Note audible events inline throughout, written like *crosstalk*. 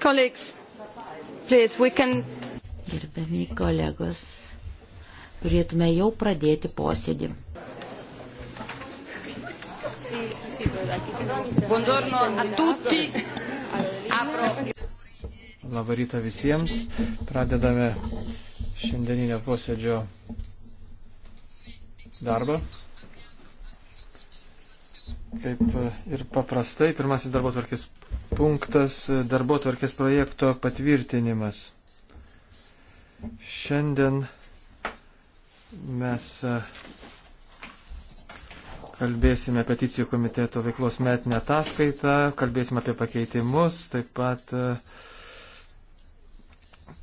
Colleagues, please, we can. Gerbiami kolegos, turėtume jau pradėti posėdį. Buongiorno a tutti. Apro. Labą rytą visiems. Pradedame šiandieninio posėdžio darbą. Kaip ir paprastai, pirmasis darbo tvarkės punktas - darbo tvarkės projekto patvirtinimas. Šiandien mes kalbėsime peticijų komiteto veiklos metinę ataskaitą, kalbėsime apie pakeitimus, taip pat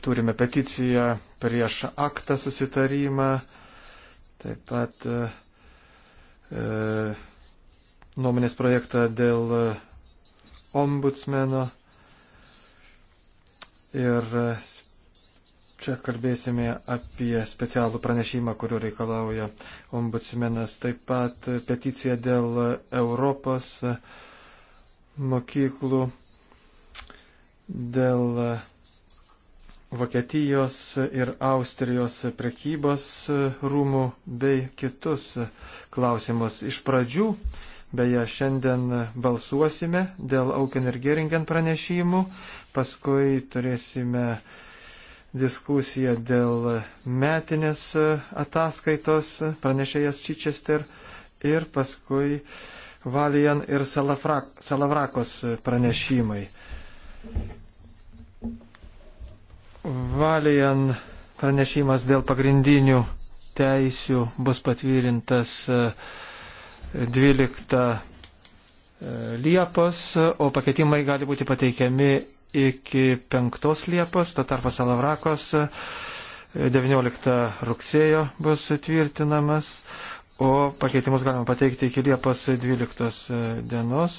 turime peticiją prieš aktą susitarimą, taip pat e, nuomonės projektą dėl ombudsmeno. Ir e, čia kalbėsime apie specialų pranešimą, kuriuo reikalauja ombudsmenas. Taip pat peticija dėl Europos mokyklų, dėl Vokietijos ir Austrijos prekybos rūmų bei kitus klausimus. Iš pradžių Beje, šiandien balsuosime dėl Auken ir Geringen pranešimų, paskui turėsime diskusiją dėl metinės ataskaitos pranešėjas Čičester ir paskui Valijan ir Salavrakos pranešimai. Valijan pranešimas dėl pagrindinių teisių bus patvirtintas uh, 12 e, Liepos, o pakeitimai gali būti pateikiami iki 5 Liepos, to tarpo Salavrakos 19 e, rugsėjo bus tvirtinamas, o pakeitimus galima pateikti iki Liepos 12 e, dienos.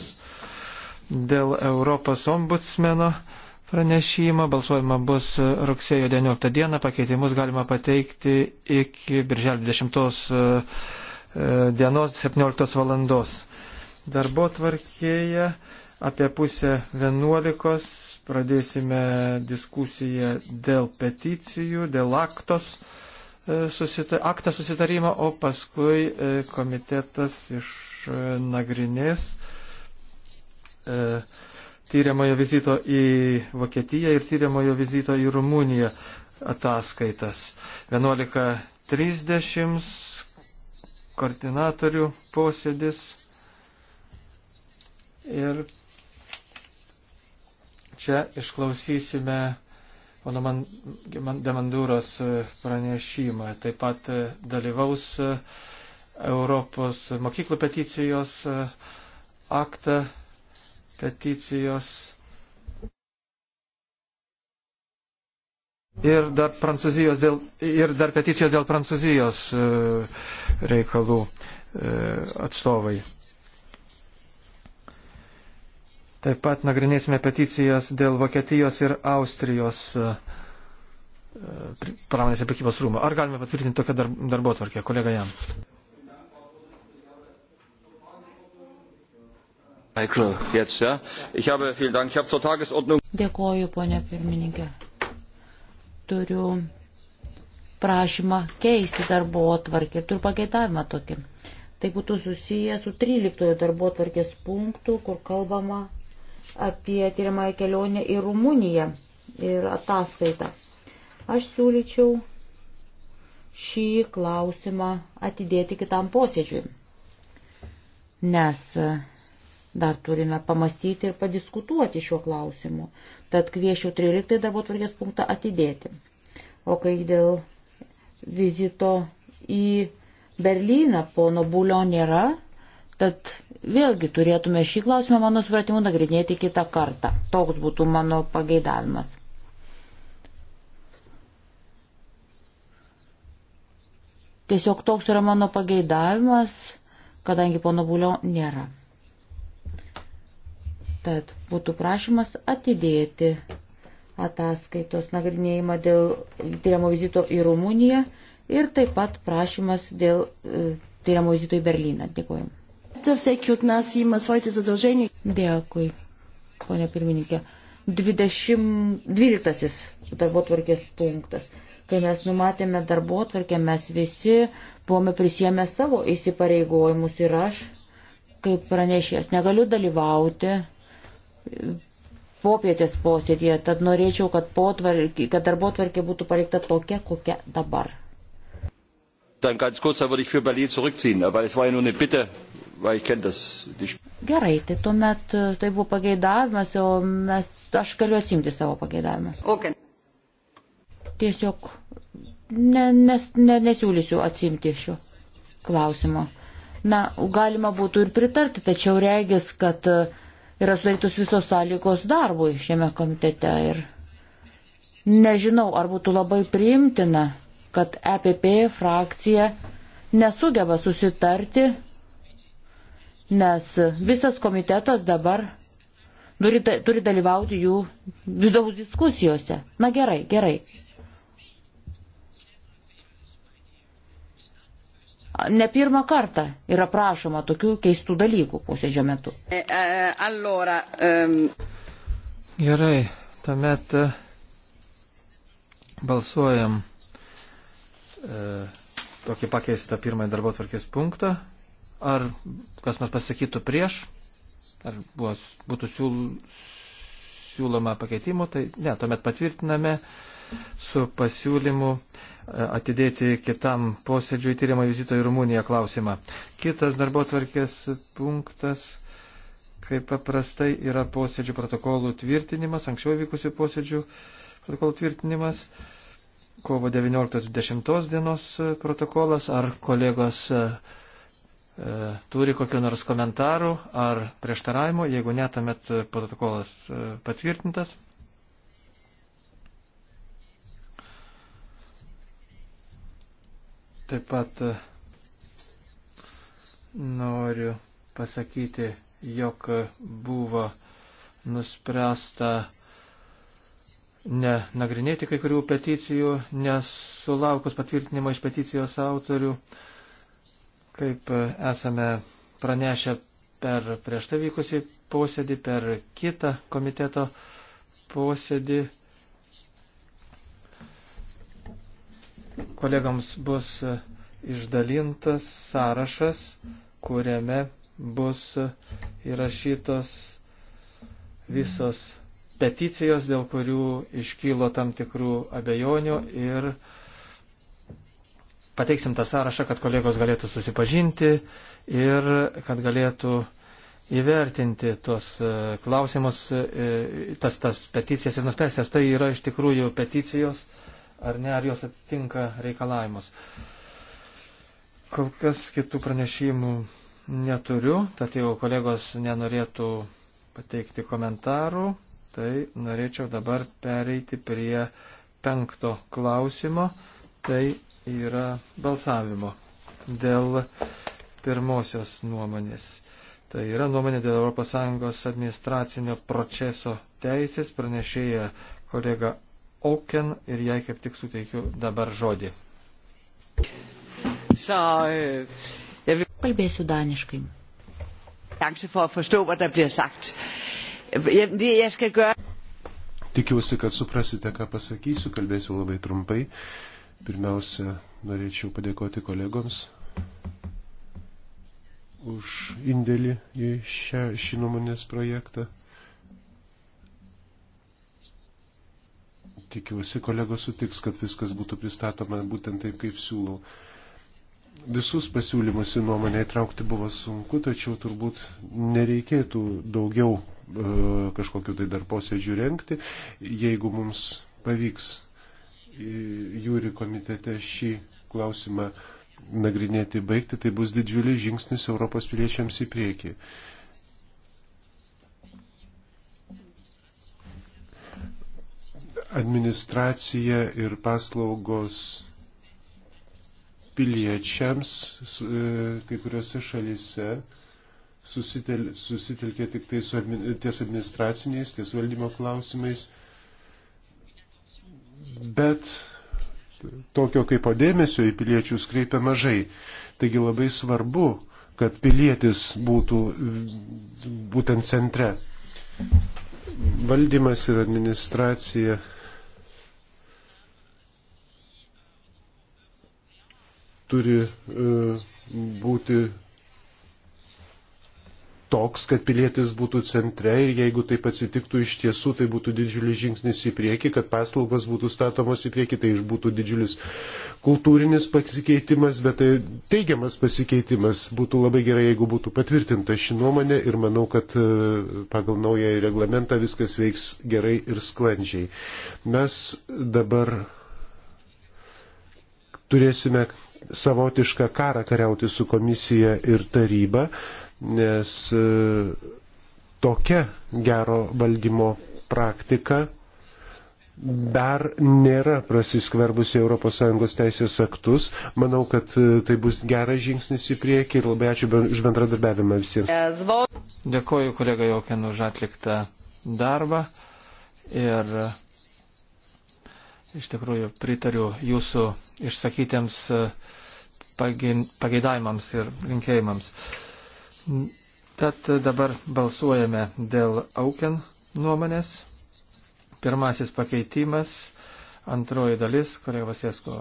Dėl Europos ombudsmeno pranešimą. Balsuojama bus rugsėjo 19 dieną. Pakeitimus galima pateikti iki birželio 10 E, dienos 17 valandos. Darbo tvarkėje apie pusę 11 pradėsime diskusiją dėl peticijų, dėl aktos. E, susita, aktą susitarimą, o paskui e, komitetas išnagrinės tyriamojo vizito į Vokietiją ir tyriamojo vizito į Rumuniją ataskaitas. 11.30 koordinatorių posėdis. Ir čia išklausysime pono Demandūros pranešimą. Taip pat dalyvaus Europos mokyklų peticijos aktą peticijos ir dar, Prancūzijos dėl, ir dar peticijos dėl Prancūzijos e, reikalų e, atstovai. Taip pat nagrinėsime peticijas dėl Vokietijos ir Austrijos e, pramonės ir prekybos rūmų. Ar galime patvirtinti tokią dar, darbo tvarkę, kolega jam? Dėkoju, ponia pirmininkė turiu prašymą keisti darbo atvarkį, turiu pageidavimą tokį. Tai būtų susiję su 13 darbo atvarkės punktu, kur kalbama apie tyriamąją kelionę į Rumuniją ir ataskaitą. Aš siūlyčiau šį klausimą atidėti kitam posėdžiui, nes Dar turime pamastyti ir padiskutuoti šiuo klausimu. Tad kviečiu 13 darbo tvarkės punktą atidėti. O kai dėl vizito į Berlyną pono Bulio nėra, tad vėlgi turėtume šį klausimą, mano supratimu, nagrinėti kitą kartą. Toks būtų mano pageidavimas. Tiesiog toks yra mano pageidavimas, kadangi pono Bulio nėra. Tad būtų prašymas atidėti ataskaitos nagrinėjimą dėl tyriamo vizito į Rumuniją ir taip pat prašymas dėl e, tyriamo vizito į Berliną. Dėkuoju. Dėkui, ponė pirmininkė. 20, 12 darbo tvarkės punktas. Kai mes numatėme darbo tvarkę, mes visi buvome prisėmę savo įsipareigojimus ir aš, kaip pranešės, negaliu dalyvauti popietės posėdėje, tad norėčiau, kad, potvarkė, kad darbo tvarkė būtų palikta tokia, kokia dabar. Gerai, tai tuomet e, tai buvo pageidavimas, o mes, aš galiu atsimti savo pageidavimą. Okay. Tiesiog ne, nes, ne, nesiūlysiu atsimti šio klausimo. Na, galima būtų ir pritarti, tačiau regis, kad uh, yra sudarytos visos sąlygos darbui šiame komitete. Ir nežinau, ar būtų labai priimtina, kad EPP frakcija nesugeba susitarti, nes visas komitetas dabar turi, turi dalyvauti jų vidaus diskusijose. Na gerai, gerai. Ne pirmą kartą yra prašoma tokių keistų dalykų posėdžio metu. E, e, allora, um... Gerai, tuomet e, balsuojam e, tokį pakeistą pirmąjį darbo tvarkės punktą. Ar kas nors pasakytų prieš, ar buvo, būtų siūl, siūloma pakeitimo, tai ne, tuomet patvirtiname su pasiūlymu atidėti kitam posėdžiui tyrimą vizito į Rumuniją klausimą. Kitas darbo tvarkės punktas, kaip paprastai, yra posėdžių protokolų tvirtinimas, anksčiau vykusių posėdžių protokolų tvirtinimas. Kovo 19-10 dienos protokolas, ar kolegos e, e, turi kokiu nors komentaru ar prieštaravimu, jeigu netamet protokolas e, patvirtintas. Taip pat e, noriu pasakyti, jog buvo nuspręsta nenagrinėti kai kurių peticijų, nesulaukus patvirtinimo iš peticijos autorių, kaip e, esame pranešę per prieš tai vykusi posėdį, per kitą komiteto posėdį Kolegams bus e, išdalintas sąrašas, kuriame bus e, įrašytos visos peticijos, dėl kurių iškylo tam tikrų abejonių ir pateiksim tą sąrašą, kad kolegos galėtų susipažinti ir kad galėtų įvertinti tuos e, klausimus, tas, tas peticijas ir nuspręsti, tai yra iš tikrųjų peticijos ar ne, ar jos atitinka reikalavimus. Kol kas kitų pranešimų neturiu, tad jeigu kolegos nenorėtų pateikti komentarų, tai norėčiau dabar pereiti prie penkto klausimo, tai yra balsavimo dėl pirmosios nuomonės. Tai yra nuomonė dėl ES administracinio proceso teisės, pranešėja kolega Auken ir jai kaip tik suteikiu dabar žodį. Øh, kalbėsiu daniškai. Tikiuosi, kad suprasite, ką pasakysiu, kalbėsiu labai trumpai. Pirmiausia, norėčiau padėkoti kolegoms už indėlį į šią, šį nuomonės projektą. tikiuosi kolegos sutiks, kad viskas būtų pristatoma būtent taip, kaip siūlau. Visus pasiūlymus į nuomonę įtraukti buvo sunku, tačiau turbūt nereikėtų daugiau e, kažkokiu tai dar posėdžiu renkti, jeigu mums pavyks jūri komitete šį klausimą nagrinėti baigti, tai bus didžiulis žingsnis Europos piliečiams į priekį. E, administracija ir paslaugos piliečiams e, kai kuriuose šalise susitel, susitelkė tik tai su admin, ties administraciniais, ties valdymo klausimais, bet tokio kaip padėmesio į piliečius kreipia mažai. Taigi labai svarbu, kad pilietis būtų būtent centre. Valdymas ir administracija turi e, būti toks, kad pilietis būtų centre ir jeigu taip atsitiktų iš tiesų, tai būtų didžiulis žingsnis į priekį, kad paslaugos būtų statomos į priekį, tai būtų didžiulis kultūrinis pasikeitimas, bet tai teigiamas pasikeitimas. Būtų labai gerai, jeigu būtų patvirtinta ši nuomonė ir manau, kad e, pagal naują reglamentą viskas veiks gerai ir sklandžiai. Mes dabar turėsime savotišką karą kariauti su komisija ir taryba, nes e, tokia gero valdymo praktika dar nėra prasiskverbusi ES teisės aktus. Manau, kad e, tai bus geras žingsnis į priekį ir labai ačiū už bendradarbiavimą visiems. Dėkoju kolega Jokin už atliktą darbą ir Iš tikrųjų, pritariu jūsų išsakytiems e, pageidavimams ir linkėjimams. Tad dabar balsuojame dėl Auken nuomonės. Pirmasis pakeitimas, antroji dalis, kurie Vasiesko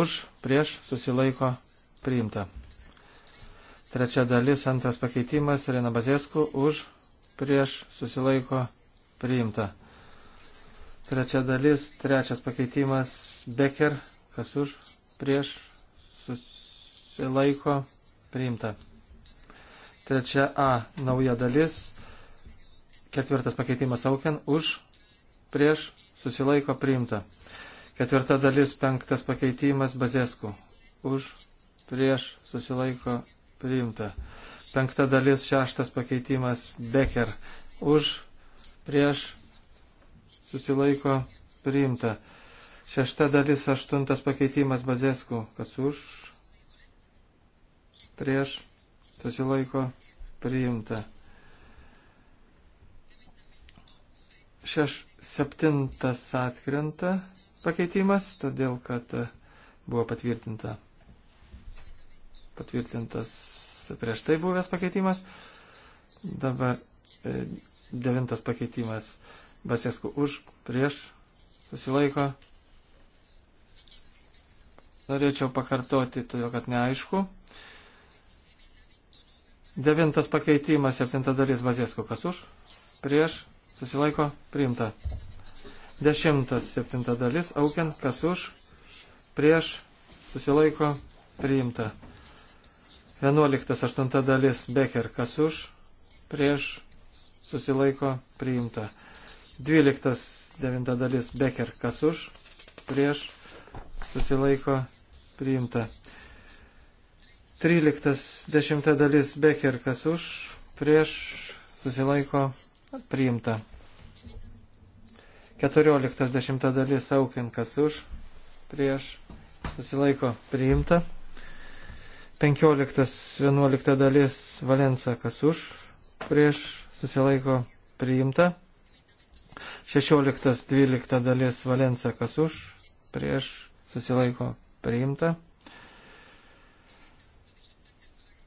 už, prieš, susilaiko, priimta. Trečia dalis, antras pakeitimas, Rena Bazėsku už, prieš, susilaiko, priimta. Trečia dalis, trečias pakeitimas Becker, kas už, prieš, susilaiko, priimta. Trečia A, nauja dalis, ketvirtas pakeitimas Auken, už, prieš, susilaiko, priimta. Ketvirta dalis, penktas pakeitimas Bazesku, už, prieš, susilaiko, priimta. Penkta dalis, šeštas pakeitimas Becker, už, prieš, susilaiko priimta. Šešta dalis, aštuntas pakeitimas bazėskų, kas už, prieš, susilaiko priimta. Šeš, septintas atkrenta pakeitimas, todėl kad buvo patvirtinta. Patvirtintas prieš tai buvęs pakeitimas. Dabar e, devintas pakeitimas. E, Basesku už, prieš, susilaiko. Norėčiau pakartoti, todėl kad neaišku. Devintas pakeitimas, septinta dalis Basesku, kas už, prieš, susilaiko, priimta. Dešimtas, septinta dalis, aukiant, kas už, prieš, susilaiko, priimta. Vienuoliktas, aštunta dalis, Becker, kas už, prieš, susilaiko, priimta. 12 devinta dalis Becker, kas už, prieš, susilaiko, priimta. 13 dešimta dalis Becker, kas už, prieš, susilaiko, priimta. 14 dešimta dalis Aukin, kas už, prieš, susilaiko, priimta. 15-11 dalis Valensa, kas už, prieš, susilaiko, priimta. 16.12 dalis Valensa kas už, prieš susilaiko priimta.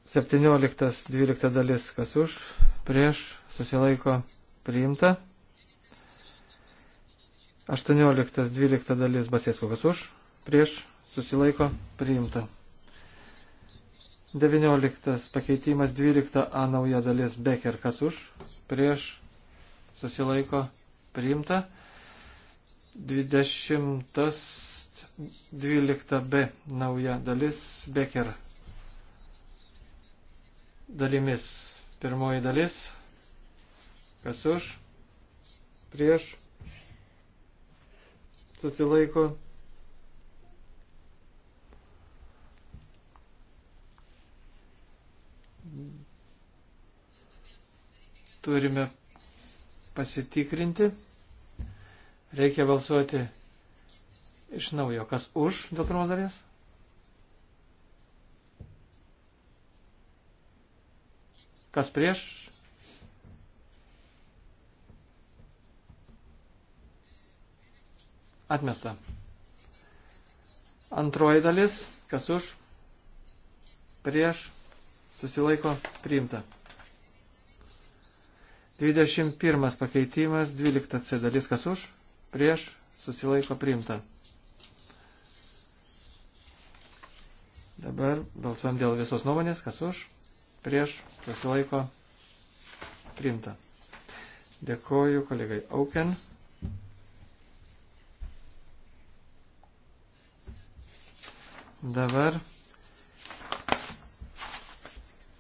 17.12 dalis kas už, prieš susilaiko priimta. 18.12 dalis Basėskų kas už, prieš susilaiko priimta. 19 pakeitimas 12 A nauja dalis Becker kas už, prieš susilaiko priimta priimta. 20.12b nauja dalis Becker dalimis. Pirmoji dalis. Kas už? Prieš. Susilaiko. turime pasitikrinti. Reikia balsuoti iš naujo. Kas už dėl pirmos dalies? Kas prieš? Atmesta. Antroji dalis. Kas už? Prieš. Susilaiko. Priimta. 21 pakeitimas, 12 C dalis, kas už, prieš, susilaiko priimta. Dabar balsuojam dėl visos nuomonės, kas už, prieš, susilaiko priimta. Dėkoju kolegai Auken. Dabar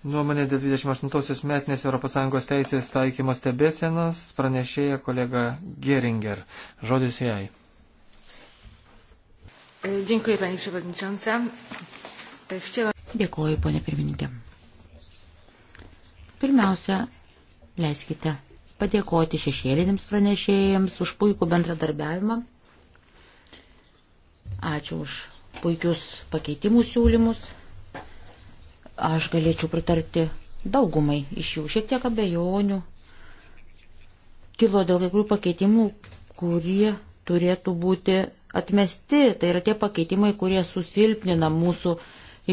Nuomonė dėl 28-osios metinės ES teisės taikymo stebėsienos pranešėja kolega Geringer. Žodis jai. E, Dėkui, e, panie Przewodnicząca. Dėkuoju, ponė pirmininkė. Pirmiausia, leiskite padėkoti šešėlinėms pranešėjams už puikų bendradarbiavimą. Ačiū už puikius pakeitimų siūlymus. Aš galėčiau pritarti daugumai iš jų. Šiek tiek abejonių kilo dėl kai kurių pakeitimų, kurie turėtų būti atmesti. Tai yra tie pakeitimai, kurie susilpnina mūsų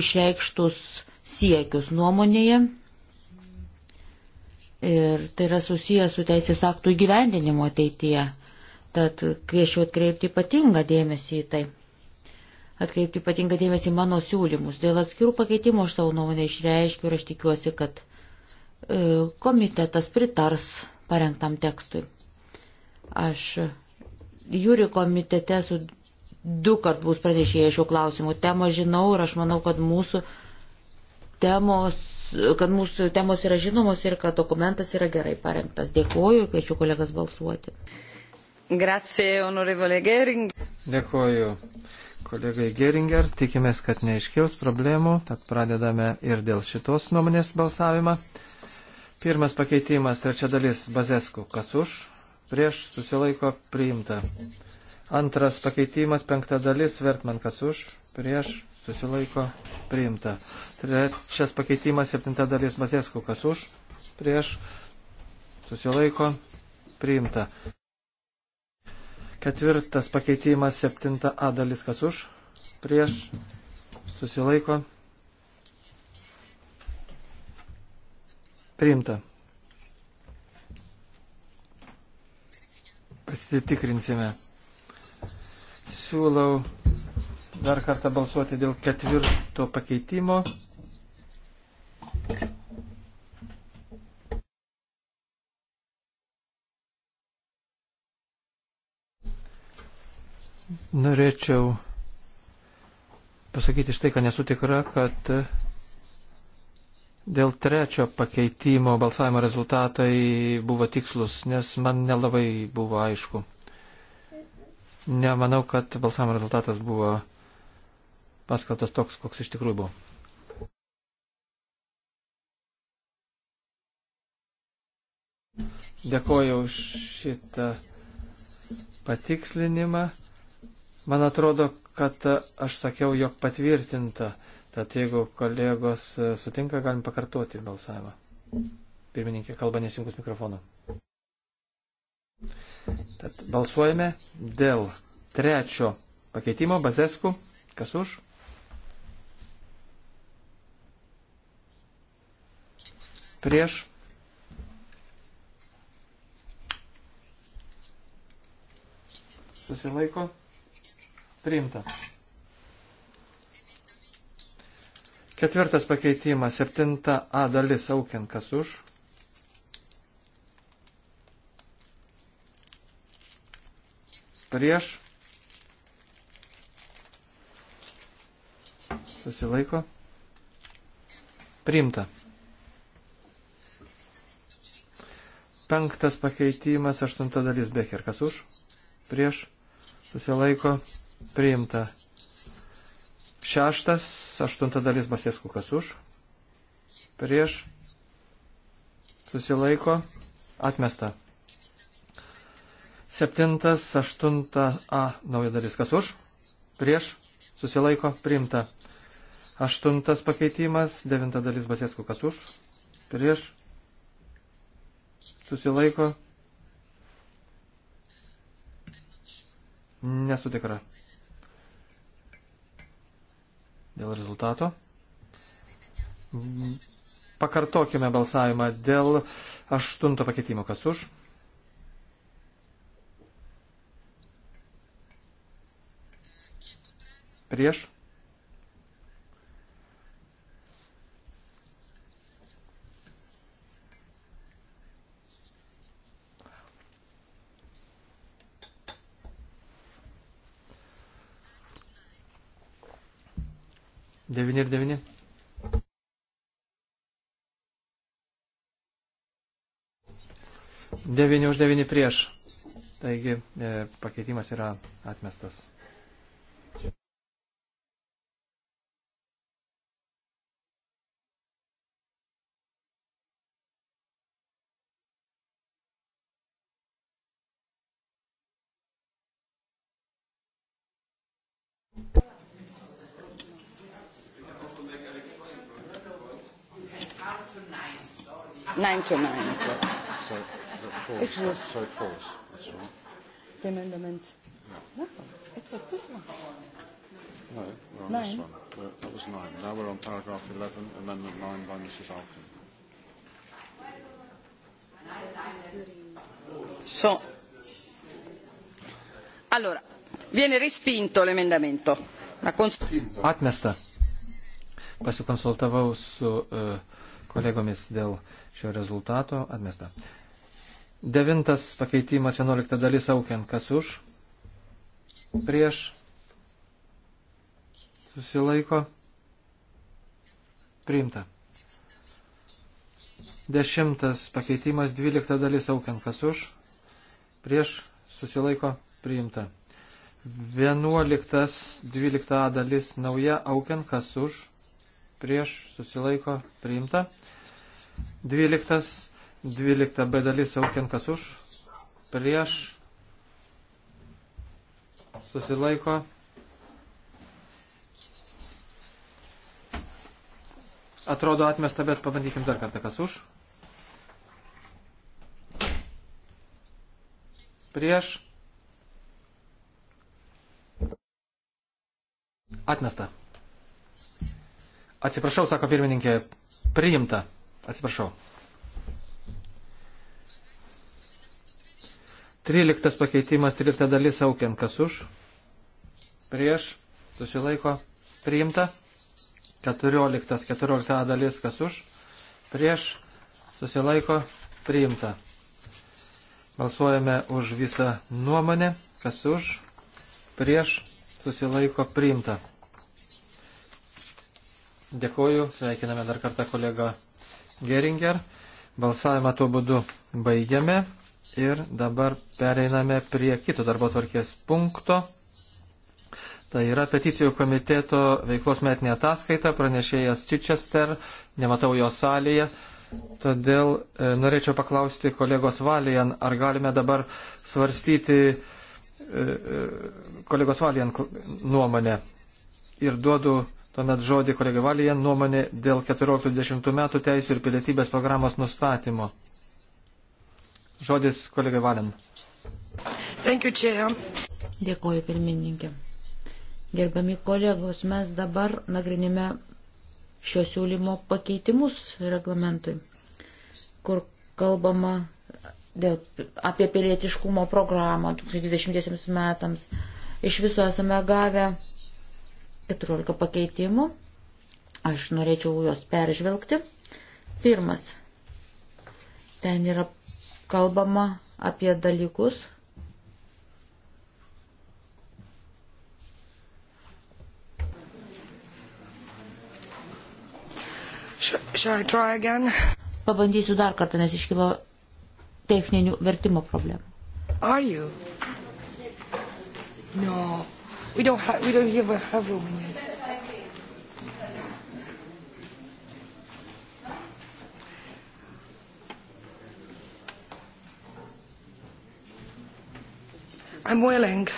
išreikštus siekius nuomonėje. Ir tai yra susijęs su teisės aktų įgyvendinimo ateityje. Tad kviečiu atkreipti ypatingą dėmesį į tai atkreipti ypatingą dėmesį mano siūlymus. Dėl atskirų pakeitimų aš savo nuomonę išreiškiu ir aš tikiuosi, kad e, komitetas pritars parengtam tekstui. Aš jūri komitete su du kart bus pranešėję šių klausimų. Temą žinau ir aš manau, kad mūsų temos, kad mūsų temos yra žinomos ir kad dokumentas yra gerai parengtas. Dėkuoju, kviečiu kolegas balsuoti. Grazie, onorevole Gering. Dėkuoju kolegai Geringer. Tikimės, kad neiškils problemų, tad pradedame ir dėl šitos nuomonės balsavimą. Pirmas pakeitimas, trečia dalis, bazesku, kas už, prieš, susilaiko, priimta. Antras pakeitimas, penkta dalis, vertman, kas už, prieš, susilaiko, priimta. Trečias pakeitimas, septinta dalis, bazesku, kas už, prieš, susilaiko, priimta. Ketvirtas pakeitimas, septinta A dalis, kas už, prieš, susilaiko. Priimta. Pasitikrinsime. Siūlau dar kartą balsuoti dėl ketvirto pakeitimo. Norėčiau pasakyti štai, kad nesu tikra, kad dėl trečio pakeitimo balsavimo rezultatai buvo tikslus, nes man nelabai buvo aišku. Nemanau, kad balsavimo rezultatas buvo paskaltas toks, koks iš tikrųjų buvo. Dėkoju už šitą patikslinimą. Man atrodo, kad aš sakiau, jog patvirtinta. Tad jeigu kolegos e, sutinka, galim pakartoti balsavimą. Pirmininkė kalba nesijungus mikrofoną. Tad balsuojame dėl trečio pakeitimo bazeskų. Kas už? Prieš. Susilaiko. Priimta. Ketvirtas pakeitimas, septinta A dalis, aukiant kas už. Prieš. Susilaiko. Priimta. Penktas pakeitimas, aštunta dalis, Becher, kas už. Prieš. Susilaiko. Prieš priimta. Šeštas, aštunta dalis Basėskų, kas už, prieš, susilaiko, atmesta. Septintas, aštunta A, nauja dalis, kas už, prieš, susilaiko, priimta. Aštuntas pakeitimas, devinta dalis Basėskų, kas už, prieš, susilaiko, nesu tikra dėl rezultato. Pakartokime balsavimą dėl aštunto pakeitimo. Kas už? Prieš? 9 ir 9. Devyni už devyni prieš. Taigi e, pakeitimas yra atmestas. 109 it was. So that falls. It was. So it falls. That's all. The amendment. No. no, it was this one. No, we're on nine. this one. We're, that was nine. Now we're on paragraph 11, amendment 9 by Mrs. Alkin. So, allora, viene respinto l'emendamento. Cons- Atmesta. Pasikonsultavau su uh, eh, kolegomis dėl uh, šio rezultato atmesta. Devintas pakeitimas, vienuolikta dalis aukiant, kas už, prieš, susilaiko, priimta. Dešimtas pakeitimas, dvylikta dalis aukiant, kas už, prieš, susilaiko, priimta. Vienuoliktas, dvylikta dalis nauja aukiant, kas už, prieš, susilaiko, priimta. 12, 12b dalis aukinkas už, prieš, susilaiko. Atrodo atmesta, bet pabandykim dar kartą, kas už. Prieš. Atmesta. Atsiprašau, sako pirmininkė, priimta. Atsiprašau. 13 pakeitimas, 13 dalis aukiant, kas už, prieš, susilaiko, priimta. 14, 14 dalis, kas už, prieš, susilaiko, priimta. Balsuojame už visą nuomonę, kas už, prieš, susilaiko, priimta. Dėkuoju, sveikiname dar kartą kolegą Geringer. Balsavimą tuo būdu baigiame ir dabar pereiname prie kito darbo tvarkės punkto. Tai yra peticijų komiteto veiklos metinė ataskaita, pranešėjas Chichester, nematau jo salėje. Todėl e, norėčiau paklausti kolegos Valijan, ar galime dabar svarstyti e, e, kolegos Valijan nuomonę. Ir duodu Tuomet žodį kolegė Valija nuomonė dėl 14-20 metų teisų ir pilietybės programos nustatymo. Žodis kolegė Valin. Dėkoju, pirmininkė. Gerbiami kolegos, mes dabar nagrinime šio siūlymo pakeitimus reglamentui, kur kalbama dėl, apie pilietiškumo programą 2020 metams. Iš viso esame gavę 14 pakeitimų. Aš norėčiau juos peržvelgti. Pirmas. Ten yra kalbama apie dalykus, Pabandysiu dar kartą, nes iškilo techninių vertimo problemų. Are you? No. We don't, ha- we don't even have Romania. I'm willing.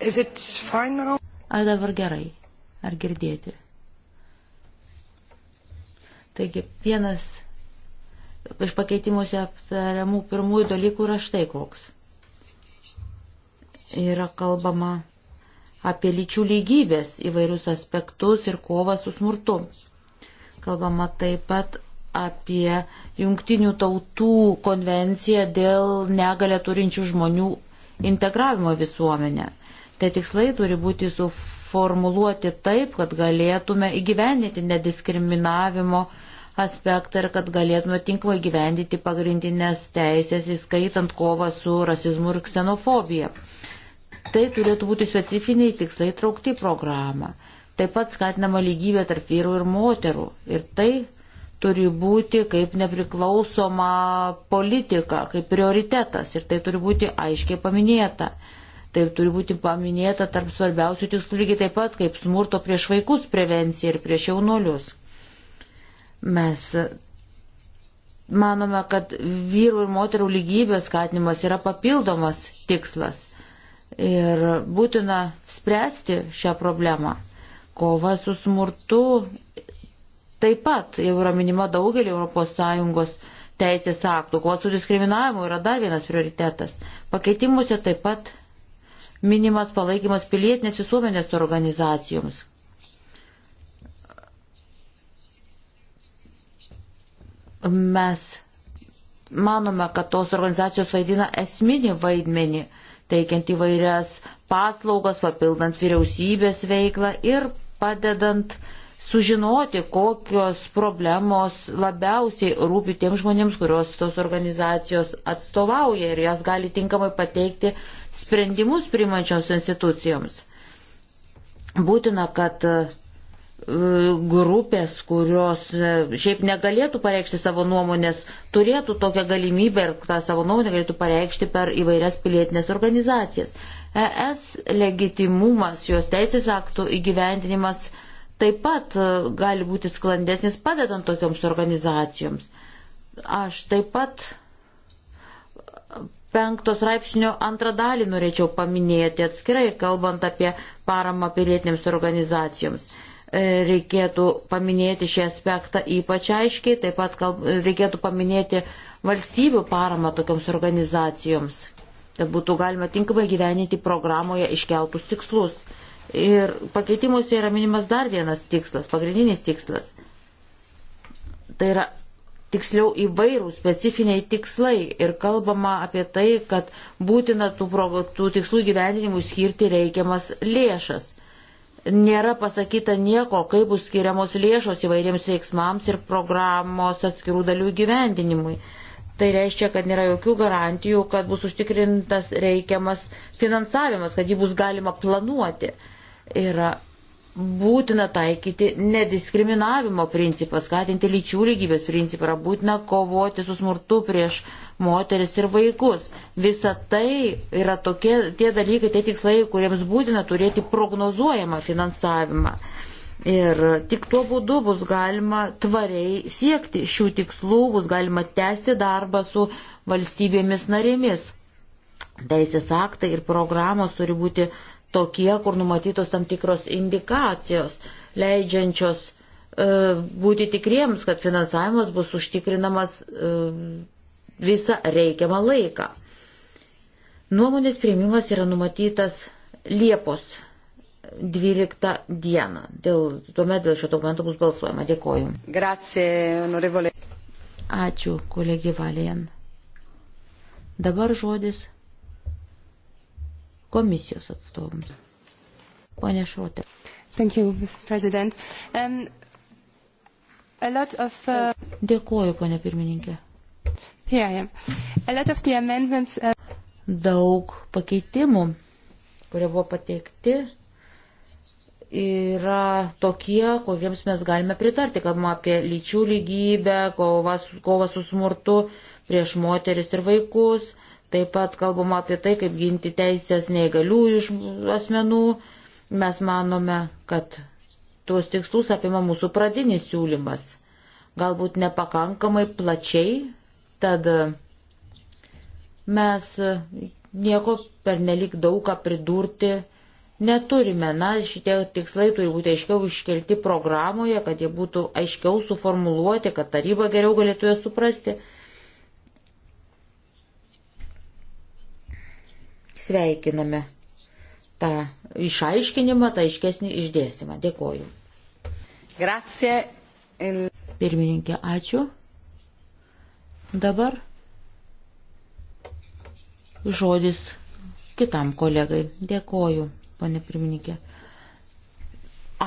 Is it fine now? Ar dabar gerai? Ar girdėti? Taigi, vienas iš pakeitimuose aptariamų pirmųjų dalykų yra štai koks. Yra kalbama apie lyčių lygybės įvairius aspektus ir kovą su smurtu. Kalbama taip pat apie jungtinių tautų konvenciją dėl negalę turinčių žmonių integravimo visuomenę. Tai tikslai turi būti suformuluoti taip, kad galėtume įgyvendinti nediskriminavimo aspektą ir kad galėtume tinkamai gyvendyti pagrindinės teisės, įskaitant kovą su rasizmu ir ksenofobija. Tai turėtų būti specifiniai tikslai traukti programą. Taip pat skatinama lygybė tarp vyrų ir moterų. Ir tai turi būti kaip nepriklausoma politika, kaip prioritetas. Ir tai turi būti aiškiai paminėta. Tai turi būti paminėta tarp svarbiausių tikslų lygiai taip pat kaip smurto prieš vaikus prevencija ir prieš jaunolius. Mes manome, kad vyrų ir moterų lygybės skatinimas yra papildomas tikslas. Ir būtina spręsti šią problemą. Kova su smurtu taip pat jau yra minima daugelį ES teisės aktų. Kova su diskriminavimu yra dar vienas prioritetas. Pakeitimuose taip pat minimas palaikymas pilietinės visuomenės organizacijoms. Mes manome, kad tos organizacijos vaidina esminį vaidmenį teikiant įvairias paslaugas, papildant vyriausybės veiklą ir padedant sužinoti, kokios problemos labiausiai rūpi tiems žmonėms, kurios tos organizacijos atstovauja ir jas gali tinkamai pateikti sprendimus primančioms institucijoms. Būtina, kad grupės, kurios e, šiaip negalėtų pareikšti savo nuomonės, turėtų tokią galimybę ir tą savo nuomonę galėtų pareikšti per įvairias pilietinės organizacijas. ES legitimumas, jos teisės aktų įgyvendinimas taip pat e, gali būti sklandesnis padedant tokioms organizacijoms. Aš taip pat penktos raipsnio antrą dalį norėčiau paminėti atskirai, kalbant apie paramą pilietinėms organizacijoms E, reikėtų paminėti šį aspektą ypač aiškiai, taip pat kalb, reikėtų paminėti valstybių paramą tokiams organizacijoms, kad būtų galima tinkamai gyveninti programoje iškeltus tikslus. Ir pakeitimuose yra minimas dar vienas tikslas, pagrindinis tikslas. Tai yra tiksliau įvairių specifiniai tikslai ir kalbama apie tai, kad būtina tų, tų tikslų gyvendinimų skirti reikiamas lėšas nėra pasakyta nieko, kaip bus skiriamos lėšos įvairiems veiksmams ir programos atskirų dalių gyvendinimui. Tai reiškia, kad nėra jokių garantijų, kad bus užtikrintas reikiamas finansavimas, kad jį bus galima planuoti. Yra būtina taikyti nediskriminavimo principą, skatinti lyčių lygybės principą, yra būtina kovoti su smurtu prieš moteris ir vaikus. Visa tai yra tokie tie dalykai, tie tikslai, kuriems būtina turėti prognozuojamą finansavimą. Ir tik tuo būdu bus galima tvariai siekti šių tikslų, bus galima tęsti darbą su valstybėmis narėmis. Teisės aktai ir programos turi būti uh, tokie, kur numatytos tam tikros indikacijos, leidžiančios e, būti tikriems, kad finansavimas bus užtikrinamas e, visą reikiamą laiką. Nuomonės priimimas yra numatytas Liepos 12 dieną. Dėl, tuomet dėl šio dokumento bus balsuojama. Dėkoju. Grazie, onorevole. Ačiū, kolegė Valijan. Dabar žodis komisijos atstovams. Pone Šuotė. Thank you, Mr. President. Um, a lot of... Uh... Dėkuoju, ponė pirmininkė. Here I am. A lot of the amendments... Uh... Daug pakeitimų, kurie buvo pateikti, yra tokie, kokiems mes galime pritarti, kalbama apie lyčių lygybę, kovą su, kova su smurtu prieš moteris ir vaikus, uh, Taip pat kalbama apie tai, kaip ginti teisės neįgalių iš asmenų. Mes manome, kad tuos tikslus apima mūsų pradinis siūlymas. Galbūt nepakankamai plačiai, tad mes nieko pernelik daug ką pridurti neturime. Na, šitie tikslai turi būti aiškiau iškelti programoje, kad jie būtų aiškiau suformuluoti, kad taryba geriau galėtų juos suprasti. sveikiname tą išaiškinimą, tą iškesnį išdėstymą. Dėkoju. Grazie. Pirmininkė, ačiū. Dabar žodis kitam kolegai. Dėkoju, pane pirmininkė.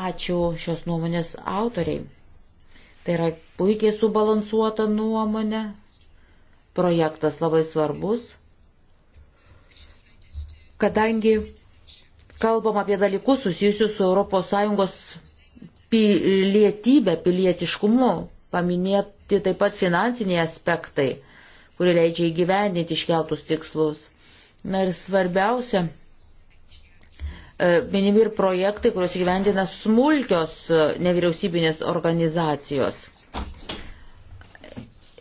Ačiū šios nuomonės autoriai. Tai yra puikiai subalansuota nuomonė. Projektas labai svarbus kadangi kalbam apie dalykus susijusius su ES pilietybė, pilietiškumu, paminėti taip pat finansiniai aspektai, kurie leidžia įgyvendinti iškeltus tikslus. Na ir svarbiausia, e, minimi ir projektai, kuriuos įgyvendina smulkios e, nevyriausybinės organizacijos.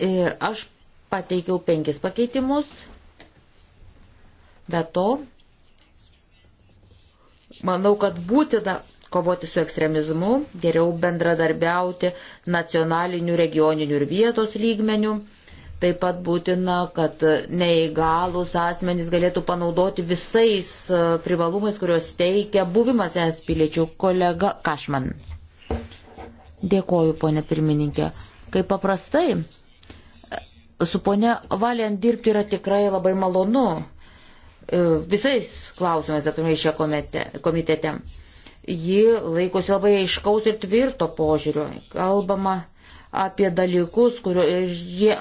Ir aš pateikiau penkis pakeitimus. Be to, Manau, kad būtina kovoti su ekstremizmu, geriau bendradarbiauti nacionaliniu, regioniniu ir vietos lygmeniu. Taip pat būtina, kad neįgalus asmenys galėtų panaudoti visais e, privalumais, kuriuos teikia buvimas es piliečių kolega Kašman. Dėkoju, ponė pirmininkė. Kaip paprastai, e, su ponė Valiant dirbti yra tikrai labai malonu. E, visais klausimais apimai šią komitete. Ji laikosi labai aiškaus ir tvirto požiūrio. Kalbama apie dalykus, kurio, jie,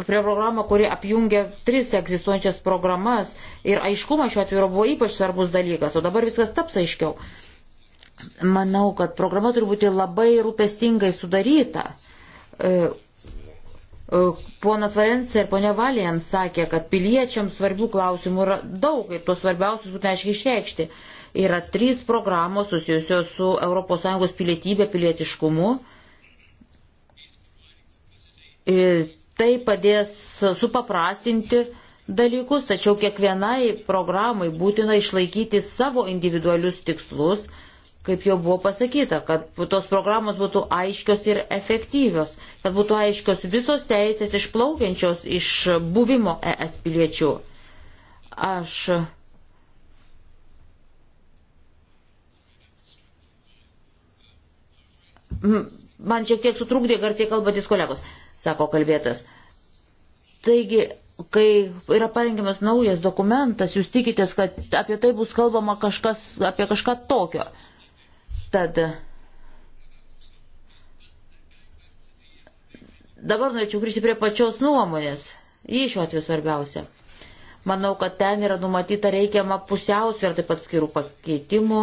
prie programą, kuri apjungia tris egzistuojančias programas ir aiškumas šiuo atveju buvo ypač svarbus dalykas, o dabar viskas taps aiškiau. Manau, kad programa turi būti labai rūpestingai sudaryta, e, Ponas Valencija ir ponia Valijan sakė, kad piliečiams svarbių klausimų yra daug ir tuos svarbiausius būtent aiškiai išreikšti. Yra trys programos susijusios su ES pilietybė, pilietiškumu. Ir tai padės supaprastinti dalykus, tačiau kiekvienai programai būtina išlaikyti savo individualius tikslus, kaip jau buvo pasakyta, kad tos programos būtų aiškios ir efektyvios kad būtų aiškios visos teisės išplaukiančios iš buvimo ES piliečių. Aš Man šiek tiek sutrukdė garsiai kalbantis kolegos, sako kalbėtas. Taigi, kai yra parengiamas naujas dokumentas, jūs tikitės, kad apie tai bus kalbama kažkas, apie kažką tokio. Tad Dabar norėčiau grįžti prie pačios nuomonės. Jį šiuo atveju svarbiausia. Manau, kad ten yra numatyta reikiama pusiausvė ir taip pat skirų pakeitimų.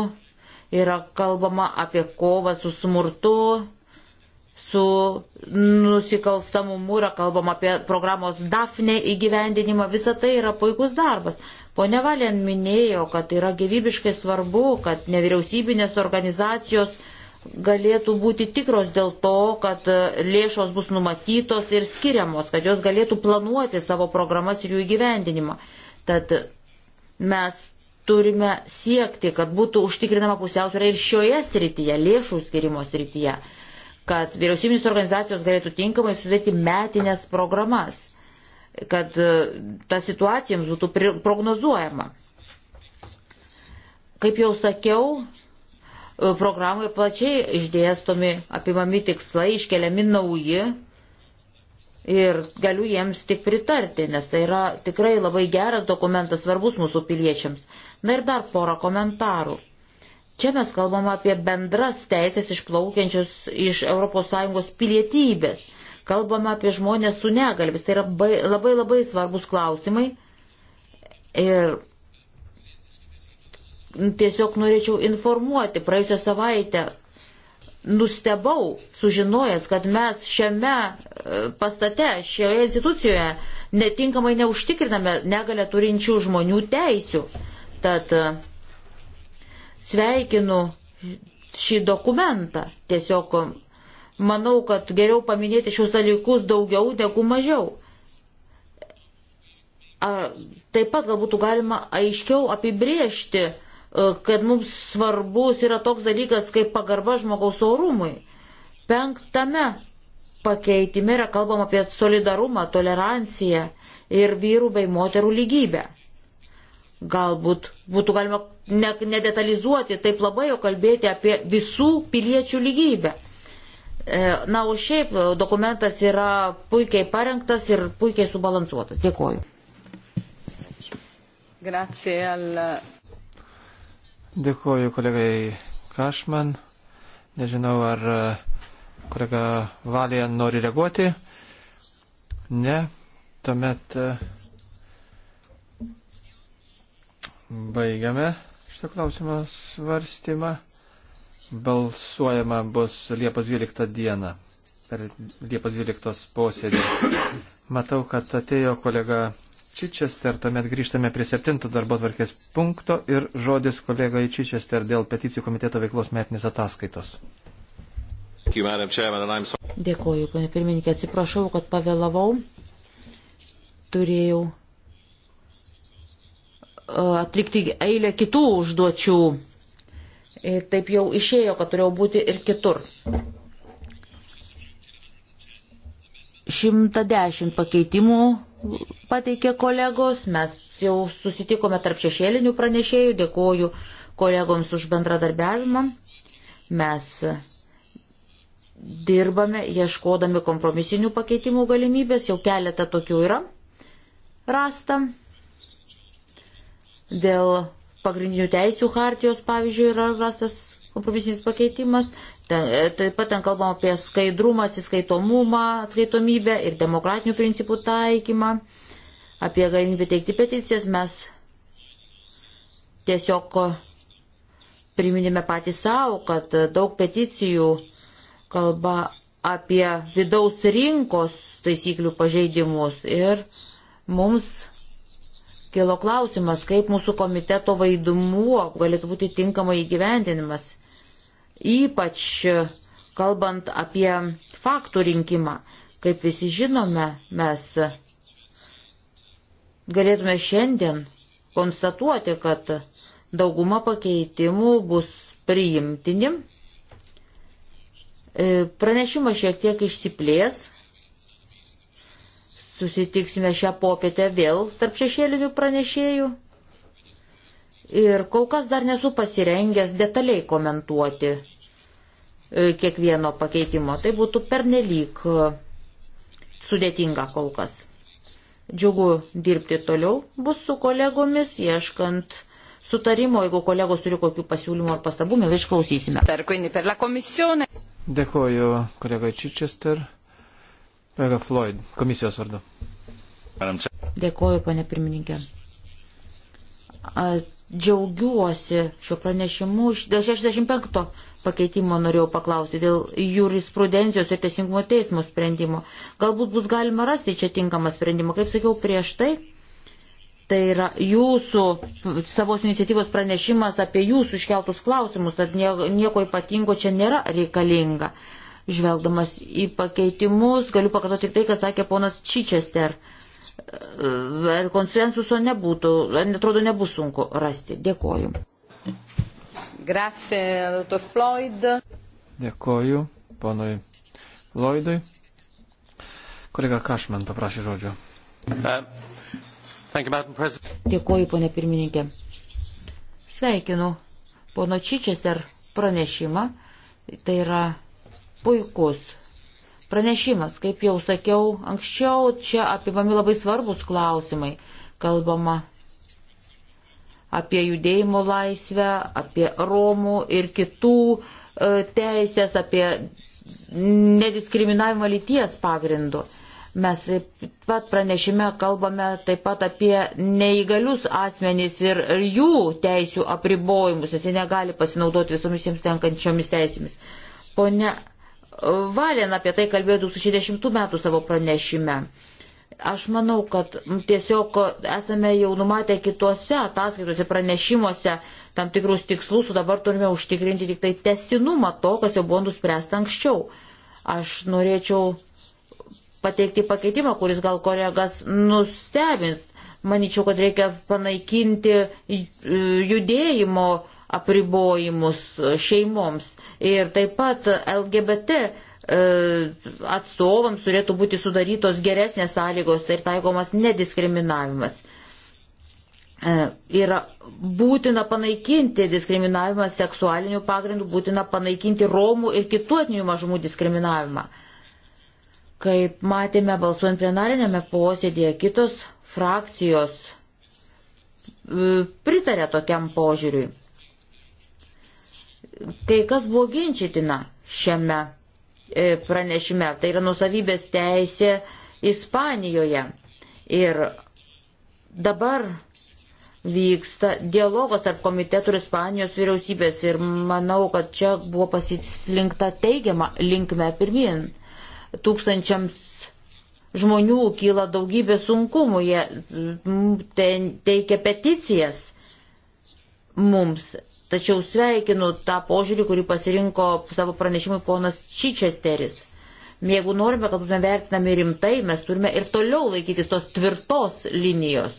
Yra kalbama apie kovą su smurtu, su nusikalstamumu, yra kalbama apie programos DAFNE įgyvendinimą. Visa tai yra puikus darbas. Pone Valien minėjo, kad yra gyvybiškai svarbu, kad nevyriausybinės organizacijos galėtų būti tikros dėl to, kad e, lėšos bus numatytos ir skiriamos, kad jos galėtų planuoti savo programas ir jų įgyvendinimą. Tad mes turime siekti, kad būtų užtikrinama pusiausvėra ir šioje srityje, lėšų skirimo srityje, kad vyriausybinės organizacijos galėtų tinkamai sudėti metinės programas, kad e, ta situacija jums būtų prognozuojama. Kaip jau sakiau, E, Programoje plačiai išdėstomi, apimami tikslai, iškeliami nauji ir galiu jiems tik pritarti, nes tai yra tikrai labai geras dokumentas, svarbus mūsų piliečiams. Na ir dar porą komentarų. Čia mes kalbam apie bendras teisės išplaukiančios iš ES pilietybės. Kalbam apie žmonės su negalvis. Tai yra labai labai svarbus klausimai. Ir tiesiog norėčiau informuoti. Praėjusią savaitę nustebau sužinojęs, kad mes šiame e, pastate, šioje institucijoje netinkamai neužtikriname negalę turinčių žmonių teisių. Tad e, sveikinu šį dokumentą. Tiesiog e, manau, kad geriau paminėti šios dalykus daugiau negu mažiau. Ar taip pat galbūt galima aiškiau apibriežti, kad mums svarbus yra toks dalykas kaip pagarba žmogaus orumui. Penktame pakeitime yra kalbama apie solidarumą, toleranciją ir vyrų bei moterų lygybę. Galbūt būtų galima ne, nedetalizuoti taip labai, o kalbėti apie visų piliečių lygybę. E, na, o šiaip dokumentas yra puikiai parengtas ir puikiai subalansuotas. Dėkoju. Grazie al Dėkuoju kolegai Kašman. Nežinau, ar e, kolega Valija nori reaguoti. Ne. Tuomet e, baigiame šitą klausimą svarstymą. Balsuojama bus Liepos 12 dieną per Liepos 12 posėdį. Matau, kad atėjo kolega Čičester, tuomet grįžtame prie septinto darbo tvarkės punkto ir žodis kolegai Čičester dėl peticijų komiteto veiklos metinės ataskaitos. Dėkuoju, ponė pirmininkė, atsiprašau, kad pavėlavau. Turėjau e, atlikti eilę kitų užduočių. Ir taip jau išėjo, kad turėjau būti ir kitur. 110 pakeitimų pateikė kolegos, mes jau susitikome tarp šešėlinių pranešėjų, dėkoju kolegoms už bendradarbiavimą. Mes dirbame, ieškodami kompromisinių pakeitimų galimybės, jau keletą tokių yra rasta. Dėl pagrindinių teisių hartijos, pavyzdžiui, yra rastas kompromisinis pakeitimas, Ten, e, taip pat ten kalbam apie skaidrumą, atsiskaitomumą, atskaitomybę ir demokratinių principų taikymą, apie galimybę teikti peticijas. Mes tiesiog priminėme patys savo, kad daug peticijų kalba apie vidaus rinkos taisyklių pažeidimus ir mums kilo klausimas, kaip mūsų komiteto vaidmuo galėtų būti tinkamai įgyvendinimas ypač kalbant apie faktų rinkimą. Kaip visi žinome, mes galėtume šiandien konstatuoti, kad dauguma pakeitimų bus priimtini. E, pranešimas šiek tiek išsiplės. Susitiksime šią popietę vėl tarp šešėlinių pranešėjų ir kol kas dar nesu pasirengęs detaliai komentuoti e, kiekvieno pakeitimo. Tai būtų pernelyg e, sudėtinga kol kas. Džiugu dirbti toliau bus su kolegomis, ieškant sutarimo, jeigu kolegos turi kokių pasiūlymų ar pastabų, mielai išklausysime. Dėkuoju kolega Čičester, kolega Floyd, komisijos vardu. Dėkuoju, ponė pirmininkė. Džiaugiuosi šiuo pranešimu. Dėl 65 pakeitimo norėjau paklausti, dėl jurisprudencijos ir teisingumo teismo sprendimo. Galbūt bus galima rasti čia tinkamą sprendimą. Kaip sakiau prieš tai, tai yra jūsų savos iniciatyvos pranešimas apie jūsų iškeltus klausimus, tad nieko ypatingo čia nėra reikalinga. Žvelgdamas į pakeitimus, galiu pakartoti tik tai, ką sakė ponas Čičester. Uh, E, konsensuso nebūtų, netrodo, nebus sunku rasti. Dėkoju. Grazie, dr. Floyd. Dėkoju, ponui Floydui. Kolega Kašman paprašė žodžio. Uh, you, Dėkoju, ponė pirmininkė. Sveikinu pono Čičester pranešimą. Tai yra puikus Pranešimas, kaip jau sakiau anksčiau, čia apimami labai svarbus klausimai. Kalbama apie judėjimo laisvę, apie Romų ir kitų e, teisės, apie nediskriminavimą lyties pagrindų. Mes taip pat pranešime kalbame taip pat apie neįgalius asmenys ir jų teisių apribojimus, nes jie negali pasinaudoti visomis jiems tenkančiomis teisėmis. Pone Valen apie tai kalbėjo 2010 metų savo pranešime. Aš manau, kad tiesiog esame jau numatę kitose ataskaitose, pranešimuose tam tikrus tikslus, o dabar turime užtikrinti tik tai testinumą to, kas jau buvo nuspręsta anksčiau. Aš norėčiau pateikti pakeitimą, kuris gal kolegas nustebins. Maničiau, kad reikia panaikinti judėjimo apribojimus šeimoms. Ir taip pat LGBT e, atstovams turėtų būti sudarytos geresnės sąlygos ir tai taikomas nediskriminavimas. E, yra būtina panaikinti diskriminavimą seksualinių pagrindų, būtina panaikinti Romų ir kitų etninių mažumų diskriminavimą. Kaip matėme balsuojant plenarinėme posėdėje, kitos frakcijos e, pritarė tokiam požiūriui kai kas buvo ginčitina šiame e, pranešime, tai yra nusavybės teisė Ispanijoje. Ir dabar vyksta dialogas tarp komitetų ir Ispanijos vyriausybės ir manau, kad čia buvo pasislinkta teigiama linkme pirmin. Tūkstančiams žmonių kyla daugybė sunkumų, jie teikia peticijas mums Tačiau sveikinu tą požiūrį, kurį pasirinko savo pranešimui ponas Čičesteris. Jeigu norime, kad būtume vertinami rimtai, mes turime ir toliau laikytis tos tvirtos linijos.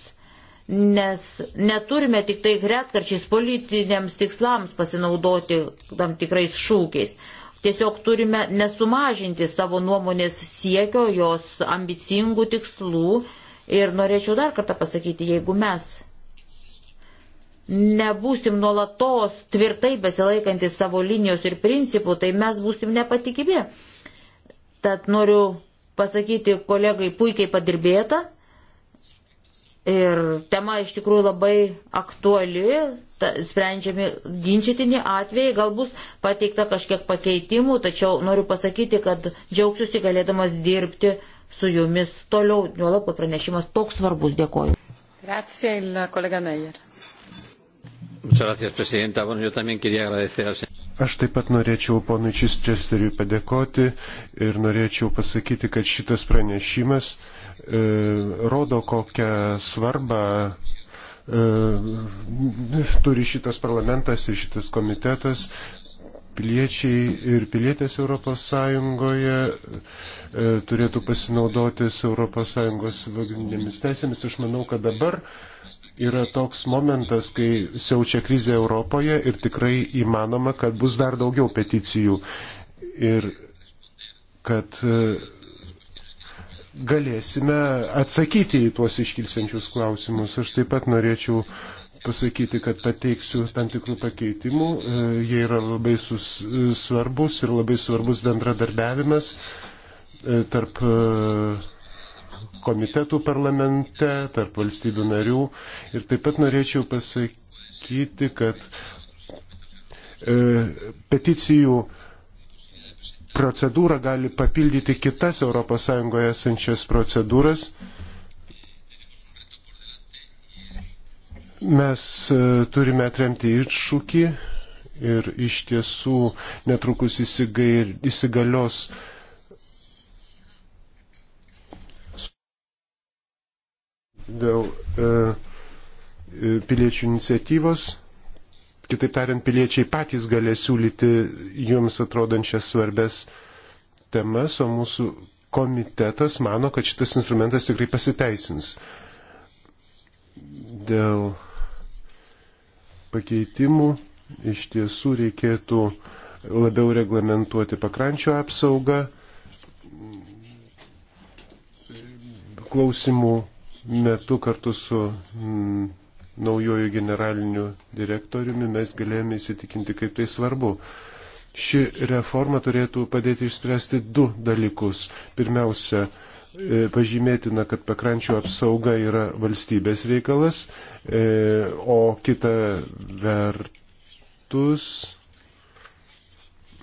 Nes neturime tik tai retkarčiais politiniams tikslams pasinaudoti tam tikrais šūkiais. Tiesiog turime nesumažinti savo nuomonės siekio, jos ambicingų tikslų. Ir norėčiau dar kartą pasakyti, jeigu mes nebūsim nuolatos tvirtai besilaikantis savo linijos ir principų, tai mes būsim nepatikimi. Tad noriu pasakyti kolegai puikiai padirbėta. Ir tema iš tikrųjų labai aktuali, ta, sprendžiami ginčytini atvejai, gal bus pateikta kažkiek pakeitimų, tačiau noriu pasakyti, kad džiaugsiuosi galėdamas dirbti su jumis toliau, juolab, kad pranešimas toks svarbus, dėkoju. Grazie, kolega Meijer. Aš taip pat norėčiau ponui Čistesteriui padėkoti ir norėčiau pasakyti, kad šitas pranešimas e, rodo, kokią svarbą e, turi šitas parlamentas ir šitas komitetas piliečiai ir pilietės Europos Sąjungoje e, turėtų pasinaudotis Europos Sąjungos pagrindinėmis teisėmis. Aš manau, kad dabar e, yra toks momentas, kai siaučia krizė Europoje ir tikrai įmanoma, kad bus dar daugiau peticijų ir kad e, galėsime atsakyti į tuos iškilsiančius klausimus. Aš taip pat norėčiau pasakyti, kad pateiksiu tam tikrų pakeitimų. E, jie yra labai sus, e, svarbus ir labai svarbus bendradarbiavimas tarp komitetų parlamente, tarp valstybių narių. Ir taip pat norėčiau pasakyti, kad e, peticijų procedūra gali papildyti kitas ES esančias procedūras. Mes e, turime atremti iššūkį ir iš tiesų netrukus įsigalios dėl e, e, piliečių iniciatyvos. Kitaip tariant, piliečiai patys galės siūlyti jums atrodančias svarbes temas, o mūsų komitetas mano, kad šitas instrumentas tikrai pasiteisins. Dėl pakeitimų iš tiesų reikėtų labiau reglamentuoti pakrančio apsaugą, klausimų metu kartu su mm, naujoju generaliniu direktoriumi mes galėjome įsitikinti, kaip tai svarbu. Ši reforma turėtų padėti išspręsti du dalykus. Pirmiausia, e, pažymėtina, kad pakrančių apsauga yra valstybės reikalas, e, o kita vertus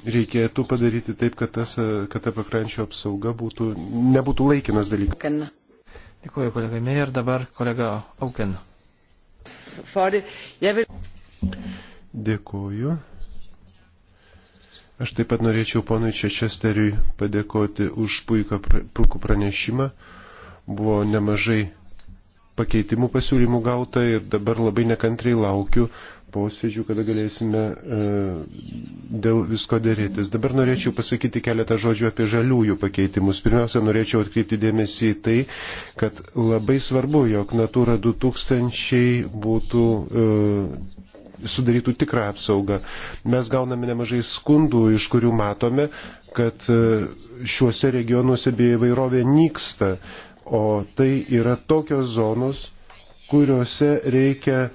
reikėtų padaryti taip, kad, tas, e, kad ta pakrančių apsauga būtų, nebūtų laikinas dalykas. Dėkuoju kolegai Meijer, dabar kolega Auken. Dėkuoju. Aš taip pat norėčiau ponui Čečesteriui padėkoti už puiką, puikų pranešimą. Buvo nemažai pakeitimų pasiūlymų gauta ir dabar labai nekantriai laukiu posėdžių, kada galėsime e, dėl visko dėrėtis. Dabar norėčiau pasakyti keletą žodžių apie žaliųjų pakeitimus. Pirmiausia, norėčiau atkreipti dėmesį į tai, kad labai svarbu, jog Natura 2000 būtų e, sudarytų tikrą apsaugą. Mes gauname nemažai skundų, iš kurių matome, kad e, šiuose regionuose bioįvairovė nyksta, o tai yra tokios zonos, kuriuose reikia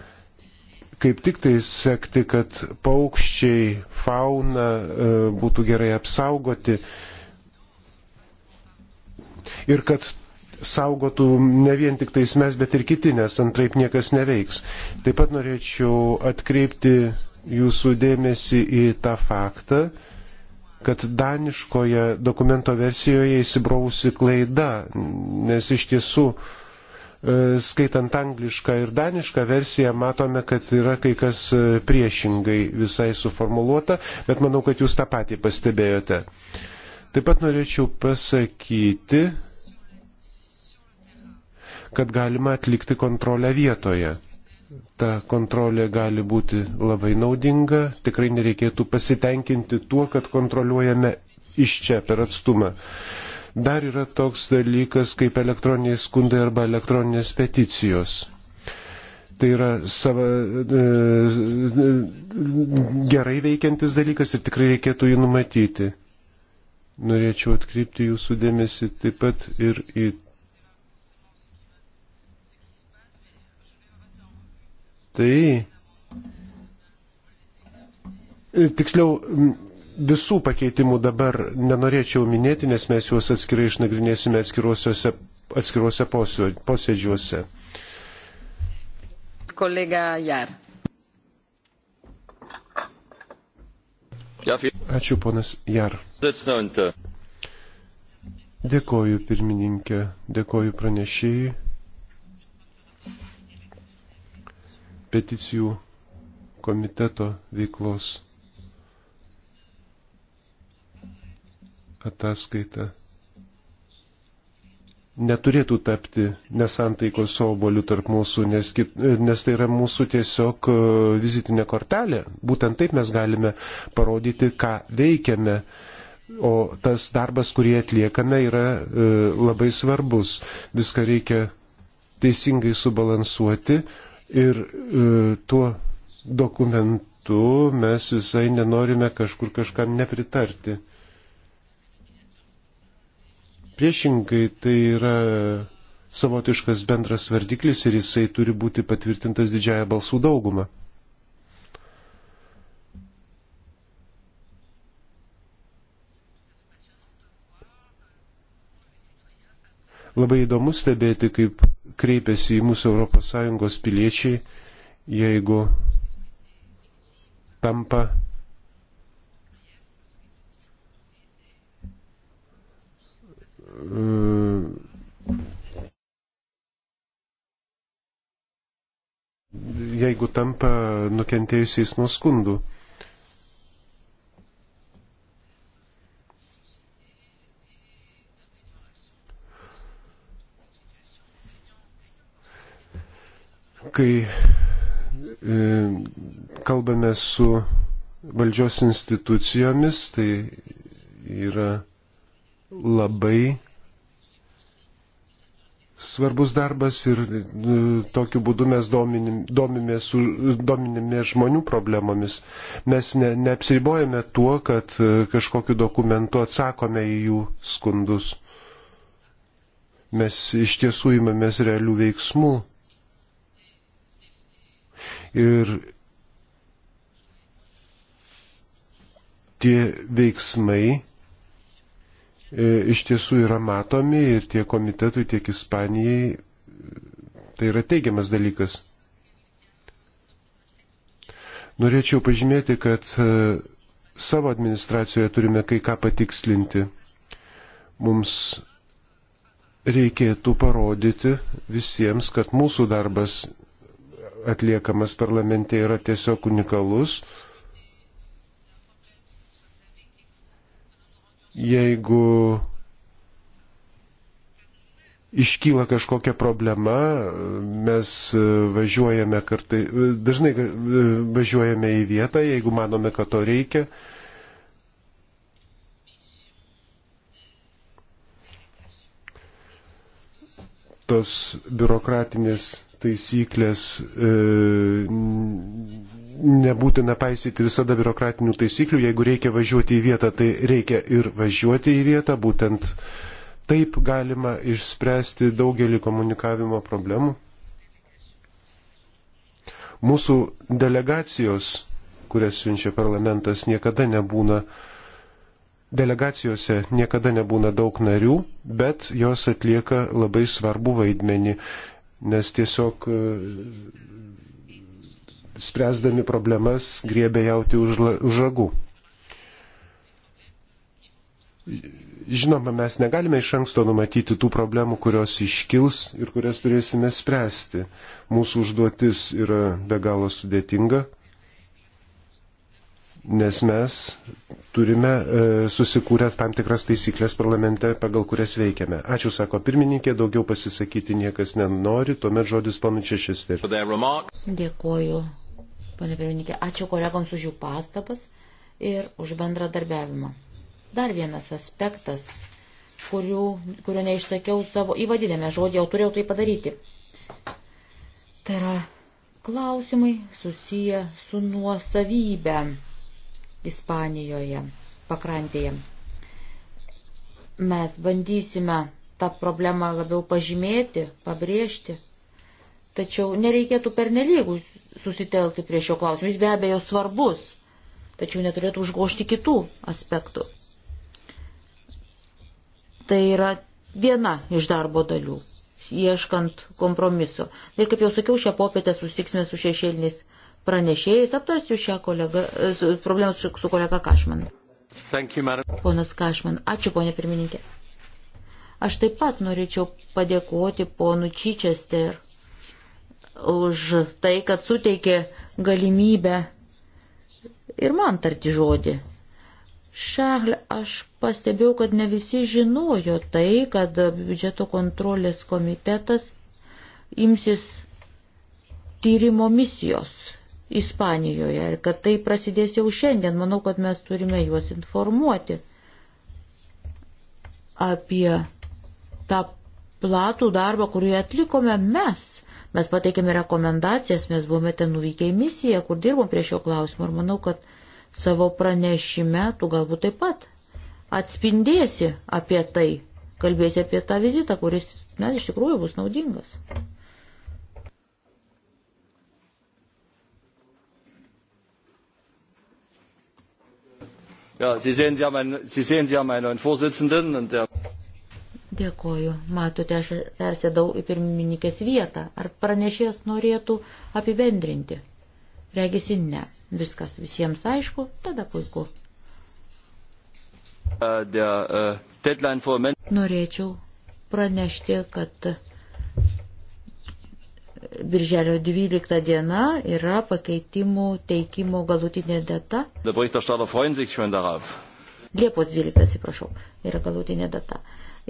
kaip tik tai sekti, kad paukščiai, fauna e, būtų gerai apsaugoti ir kad saugotų ne vien tik tais mes, bet ir kiti, nes antraip niekas neveiks. Taip pat norėčiau atkreipti jūsų dėmesį į tą faktą, kad daniškoje dokumento versijoje įsibrausi klaida, nes iš tiesų uh, E, skaitant anglišką ir danišką versiją, matome, kad yra kai kas e, priešingai visai suformuoluota, bet manau, kad jūs tą patį pastebėjote. Taip pat norėčiau pasakyti, kad galima atlikti kontrolę vietoje. Ta kontrolė gali būti labai naudinga, tikrai nereikėtų pasitenkinti tuo, kad kontroliuojame iš čia per atstumą. Uh, Dar yra toks dalykas kaip elektroniniai skundai arba elektroninės peticijos. Tai yra sava, e, gerai veikiantis dalykas ir tikrai reikėtų jį numatyti. Norėčiau atkreipti jūsų dėmesį taip pat ir į tai. Tiksliau, Visų pakeitimų dabar nenorėčiau minėti, nes mes juos atskirai išnagrinėsime atskiruose, atskiruose posėdžiuose. Kolega Jar. Ačiū, ponas Jar. Dėkoju, pirmininkė, dėkoju pranešėjai. Peticijų komiteto veiklos ataskaita neturėtų tapti nesantaikos oboliu tarp mūsų, nes, kit, nes tai yra mūsų tiesiog e, vizitinė kortelė. Būtent taip mes galime parodyti, ką veikiame. O tas darbas, kurį atliekame, yra e, labai svarbus. Viską reikia teisingai subalansuoti ir e, tuo dokumentu mes visai nenorime kažkur kažkam nepritarti. Priešingai tai yra savotiškas bendras vardiklis ir jisai turi būti patvirtintas didžiaja balsų dauguma. Labai įdomu stebėti, kaip kreipiasi į mūsų ES piliečiai, jeigu tampa Mm. jeigu tampa nukentėjusiais nuo skundų. Kai e, kalbame su valdžios institucijomis, tai yra labai svarbus darbas ir e, tokiu būdu mes domimės, domimės žmonių problemomis. Mes ne, neapsiribojame tuo, kad e, kažkokiu dokumentu atsakome į jų skundus. Mes iš tiesų imamės realių veiksmų. Ir tie veiksmai E, iš tiesų yra matomi ir tiek komitetui, tiek Ispanijai e, tai yra teigiamas dalykas. Norėčiau pažymėti, kad e, savo administracijoje turime kai ką patikslinti. Mums reikėtų parodyti visiems, kad mūsų darbas atliekamas parlamente yra tiesiog unikalus, jeigu iškyla kažkokia problema, mes važiuojame kartai, dažnai važiuojame į vietą, jeigu manome, kad to reikia. Tos biurokratinės taisyklės e, nebūtina paisyti visada biurokratinių taisyklių, jeigu reikia važiuoti į vietą, tai reikia ir važiuoti į vietą, būtent taip galima išspręsti daugelį komunikavimo problemų. Mūsų delegacijos, kurias siunčia parlamentas, niekada nebūna, delegacijose niekada nebūna daug narių, bet jos atlieka labai svarbu vaidmenį, nes tiesiog spręsdami problemas, griebė jauti už, už ragų. Žinoma, mes negalime iš anksto numatyti tų problemų, kurios iškils ir kurias turėsime spręsti. Mūsų užduotis yra be galo sudėtinga, nes mes turime e, susikūrę tam tikras taisyklės parlamente, pagal kurias veikiame. Ačiū, sako pirmininkė, daugiau pasisakyti niekas nenori, tuomet žodis panu Češister. Dėkuoju Pane Pirmininkė, ačiū kolegoms už jų pastabas ir už bendradarbiavimą. Dar vienas aspektas, kurių, kurio neišsakiau savo įvadinėme žodį, o turėjau tai padaryti. Tai yra klausimai susiję su nuosavybė Ispanijoje, pakrantėje. Mes bandysime tą problemą labiau pažymėti, pabrėžti, tačiau nereikėtų pernelygus susitelkti prie šio klausimo. Jis be abejo svarbus, tačiau neturėtų užgošti kitų aspektų. Tai yra viena iš darbo dalių, ieškant kompromiso. Ir kaip jau sakiau, šią popietę susitiksime su šešėlinis pranešėjais, aptarsiu šią kolega, e, su, problemą su, su kolega Kašman. You, Ponas Kašman, ačiū ponė pirmininkė. Aš taip pat norėčiau padėkoti ponu Čičester už tai, kad suteikė galimybę ir man tarti žodį. Šahl, aš pastebėjau, kad ne visi žinojo tai, kad biudžeto kontrolės komitetas imsis tyrimo misijos Ispanijoje ir kad tai prasidės jau šiandien. Manau, kad mes turime juos informuoti apie tą platų darbą, kurį atlikome mes Mes pateikėme rekomendacijas, mes buvome ten nuvykę į misiją, kur dirbom prie šio klausimo ir manau, kad savo pranešime tu galbūt taip pat atspindėsi apie tai, kalbėsi apie tą vizitą, kuris, na, iš tikrųjų bus naudingas. Ja, Sie sehen, Sie haben einen, Sie sehen, Sie haben einen neuen Vorsitzenden und der Dėkoju. Matote, aš persėdau į pirmininkės vietą. Ar pranešėjas norėtų apibendrinti? Regisi ne. Viskas visiems aišku, tada puiku. Uh, the, uh, for... Norėčiau pranešti, kad Birželio 12 diena yra pakeitimų teikimo galutinė data. Liepos 12, atsiprašau, yra galutinė data. Uh,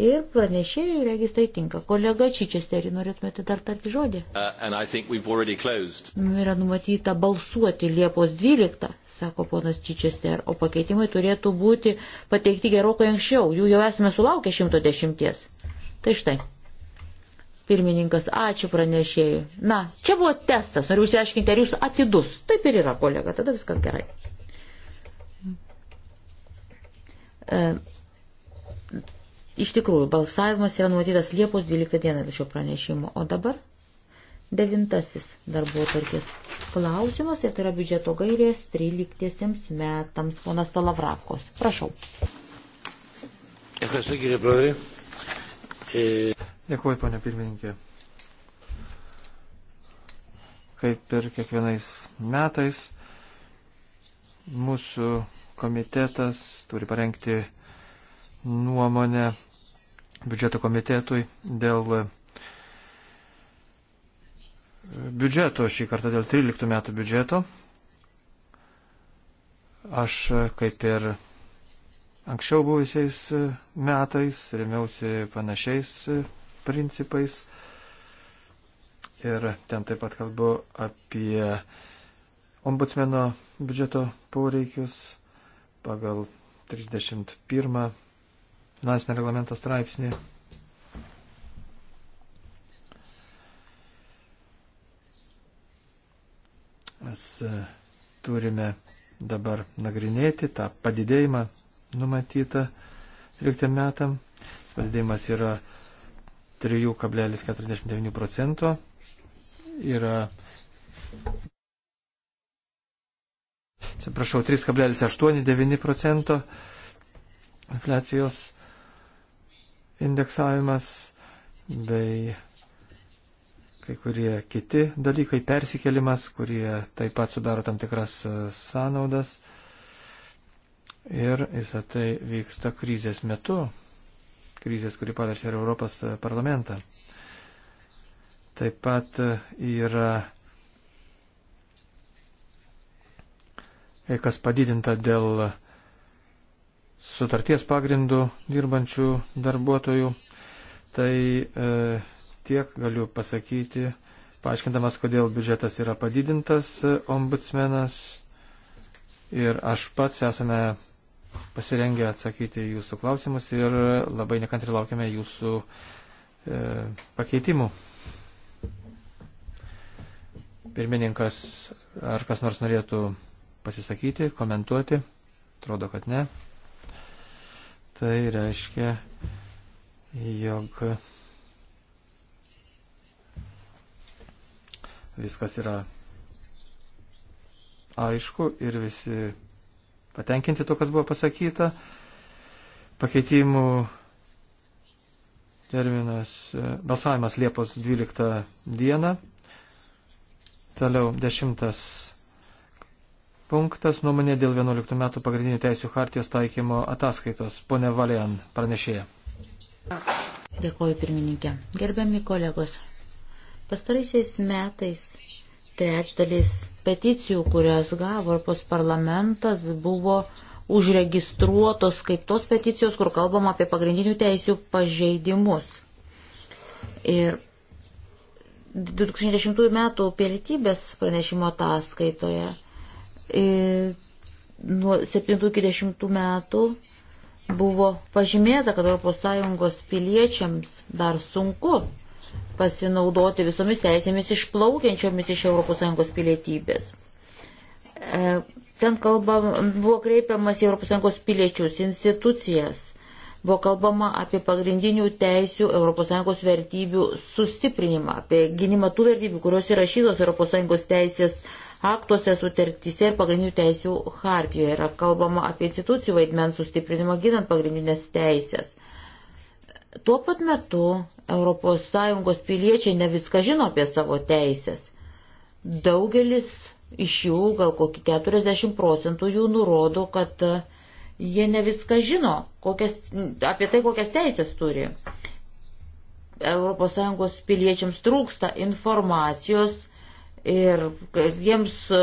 ir pranešėjai regis tai tinka. Kolega Čičesterį, norėtumėte dar tarti žodį? Uh, Yra numatyta balsuoti Liepos 12, sako ponas Čičester, o pakeitimai turėtų būti pateikti gerokai anksčiau, jų jau esame sulaukę 110. Tai štai. Pirmininkas, ačiū pranešėjai. Na, čia buvo testas, noriu išsiaiškinti, ar jūs atidus. Taip ir yra, kolega, tada viskas gerai. E, Iš tikrųjų, balsavimas yra numatytas Liepos 12 dieną šio pranešimo, o dabar devintasis darbo tarkės klausimas ir tai yra biudžeto gairės 13 metams. Ponas Salavrakos, prašau. E, Dėkuoju, ponė pirmininkė. Kaip ir kiekvienais metais, mūsų komitetas turi parengti nuomonę biudžeto komitetui dėl e, biudžeto, šį kartą dėl 13 metų biudžeto. Aš e, kaip ir anksčiau buvusiais e, metais remiausi panašiais principais. Ir ten taip pat kalbu apie ombudsmeno biudžeto poreikius pagal 31 finansinio reglamento straipsnį. Mes e, turime dabar nagrinėti tą padidėjimą numatytą 13 metam. Padidėjimas yra 3,49 procento. Yra. Atsiprašau, 3,89 procento infliacijos indeksavimas bei kai kurie kiti dalykai, persikėlimas, kurie taip pat sudaro tam tikras e, sąnaudas. Ir visą tai vyksta krizės metu, krizės, kuri paliečia ir Europos e, parlamentą. Taip pat e, yra kas padidinta dėl sutarties pagrindų dirbančių darbuotojų. Tai e, tiek galiu pasakyti, paaiškindamas, kodėl biudžetas yra padidintas, e, ombudsmenas ir aš pats esame pasirengę atsakyti jūsų klausimus ir labai nekantri laukiame jūsų e, pakeitimų. Pirmininkas, ar kas nors norėtų pasisakyti, komentuoti? Atrodo, kad ne. Tai reiškia, jog viskas yra aišku ir visi patenkinti to, kas buvo pasakyta. Pakeitimų terminas e, balsavimas Liepos 12 dieną. Toliau 10 punktas nuomonė dėl 11 metų pagrindinių teisų hartijos taikymo ataskaitos. Pone Valian, pranešėja. Dėkuoju pirmininkė. Gerbiami kolegos, pastaraisiais metais trečdalis peticijų, kurias gavo Europos parlamentas, buvo užregistruotos kaip tos peticijos, kur kalbama apie pagrindinių teisių pažeidimus. Ir 2010 m. pilietybės pranešimo ataskaitoje E, nuo 70 metų buvo pažymėta, kad ES piliečiams dar sunku pasinaudoti visomis teisėmis išplaukiančiomis iš ES pilietybės. E, ten kalba, buvo kreipiamas į ES piliečius, institucijas, buvo kalbama apie pagrindinių teisių ES vertybių sustiprinimą, apie gynimą tų vertybių, kurios įrašytos ES teisės aktuose, sutartyse ir pagrindinių teisių hartijoje. Yra kalbama apie institucijų vaidmens sustiprinimą ginant pagrindinės teisės. Tuo pat metu ES piliečiai ne viską žino apie savo teisės. Daugelis iš jų, gal kokį 40 procentų jų nurodo, kad jie ne viską žino kokias, apie tai, kokias teisės turi. ES piliečiams trūksta informacijos ir jiems e,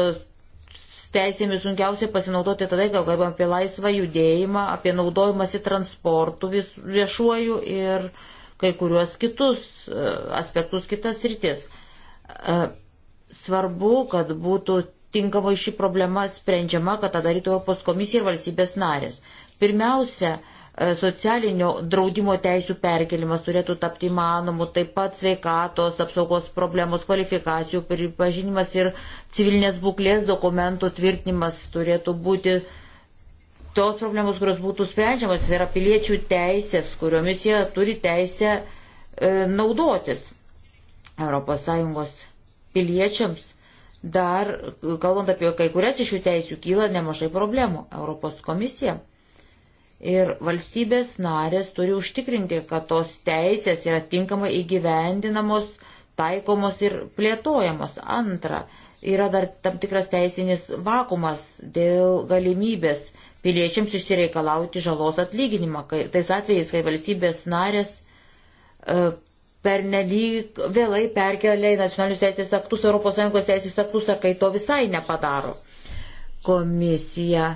teisėmis sunkiausiai pasinaudoti tada, kai kalbam apie laisvą judėjimą, apie naudojimąsi transportų vis, viešuoju ir kai kuriuos kitus e, aspektus, kitas rytis. E, svarbu, kad būtų tinkamai ši problema sprendžiama, kad tą darytų Europos komisija ir valstybės narės. Pirmiausia, E, socialinio draudimo teisų perkelimas turėtų tapti įmanomu, taip pat sveikatos apsaugos problemos, kvalifikacijų pripažinimas ir civilinės būklės dokumentų tvirtinimas turėtų būti tos problemos, kurios būtų sprendžiamas, tai yra piliečių teisės, kuriomis jie turi teisę e, naudotis. ES piliečiams dar, kalbant apie kai kurias iš jų teisių, kyla nemažai problemų. Europos komisija Ir valstybės narės turi užtikrinti, kad tos teisės yra tinkamai įgyvendinamos, taikomos ir plėtojamos. Antra, yra dar tam tikras teisinis vakumas dėl galimybės piliečiams išsireikalauti žalos atlyginimą, kai, tais atvejais, kai valstybės narės e, pernelyg vėlai perkelia į nacionalinius teisės aktus, ES teisės aktus, ar kai to visai nepadaro. Komisija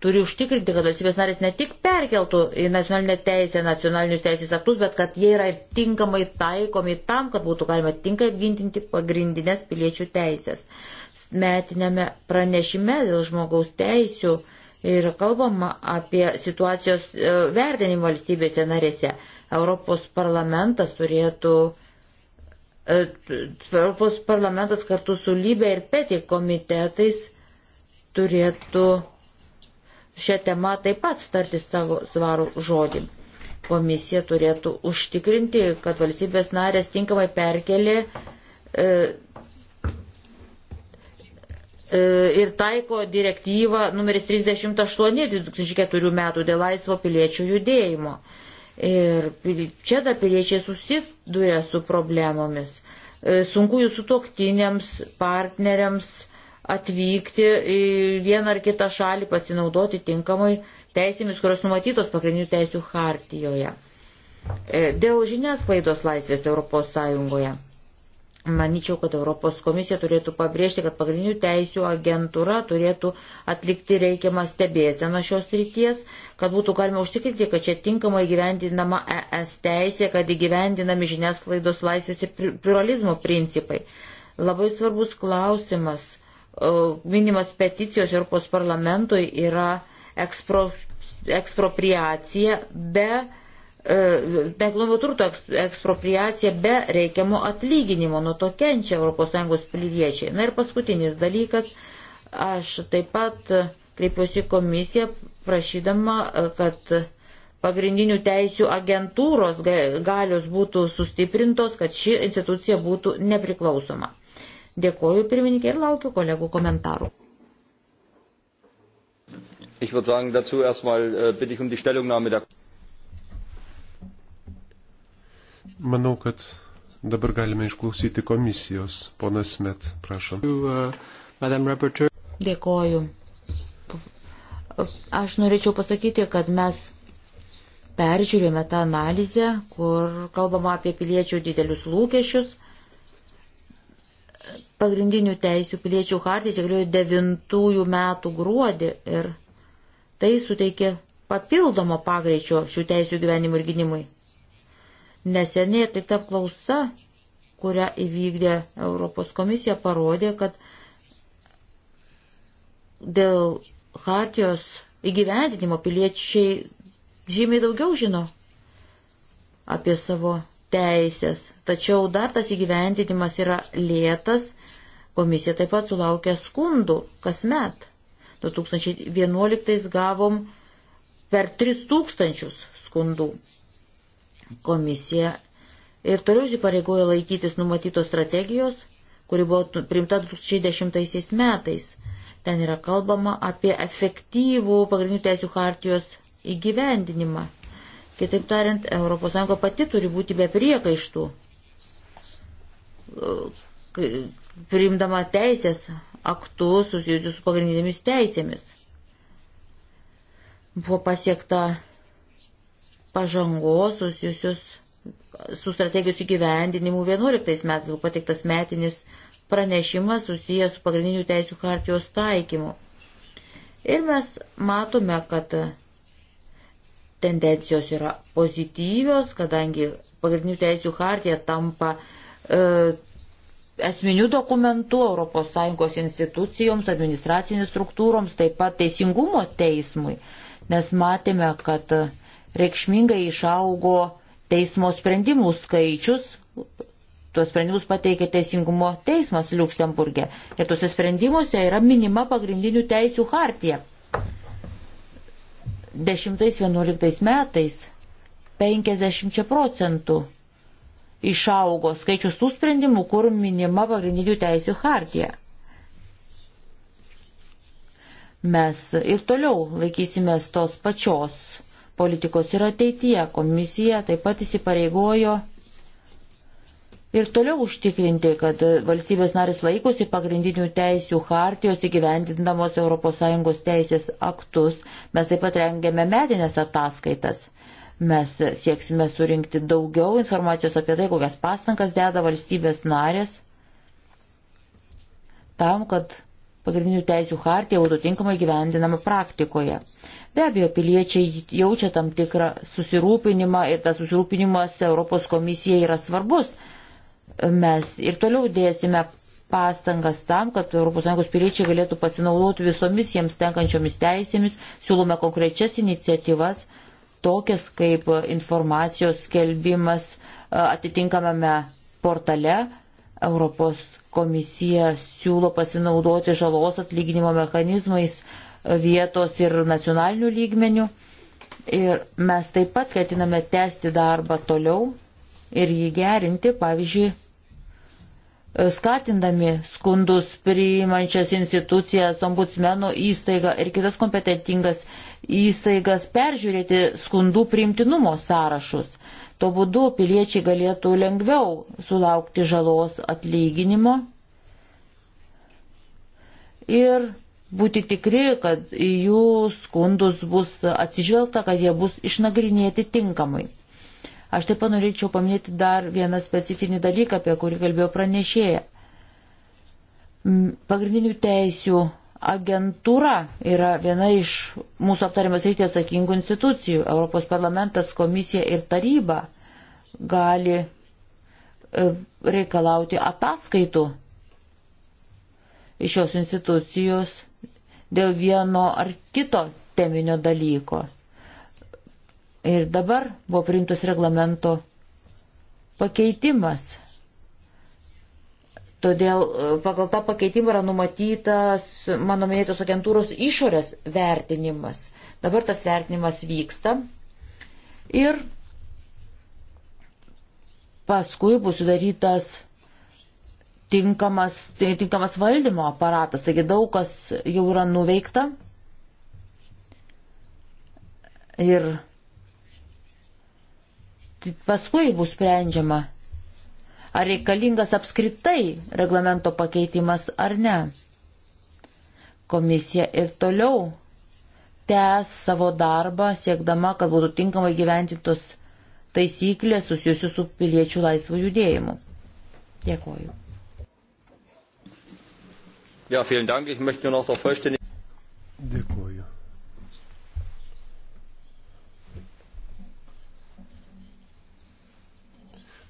turi užtikrinti, kad valstybės narės ne tik perkeltų į nacionalinę teisę nacionalinius teisės aktus, bet kad jie yra ir tinkamai taikomi tam, kad būtų galima tinkai apgintinti pagrindinės piliečių teisės. Metinėme pranešime dėl žmogaus teisių ir kalbama apie situacijos e, vertinimą valstybėse narėse. Europos parlamentas turėtų e, Europos parlamentas kartu su Lybė ir Peti komitetais turėtų šią temą taip pat starti savo svarų žodį. Komisija turėtų užtikrinti, kad valstybės narės tinkamai perkelė e, e ir taiko direktyvą numeris 38-2004 metų dėl laisvo piliečių judėjimo. Ir čia da piliečiai susiduria su problemomis. E, sunku jų sutoktiniams, partneriams atvykti į vieną ar kitą šalį, pasinaudoti tinkamai teisėmis, kurios numatytos pagrindinių teisų hartijoje. E, dėl žiniasklaidos laisvės ES. Maničiau, kad Europos komisija turėtų pabrėžti, kad pagrindinių teisų agentūra turėtų atlikti reikiamą stebėseną šios ryties, kad būtų galima užtikrinti, kad čia tinkamai gyvendinama ES teisė, kad įgyvendinami žiniasklaidos laisvės ir pluralizmo principai. Labai svarbus klausimas E, minimas peticijos Europos parlamentui yra ekspro, ekspropriacija be e, nekilnojamo turto ekspropriacija be reikiamo atlyginimo, nuo to kenčia ES piliečiai. Na ir paskutinis dalykas, aš taip pat kreipiuosi komisiją prašydama, e, kad pagrindinių teisių agentūros galios būtų sustiprintos, kad ši institucija būtų nepriklausoma. Dėkoju pirmininkė ir laukiu kolegų komentarų. Ich würde sagen, dazu erstmal äh, bitte ich um die Stellungnahme der. Manau, kad dabar galime išklausyti komisijos. Ponas Met, prašom. Uh, Dėkoju. Aš norėčiau pasakyti, kad mes peržiūrėjome tą analizę, kur kalbama apie piliečių didelius lūkesčius pagrindinių teisių piliečių hartija įsigaliojo 9 metų gruodį ir tai suteikė papildomo pagreičio šių teisių gyvenimui ir gynimui. Neseniai atlikta apklausa, kurią įvykdė Europos komisija, parodė, kad dėl hartijos įgyvendinimo piliečiai žymiai daugiau žino apie savo teisės, tačiau dar tas įgyvendinimas yra lėtas Komisija taip pat sulaukia skundų kasmet. 2011 gavom per 3000 skundų. Komisija ir toliau įsipareigoja laikytis numatytos strategijos, kuri buvo priimta 2010 metais. Ten yra kalbama apie efektyvų pagrindinių teisų hartijos įgyvendinimą. Kitaip tariant, ES pati turi būti be priekaištų, priimdama teisės aktus susijusius su pagrindinėmis teisėmis. Buvo pasiekta pažangos susijusius su strategijos įgyvendinimu 11 metais buvo pateiktas metinis pranešimas susijęs su pagrindinių teisų hartijos taikymu. Ir mes matome, kad tendencijos yra pozityvios, kadangi pagrindinių teisų hartija tampa e, esminių dokumentų ES institucijoms, administracinės struktūroms, taip pat teisingumo teismui, nes matėme, kad reikšmingai išaugo teismo sprendimų skaičius. Tuos sprendimus pateikė Teisingumo teismas Luksemburgė. Ir tuose sprendimuose yra minima pagrindinių teisių hartija. 10-11 metais 50 procentų išaugo skaičius tų sprendimų, kur minima pagrindinių teisių hartija. Mes ir toliau laikysimės tos pačios politikos ir ateityje. Komisija taip pat įsipareigojo ir toliau užtikrinti, kad valstybės narės laikosi pagrindinių teisių hartijos įgyvendindamos ES teisės aktus. Mes taip pat rengiame medinės ataskaitas. Mes sieksime surinkti daugiau informacijos apie tai, kokias pastangas deda valstybės narės tam, kad pagrindinių teisių hartija būtų tinkamai gyvendinama praktikoje. Be abejo, piliečiai jaučia tam tikrą susirūpinimą ir tas susirūpinimas Europos komisijai yra svarbus. Mes ir toliau dėsime pastangas tam, kad ES piliečiai galėtų pasinaudoti visomis jiems tenkančiomis teisėmis, siūlome konkrečias iniciatyvas tokias kaip informacijos skelbimas e, atitinkamame portale. Europos komisija siūlo pasinaudoti žalos atlyginimo mechanizmais vietos ir nacionalinių lygmenių. Ir mes taip pat ketiname tęsti darbą toliau ir jį gerinti, pavyzdžiui, skatindami skundus priimančias institucijas, ombudsmenų įstaigą ir kitas kompetentingas institucijas įsaigas peržiūrėti skundų priimtinumo sąrašus. Tuo būdu piliečiai galėtų lengviau sulaukti žalos atlyginimo ir būti tikri, kad jų skundus bus atsižvelgta, kad jie bus išnagrinėti tinkamai. Aš taip pat norėčiau paminėti dar vieną specifinį dalyką, apie kurį kalbėjo pranešėja. Pagrindinių teisių Agentūra yra viena iš mūsų aptariamas rytį atsakingų institucijų. Europos parlamentas, komisija ir taryba gali e, reikalauti ataskaitų iš šios institucijos dėl vieno ar kito teminio dalyko. Ir dabar buvo priimtas reglamento pakeitimas Todėl e, pagal tą pakeitimą yra numatytas mano minėtos agentūros išorės vertinimas. Dabar tas vertinimas vyksta ir paskui bus sudarytas tinkamas, tai tinkamas valdymo aparatas. Taigi daug kas jau yra nuveikta. Ir paskui bus sprendžiama ar reikalingas apskritai reglamento pakeitimas ar ne. Komisija ir toliau tęs savo darbą, siekdama, kad būtų tinkamai gyventintos taisyklės susijusių su piliečių laisvų judėjimu. Dėkuoju. Ja, vielen Dank. Ich möchte nur noch der vollständigen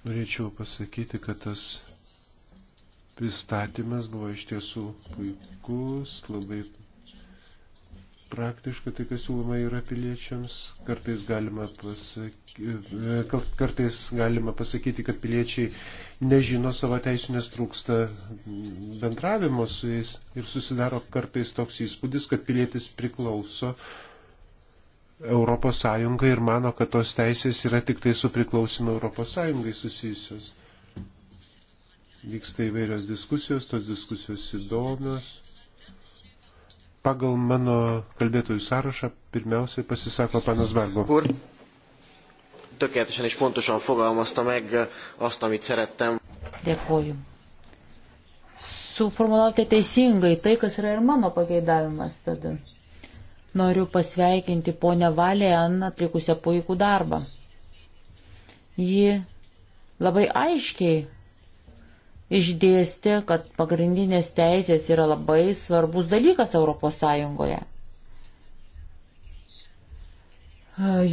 Norėčiau pasakyti, kad tas pristatymas buvo iš tiesų puikus, labai praktiška tai, kas siūloma yra piliečiams. Kartais galima, pasaky, kartais galima pasakyti, kad piliečiai nežino savo teisų, nes trūksta bendravimo su jais ir susidaro kartais toks įspūdis, kad pilietis priklauso Europos Sąjungą ir mano, kad tos teisės yra tik tai su priklausimu Europos Sąjungai susijusios. Vyksta įvairios diskusijos, tos diskusijos įdomios. Pagal mano kalbėtojų sąrašą pirmiausiai pasisako panas Barbo. Kur? tökéletesen és pontosan fogalmazta meg azt, amit szerettem. Dėkoju. Suformulavote teisingai tai, kas yra ir mano pageidavimas tada. Noriu pasveikinti ponę Valėn atlikusią puikų darbą. Ji labai aiškiai išdėstė, kad pagrindinės teisės yra labai svarbus dalykas Europos Sąjungoje.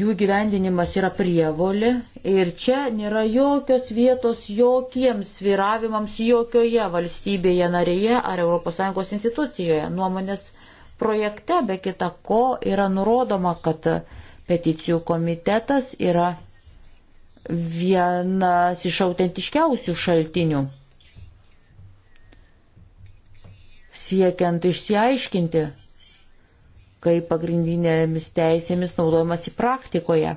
Jų gyvendinimas yra prievolė ir čia nėra jokios vietos jokiems sviravimams jokioje valstybėje narėje ar ES institucijoje. Nuomonės Projekte be kita ko yra nurodoma, kad peticijų komitetas yra vienas iš autentiškiausių šaltinių. Siekiant išsiaiškinti, kaip pagrindinėmis teisėmis naudojamas į praktikoje,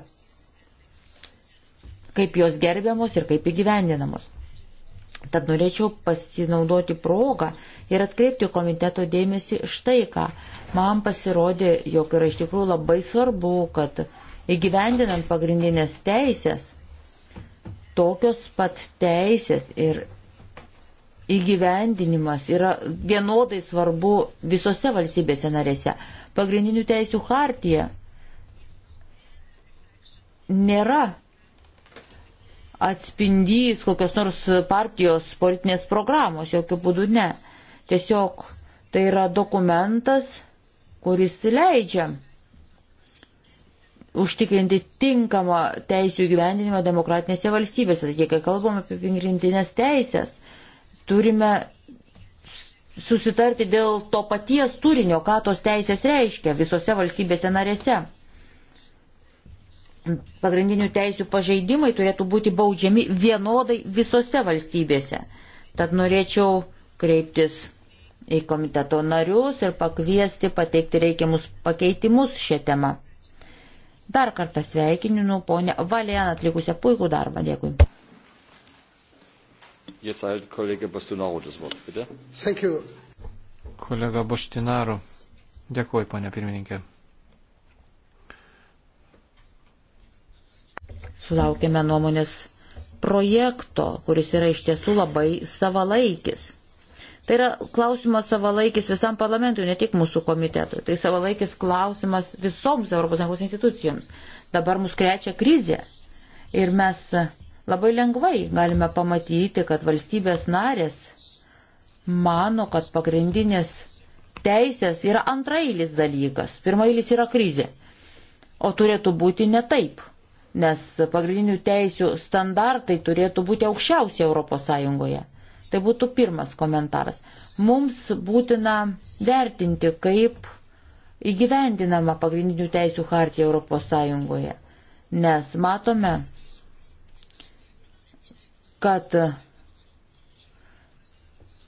kaip jos gerbiamos ir kaip įgyvendinamos. Tad norėčiau pasinaudoti progą ir atkreipti komiteto dėmesį štai ką. Man pasirodė, jog yra iš tikrųjų labai svarbu, kad įgyvendinant pagrindinės teisės, tokios pat teisės ir įgyvendinimas yra vienodai svarbu visose valstybėse narėse. Pagrindinių teisių hartija nėra atspindys kokios nors partijos politinės programos, jokių būdų ne. Tiesiog tai yra dokumentas, kuris leidžia užtikrinti tinkamą teisų įgyvendinimą demokratinėse valstybėse. Taigi, kai kalbame apie pingrindinės teisės, turime susitarti dėl to paties turinio, ką tos teisės reiškia visose valstybėse narėse pagrindinių teisių pažeidimai turėtų būti baudžiami vienodai visose valstybėse. Tad norėčiau kreiptis į komiteto narius ir pakviesti pateikti reikiamus pakeitimus šią temą. Dar kartą sveikininu ponę Valėną atlikusią puikų darbą. Dėkui. Jetzt halt Kollege Bostinaro das Wort, bitte. Thank you. Kolega Bostinaru. Dėkuoju, ponė pirmininkė. Sulaukėme nuomonės projekto, kuris yra iš tiesų labai savalaikis. Tai yra klausimas savalaikis visam parlamentui, ne tik mūsų komitetui. Tai savalaikis klausimas visoms ES institucijoms. Dabar mus krečia krizė. Ir mes labai lengvai galime pamatyti, kad valstybės narės mano, kad pagrindinės teisės yra antrailis dalykas. Pirmailis yra krizė. O turėtų būti ne taip nes pagrindinių teisių standartai turėtų būti aukščiausi ES. Tai būtų pirmas komentaras. Mums būtina vertinti, kaip įgyvendinama pagrindinių teisių hartija ES, nes matome, kad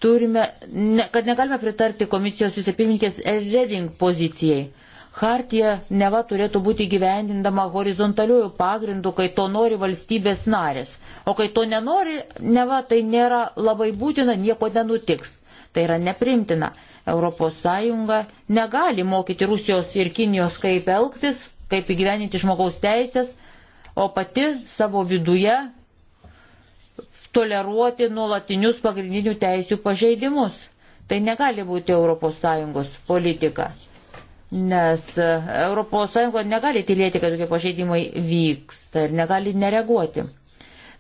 turime, ne, kad negalime pritarti komisijos vicepirmininkės Reding pozicijai Hartija neva turėtų būti gyvendindama horizontaliųjų pagrindų, kai to nori valstybės narės. O kai to nenori, neva tai nėra labai būtina, nieko nenutiks. Tai yra neprimtina. ES negali mokyti Rusijos ir Kinijos, kaip elgtis, kaip įgyveninti žmogaus teisės, o pati savo viduje toleruoti nuolatinius pagrindinių teisių pažeidimus. Tai negali būti ES politika nes ES negali tylėti, kad tokie pažeidimai vyksta ir negali nereaguoti.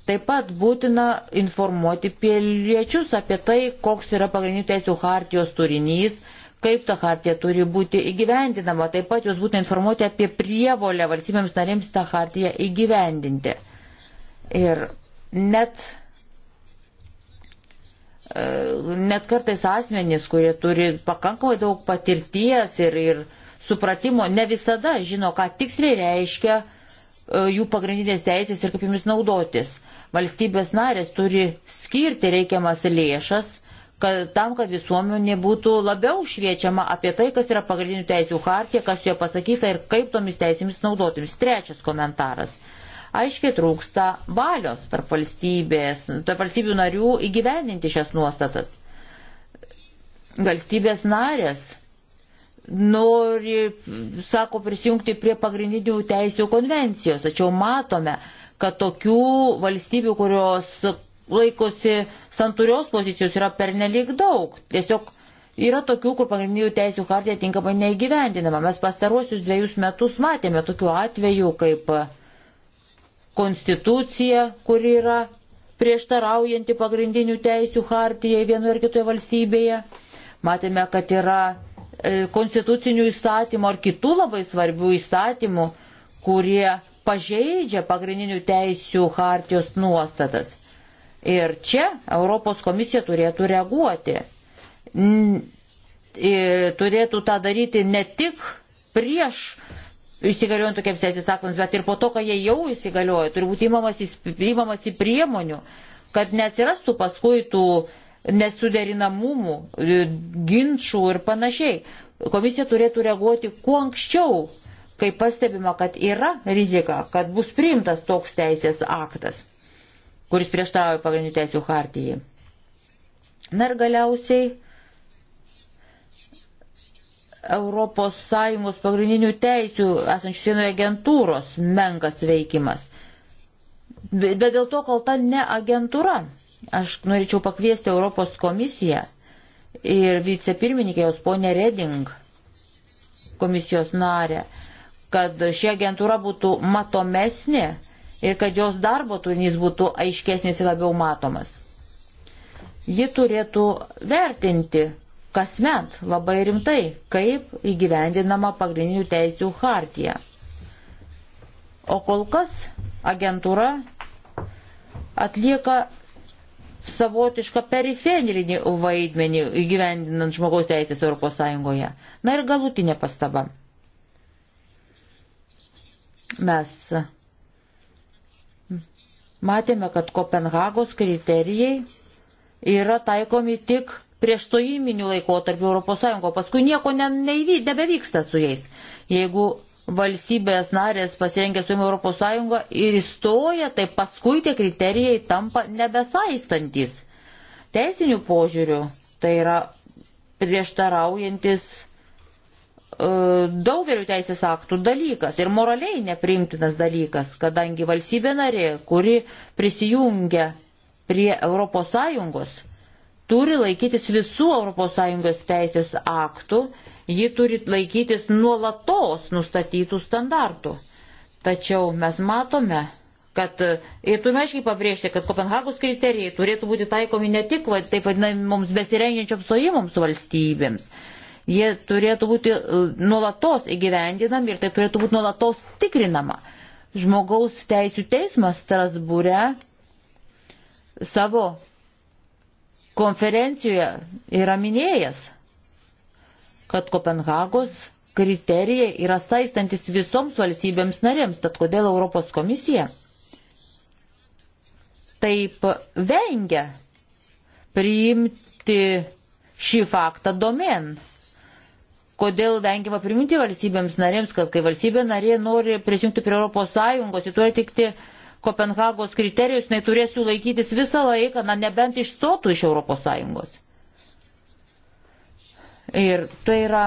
Taip pat būtina informuoti piliečius apie tai, koks yra pagrindinių teisų hartijos turinys, kaip ta hartija turi būti įgyvendinama. Taip pat jūs būtina informuoti apie prievolę valstybėms narėms tą hartiją įgyvendinti. Ir net, e, net kartais asmenys, kurie turi pakankamai daug patirties ir, ir supratimo, ne visada žino, ką tiksliai reiškia e, jų pagrindinės teisės ir kaip jomis naudotis. Valstybės narės turi skirti reikiamas lėšas kad, tam, kad visuomenė būtų labiau šviečiama apie tai, kas yra pagrindinių teisų hartija, kas joje pasakyta ir kaip tomis teisėmis naudotimis. Trečias komentaras. Aiškiai trūksta valios tarp, tarp valstybių narių įgyvendinti šias nuostatas. Valstybės narės nori, sako, prisijungti prie pagrindinių teisų konvencijos. Tačiau matome, kad tokių valstybių, kurios laikosi santūrios pozicijos, yra pernelik daug. Tiesiog yra tokių, kur pagrindinių teisų hartija tinkamai neįgyvendinama. Mes pastaruosius dviejus metus matėme tokių atvejų, kaip konstitucija, kuri yra prieštaraujanti pagrindinių teisų hartijai vienoje ar kitoje valstybėje. Matėme, kad yra E, konstitucinių įstatymų ar kitų labai svarbių įstatymų, kurie pažeidžia pagrindinių teisių hartijos nuostatas. Ir čia Europos komisija turėtų reaguoti. Turėtų tą daryti ne tik prieš įsigaliojant tokiems teisės aktams, bet ir po to, kai jie jau įsigaliojo, turi būti įmamasi įmamas priemonių, kad neatsirastų paskui tų uh, nesuderinamumų, e, ginčių ir panašiai. Komisija turėtų reaguoti kuo anksčiau, kai pastebima, kad yra rizika, kad bus priimtas toks teisės aktas, kuris prieštarauja pagrindinių teisų hartijai. Na ir galiausiai ES pagrindinių teisių esančių sienoje agentūros menkas veikimas. Bet dėl to kalta ne agentūra. Aš norėčiau pakviesti Europos komisiją ir vicepirmininkė jos ponė Reding, komisijos narė, kad ši agentūra būtų matomesnė ir kad jos darbo turinys būtų aiškesnis ir labiau matomas. Ji turėtų vertinti kasmet labai rimtai, kaip įgyvendinama pagrindinių teisių hartija. O kol kas agentūra atlieka savotišką periferinį vaidmenį įgyvendinant žmogaus teisės ES. Na ir galutinė pastaba. Mes matėme, kad Kopenhagos kriterijai yra taikomi tik prieš stojiminių laikotarpių ES, paskui nieko ne, neįvy, nebevyksta su jais. Jeigu valstybės narės pasirengia su Europos Sąjunga ir įstoja, tai paskui tie kriterijai tampa nebesaistantis. Teisinių požiūrių tai yra prieštaraujantis uh, e, daugeliu teisės aktų dalykas ir moraliai neprimtinas dalykas, kadangi valstybė narė, kuri prisijungia prie Europos Sąjungos, turi laikytis visų Europos Sąjungos teisės aktų Ji turi laikytis nuolatos nustatytų standartų. Tačiau mes matome, kad ir turime aiškiai pabrėžti, kad Kopenhagos kriterijai turėtų būti taikomi ne tik va, taip vadinamoms besirengiančioms stojimoms valstybėms. Jie turėtų būti e, nuolatos įgyvendinami ir tai turėtų būti nuolatos tikrinama. Žmogaus teisų teismas Strasbūre savo konferencijoje yra minėjęs kad Kopenhagos kriterijai yra saistantis visoms valstybėms narėms, tad kodėl Europos komisija taip vengia priimti šį faktą domen. Kodėl vengiama priminti valstybėms narėms, kad kai valstybė narė nori prisijungti prie ES, ji turi tikti Kopenhagos kriterijus, jinai turės jų laikytis visą laiką, na nebent išstotų iš ES. Ir tai yra.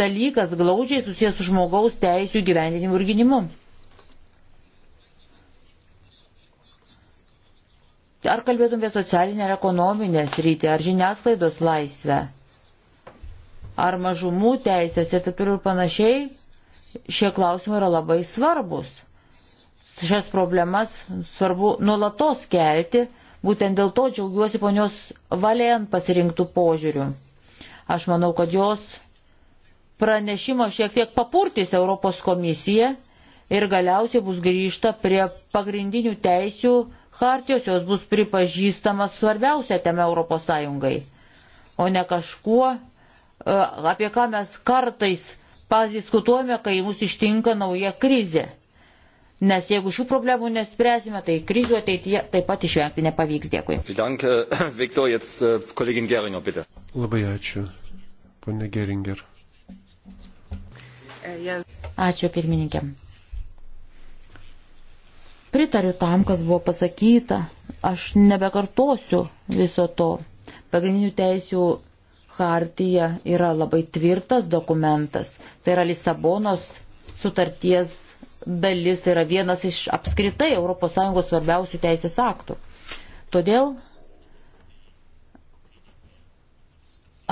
dalykas glaudžiai susijęs su žmogaus teisų gyvendinimu ir gynimu. Ar kalbėtum apie socialinę ir ekonominę sritį, ar žiniasklaidos laisvę, ar mažumų teisės ir taip ir panašiai, šie klausimai yra labai svarbus. Šias problemas svarbu nuolatos kelti Būtent dėl to džiaugiuosi ponios Valien pasirinktų požiūrių. Aš manau, kad jos pranešimo šiek tiek papurtys Europos komisija ir galiausiai bus grįžta prie pagrindinių teisių hartijos, jos bus pripažįstamas svarbiausia tema Europos Sąjungai, o ne kažkuo, e, apie ką mes kartais pasdiskutuojame, kai mus ištinka nauja krizė. Nes jeigu šių problemų nespręsime, tai krizių ateityje taip pat išvengti nepavyks. Dėkui. Danke, äh, *laughs* Viktor, jetzt äh, kolegin Geringer, bitte. Labai ačiū, ponė Geringer. Äh, ačiū pirmininkė. Pritariu tam, kas buvo pasakyta. Aš nebekartosiu viso to. Pagrindinių teisių hartija yra labai tvirtas dokumentas. Tai yra Lisabonos sutarties dalis yra vienas iš apskritai ES svarbiausių teisės aktų. Todėl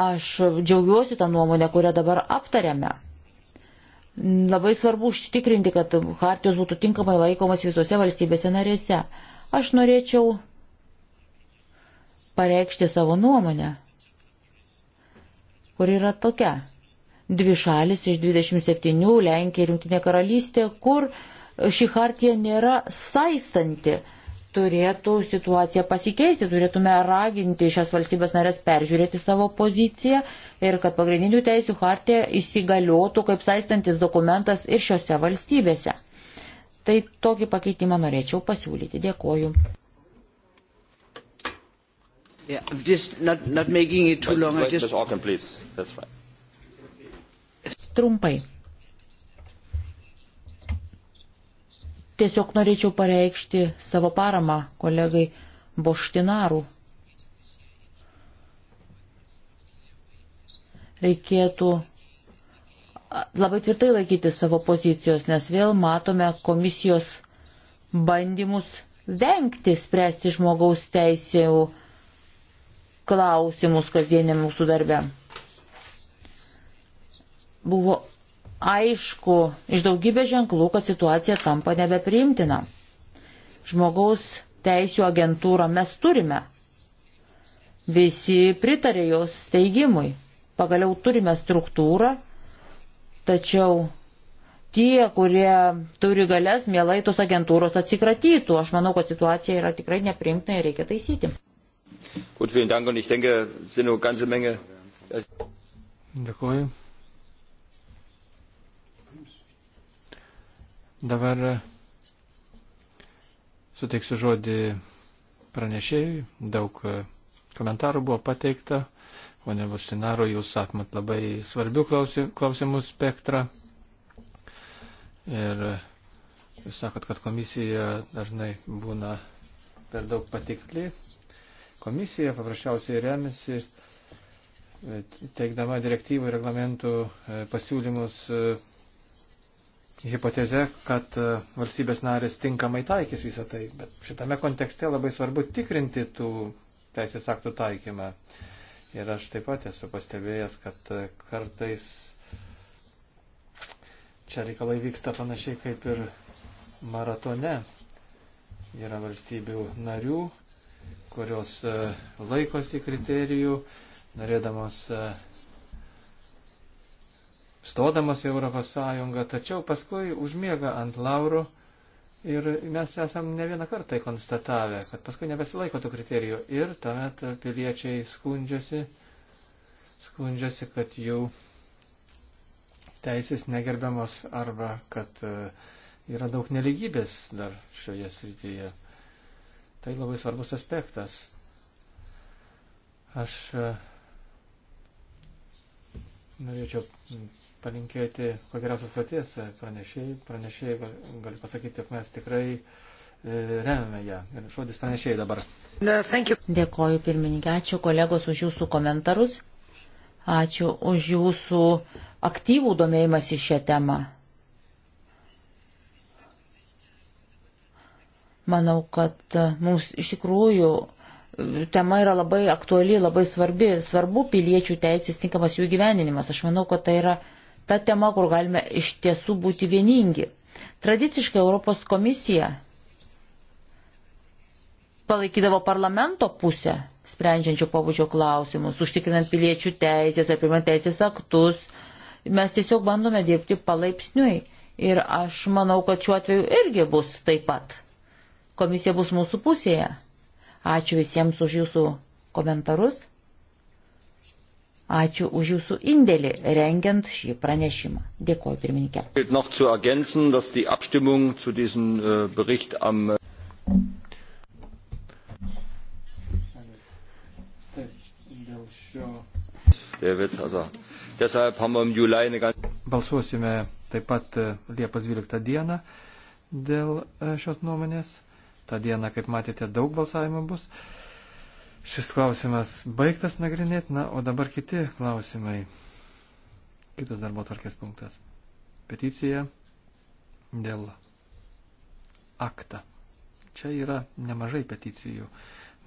aš džiaugiuosi tą nuomonę, kurią dabar aptariame. Labai svarbu užtikrinti, kad hartijos būtų tinkamai laikomas visose valstybėse narėse. Aš norėčiau pareikšti savo nuomonę, kur yra tokia dvi šalis iš 27 - Lenkija ir Junktinė karalystė, kur ši hartija nėra saistanti. Turėtų situacija pasikeisti, turėtume raginti šias valstybės narės peržiūrėti savo poziciją ir kad pagrindinių teisų hartija įsigaliotų kaip saistantis dokumentas ir šiose valstybėse. Tai tokį pakeitimą norėčiau pasiūlyti. Dėkoju. Yeah, trumpai. Tiesiog norėčiau pareikšti savo paramą kolegai Boštinarų. Reikėtų labai tvirtai laikyti savo pozicijos, nes vėl matome komisijos bandymus vengti spręsti žmogaus teisėjų klausimus kasdienė mūsų darbė buvo aišku iš daugybės ženklų, kad situacija tampa nebepriimtina. Žmogaus teisų agentūrą mes turime. Visi pritarė jos steigimui. Pagaliau turime struktūrą, tačiau tie, kurie turi galės, mielai tos agentūros atsikratytų. Aš manau, kad situacija yra tikrai nepriimtina ir reikia taisyti. Gut, vielen Dank und ich denke, sind nur ganze Menge. Dėkuoju. Dabar suteiksiu žodį pranešėjui. Daug komentarų buvo pateikta. Pone Bustinaro, jūs atmat labai svarbių klausimų spektrą. Ir jūs sakot, kad komisija dažnai būna per daug patikli. Komisija paprasčiausiai remiasi e, teikdama direktyvų ir reglamentų e, pasiūlymus e, hipotezė, kad e, valstybės narės tinkamai taikys visą tai, bet šitame kontekste labai svarbu tikrinti tų teisės aktų taikymą. Ir aš taip pat esu pastebėjęs, kad e, kartais čia reikalai vyksta panašiai kaip ir maratone. Yra valstybių narių, kurios e, laikosi kriterijų, norėdamos stodamas į Europos Sąjungą, tačiau paskui užmiega ant laurų ir mes esam ne vieną kartą tai konstatavę, kad paskui nebesilaiko tų kriterijų ir tuomet piliečiai skundžiasi, skundžiasi, kad jų teisės negerbiamos arba kad e, yra daug neligybės dar šioje srityje. Tai labai svarbus aspektas. Aš e, norėčiau palinkėti kuo geriausios paties e, pranešėjai. Pranešėjai galiu pasakyti, jog mes tikrai e, remiame ją. Ir žodis pranešėjai dabar. Dėkoju pirmininkė, ačiū kolegos už jūsų komentarus. Ačiū už jūsų aktyvų domėjimąsi šią temą. Manau, kad e, mums iš tikrųjų tema yra labai aktuali, labai svarbi, svarbu piliečių teisės tinkamas jų gyveninimas. Aš manau, kad tai yra ta tema, kur galime iš tiesų būti vieningi. Tradiciškai Europos komisija palaikydavo parlamento pusę sprendžiančio pobūdžio klausimus, užtikrinant piliečių teisės ar primant teisės aktus. Mes tiesiog bandome dirbti palaipsniui ir aš manau, kad šiuo atveju irgi bus taip pat. Komisija bus mūsų pusėje. Ačiū visiems už jūsų komentarus. Ačiū už jūsų indėlį rengiant šį pranešimą. Dėkuoju, pirmininkė. Äh, äh, Balsuosime taip pat äh, Liepos 12 dieną dėl šios nuomonės. Ta diena, kaip matėte, daug balsavimo bus. Šis klausimas baigtas nagrinėti, na, o dabar kiti klausimai. Kitas darbo tarkės punktas. Peticija dėl aktą. Čia yra nemažai peticijų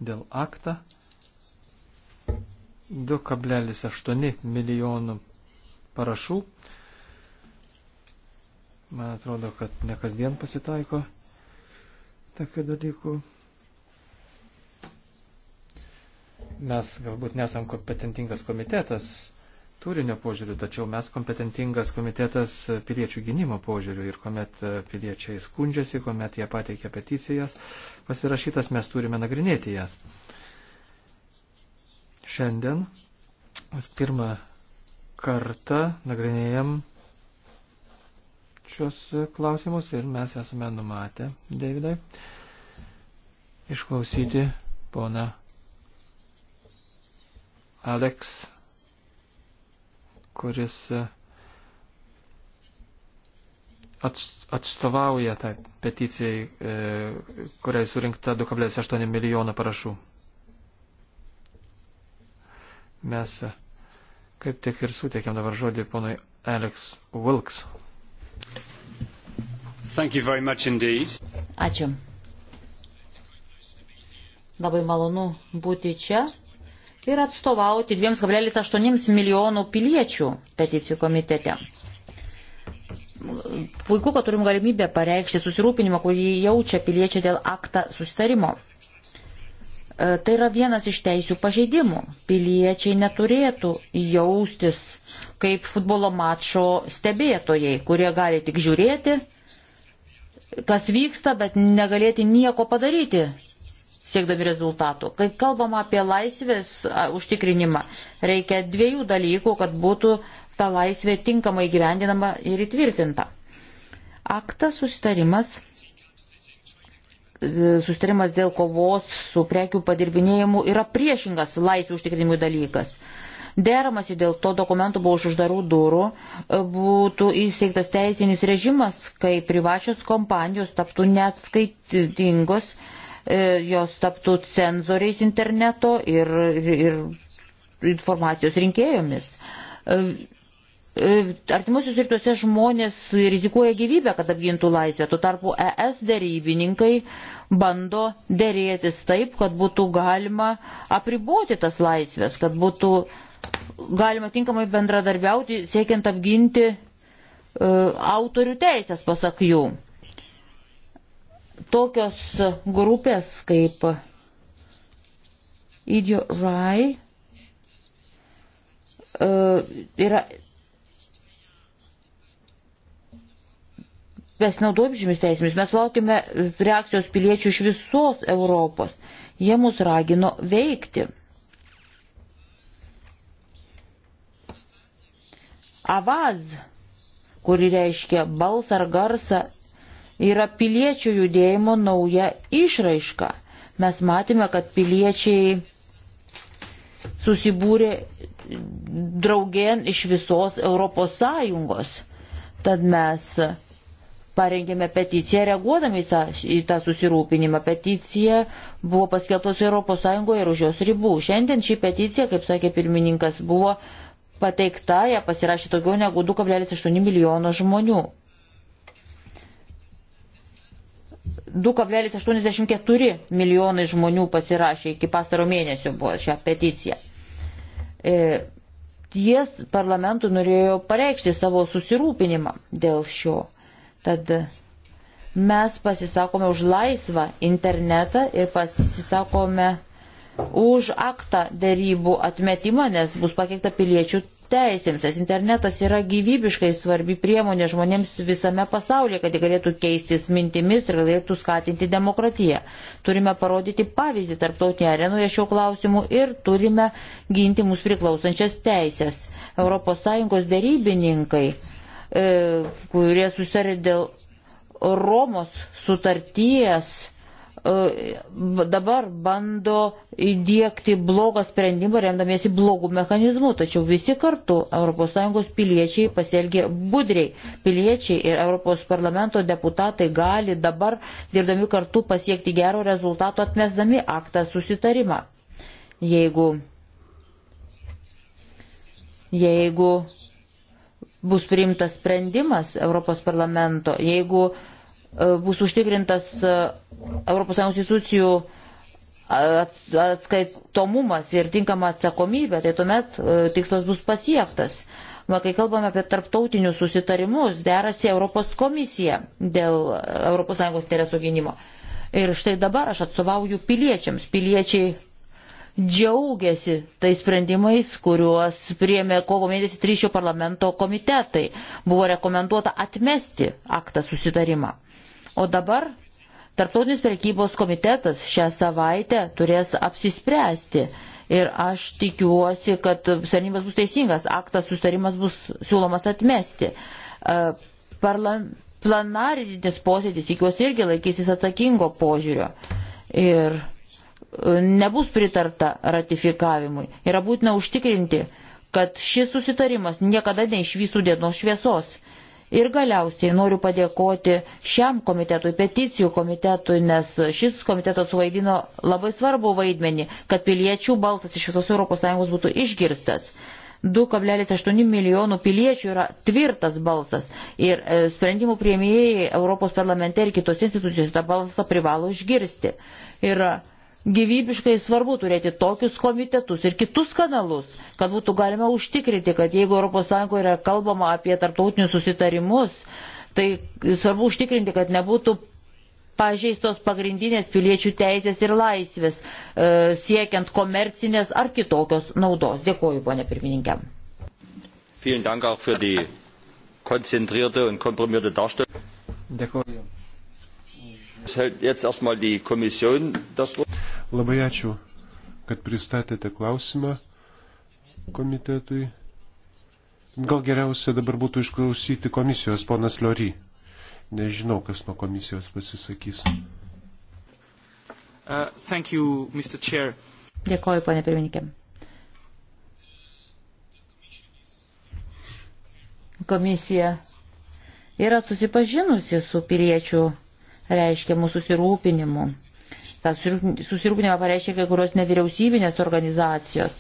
dėl aktą. 2,8 milijonų parašų. Man atrodo, kad ne kasdien pasitaiko tokių dalykų. mes galbūt nesam kompetentingas komitetas turinio požiūriu, tačiau mes kompetentingas komitetas piliečių gynimo požiūriu ir kuomet piliečiai skundžiasi, kuomet jie pateikia peticijas pasirašytas, mes turime nagrinėti jas. Šiandien mes pirmą kartą nagrinėjom šios klausimus ir mes esame numatę, Davidai, išklausyti poną Aleks, kuris e, atstovauja tai peticijai, e, kuriai surinkta 2,8 milijono parašų. Mes e, kaip tik ir suteikėm dabar žodį ponui Alex Wilks. Ačiū. Labai malonu būti čia ir atstovauti 2,8 milijonų piliečių peticijų komitete. Puiku, kad turim galimybę pareikšti susirūpinimą, kurį jaučia piliečiai dėl aktą susitarimo. E, tai yra vienas iš teisių pažeidimų. Piliečiai neturėtų jaustis kaip futbolo mačo stebėtojai, kurie gali tik žiūrėti, kas vyksta, bet negalėti nieko padaryti siekdami rezultatų. Kai kalbam apie laisvės užtikrinimą, reikia dviejų dalykų, kad būtų ta laisvė tinkamai gyvendinama ir įtvirtinta. Aktas susitarimas, e, susitarimas dėl kovos su prekių padirbinėjimu yra priešingas laisvė užtikrinimui dalykas. Deramasi dėl to dokumentų buvo už uždarų durų, e, būtų įsteigtas teisinis režimas, kai privačios kompanijos taptų neatskaitingos E, jos taptų cenzoriais interneto ir, ir informacijos rinkėjomis. E, e, artimuosius rytuose žmonės rizikuoja gyvybę, kad apgintų laisvę. Tuo tarpu ES dėrybininkai bando dėrėtis taip, kad būtų galima apriboti tas laisvės, kad būtų galima tinkamai bendradarbiauti, siekiant apginti uh, autorių teisės, pasak jų tokios grupės kaip Idio Rai e, yra besinaudojami šiomis teisėmis. Mes laukime reakcijos piliečių iš visos Europos. Jie mus ragino veikti. Avaz, kuri reiškia balsą ar garsą, yra piliečių judėjimo nauja išraiška. Mes matėme, kad piliečiai susibūrė draugien iš visos Europos Sąjungos. Tad mes parengėme peticiją reaguodami į tą, į tą susirūpinimą. Peticija buvo paskelbtos Europos Sąjungoje ir už jos ribų. Šiandien ši peticija, kaip sakė pirmininkas, buvo pateikta, ją pasirašė daugiau negu 2,8 milijono žmonių. 2,84 milijonai žmonių pasirašė iki pastaro mėnesio buvo šią peticiją. E, ties parlamentų norėjo pareikšti savo susirūpinimą dėl šio. Tad mes pasisakome už laisvą internetą ir pasisakome už aktą dėrybų atmetimą, nes bus pakeikta piliečių teisėms. Tas internetas yra gyvybiškai svarbi priemonė žmonėms visame pasaulyje, kad jie galėtų keistis mintimis ir galėtų skatinti demokratiją. Turime parodyti pavyzdį tarptautinėje arenoje šio klausimu ir turime ginti mūsų priklausančias teisės. ES dėrybininkai, e, kurie susitarė dėl Romos sutarties, E, dabar bando įdėkti blogą sprendimą remdamiesi blogų mechanizmų, tačiau visi kartu ES piliečiai pasielgė budriai. Piliečiai ir ES parlamento deputatai gali dabar, dirbdami kartu, pasiekti gero rezultato atmesdami aktą susitarimą. Jeigu, jeigu bus priimtas sprendimas Europos parlamento, jeigu e, bus užtikrintas e, ES institucijų atskaitomumas ir tinkama atsakomybė, tai tuomet e, tikslas bus pasiektas. Va, kai kalbame apie tarptautinius susitarimus, derasi Europos komisija dėl ES interesų gynimo. Ir štai dabar aš atstovauju piliečiams. Piliečiai džiaugiasi tais sprendimais, kuriuos priemė kovo mėnesį tryšio parlamento komitetai. Buvo rekomenduota atmesti aktą susitarimą. O dabar Tarptautinis prekybos komitetas šią savaitę turės apsispręsti. Ir aš tikiuosi, kad sutarimas bus teisingas, aktas sutarimas bus siūlomas atmesti. E, parla, planarinis posėdis, tikiuosi, irgi laikysis atsakingo požiūrio. Ir e, nebus pritarta ratifikavimui. Yra būtina užtikrinti, kad šis susitarimas niekada neišvysų dienos šviesos Ir galiausiai noriu padėkoti šiam komitetui, peticijų komitetui, nes šis komitetas suvaidino labai svarbu vaidmenį, kad piliečių balsas iš visos ES būtų išgirstas. 2,8 milijonų piliečių yra tvirtas balsas ir e, sprendimų prieimėjai Europos parlamente ir kitos institucijos tą balsą privalo išgirsti. Ir gyvybiškai svarbu turėti tokius komitetus ir kitus kanalus, kad būtų galima užtikrinti, kad jeigu ES yra kalbama apie tarptautinius susitarimus, tai svarbu užtikrinti, kad nebūtų pažeistos pagrindinės piliečių teisės ir laisvės, e, siekiant komercinės ar kitokios naudos. Dėkuoju, ponė pirmininkė. Dėkuoju. Labai ačiū, kad pristatėte klausimą komitetui. Gal geriausia dabar būtų išklausyti komisijos ponas Liory. Nežinau, kas nuo komisijos pasisakys. Uh, you, Dėkoju, ponė pirmininkė. Komisija yra susipažinusi su piliečių reiškiamų susirūpinimų. Ta susirūpinimą pareiškia kai kurios nevyriausybinės organizacijos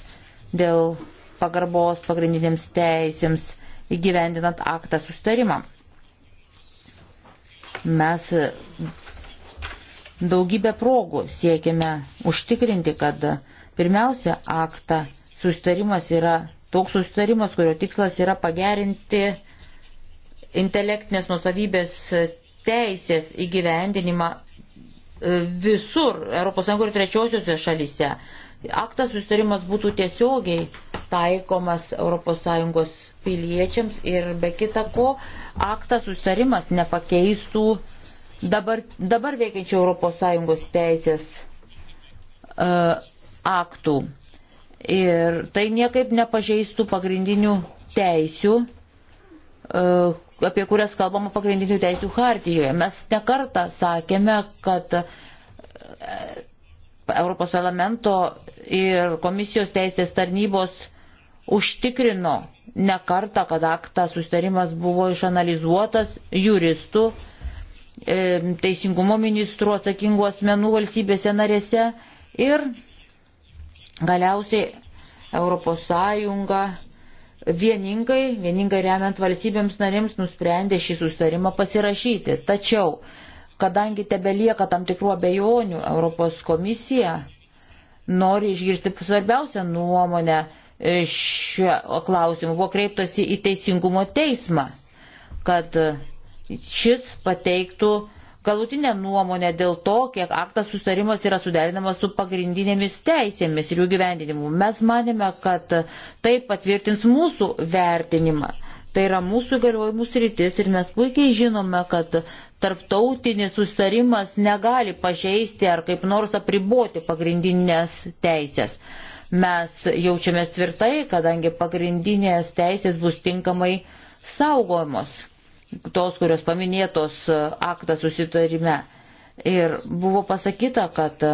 dėl pagarbos pagrindinėms teisėms įgyvendinant aktą sustarimą. Mes daugybę progų siekime užtikrinti, kad pirmiausia aktą sustarimas yra toks sustarimas, kurio tikslas yra pagerinti intelektinės nusavybės teisės įgyvendinimą e, visur, ES ir trečiosiuose šalyse. Aktas sustarimas būtų tiesiogiai taikomas ES piliečiams ir be kita ko, aktas sustarimas nepakeistų dabar, dabar veikiančių ES teisės uh, aktų. Ir tai niekaip nepažeistų pagrindinių teisių, uh, apie kurias kalbama pagrindinių teisų hartijoje. Mes nekartą sakėme, kad e, Europos parlamento ir komisijos teisės tarnybos užtikrino nekartą, kad aktą sustarimas buvo išanalizuotas juristų, e, teisingumo ministrų atsakingų asmenų valstybėse narėse ir galiausiai Europos Sąjunga vieningai, vieningai remiant valstybėms narėms, nusprendė šį sustarimą pasirašyti. Tačiau, kadangi tebelieka tam tikrų abejonių, Europos komisija nori išgirsti svarbiausią nuomonę e, šiuo klausimu. Buvo kreiptasi į Teisingumo teismą, kad šis pateiktų galutinę nuomonę dėl to, kiek aktas sustarimas yra suderinamas su pagrindinėmis teisėmis ir jų gyvendinimu. Mes manėme, kad tai patvirtins mūsų vertinimą. Tai yra mūsų įgaliojimų sritis ir mes puikiai žinome, kad tarptautinis sustarimas negali pažeisti ar kaip nors apriboti pagrindinės teisės. Mes jaučiamės tvirtai, kadangi pagrindinės teisės bus tinkamai saugojamos tos, kurios paminėtos e, aktą susitarime. Ir buvo pasakyta, kad e,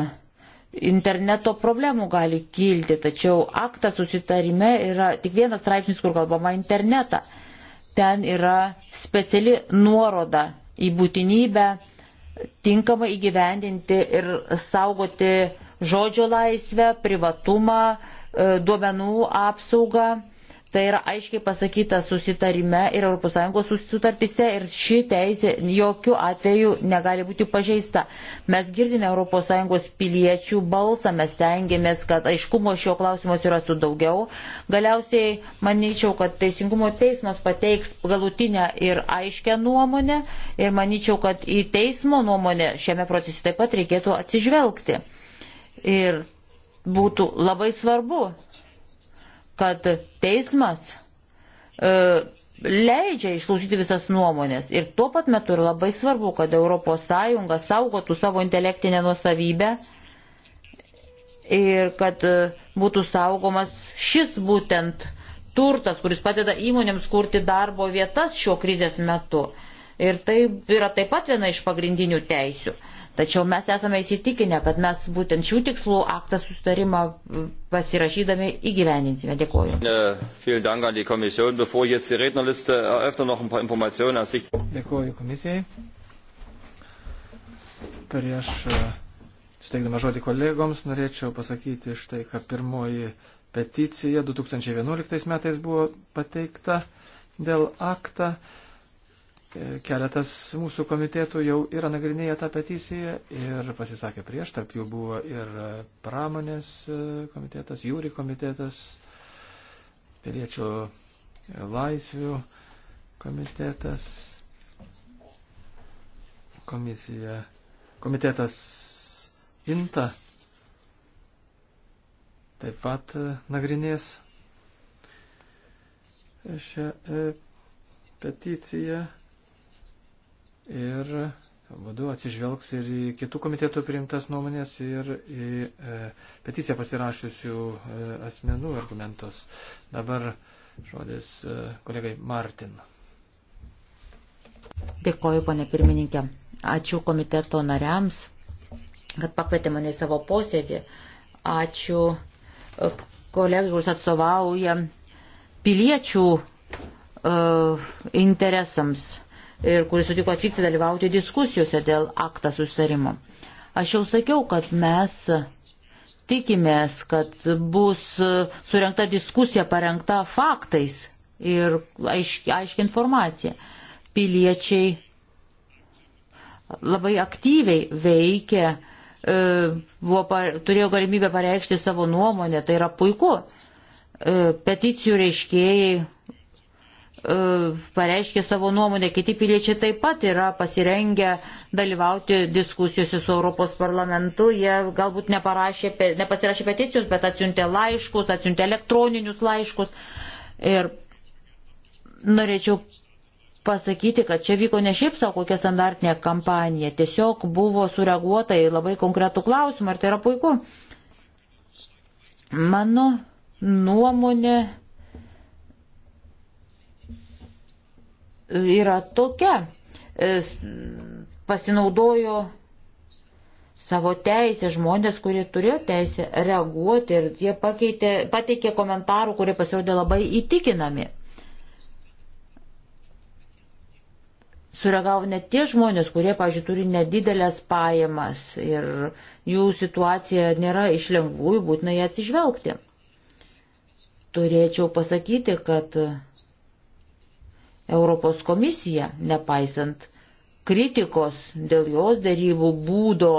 interneto problemų gali kilti, tačiau aktas susitarime yra tik vienas straipsnis, kur kalbama internetą. Ten yra speciali nuoroda į būtinybę tinkamai įgyvendinti ir saugoti žodžio laisvę, privatumą, e, duomenų apsaugą Tai yra aiškiai pasakyta susitarime ir ES sutartise ir ši teisė jokių atveju negali būti pažeista. Mes girdime ES piliečių balsą, mes tengiamės, kad aiškumo šio klausimo surastų daugiau. Galiausiai manyčiau, kad Teisingumo teismas pateiks galutinę ir aiškę nuomonę ir manyčiau, kad į teismo nuomonę šiame procese taip pat reikėtų atsižvelgti. Ir būtų labai svarbu kad teismas e, leidžia išklausyti visas nuomonės. Ir tuo pat metu ir labai svarbu, kad ES saugotų savo intelektinę nuosavybę ir kad e, būtų saugomas šis būtent turtas, kuris padeda įmonėms kurti darbo vietas šio krizės metu. Ir tai yra taip pat viena iš pagrindinių teisių. E, Tačiau mes esame įsitikinę, kad mes būtent šių tikslų aktą sustarimą pasirašydami įgyveninsime. Dėkuoju. Dėkuoju komisijai. Prieš äh, suteikdama žodį kolegoms norėčiau pasakyti štai, kad pirmoji peticija 2011 metais buvo pateikta dėl aktą. E, keletas mūsų komitetų jau yra nagrinėję tą peticiją ir pasisakė prieš, tarp jų buvo ir pramonės e, komitetas, jūri komitetas, piliečių laisvių komitetas, komisija, komitetas INTA taip pat e, nagrinės šią peticiją ir vadu atsižvelgs ir į kitų komitetų priimtas nuomonės ir į e, peticiją pasirašiusių e, asmenų argumentus. Dabar žodis e, kolegai Martin. Dėkoju, ponė pirmininkė. Ačiū komiteto nariams, kad pakvietė mane į savo posėdį. Ačiū e, kolegai, kuris atstovauja piliečių e, interesams. E, ir kuris sutiko atvykti dalyvauti diskusijose dėl aktą sustarimo. Aš jau sakiau, kad mes tikimės, kad bus surinkta diskusija parengta faktais ir aiškia aišk informacija. Piliečiai labai aktyviai veikia, e, buvo, turėjo galimybę pareikšti savo nuomonę, tai yra puiku. E, peticijų reiškėjai E, pareiškė savo nuomonę, kiti piliečiai taip pat yra pasirengę dalyvauti diskusijose su Europos parlamentu, jie galbūt nepasirašė peticijos, bet atsiuntė laiškus, atsiuntė elektroninius laiškus. Ir norėčiau pasakyti, kad čia vyko ne šiaip savo kokia standartinė kampanija, tiesiog buvo sureaguota į labai konkretų klausimą ir tai yra puiku. Mano nuomonė yra tokia. E, pasinaudojo savo teisę žmonės, kurie turėjo teisę reaguoti ir jie pakeitė, pateikė komentarų, kurie pasirodė labai įtikinami. Sureagavo net tie žmonės, kurie, pažiūrėjau, turi nedidelės pajamas ir jų situacija nėra iš lengvųjų, būtina ją atsižvelgti. Turėčiau pasakyti, kad Europos komisija, nepaisant kritikos dėl jos darybų būdo,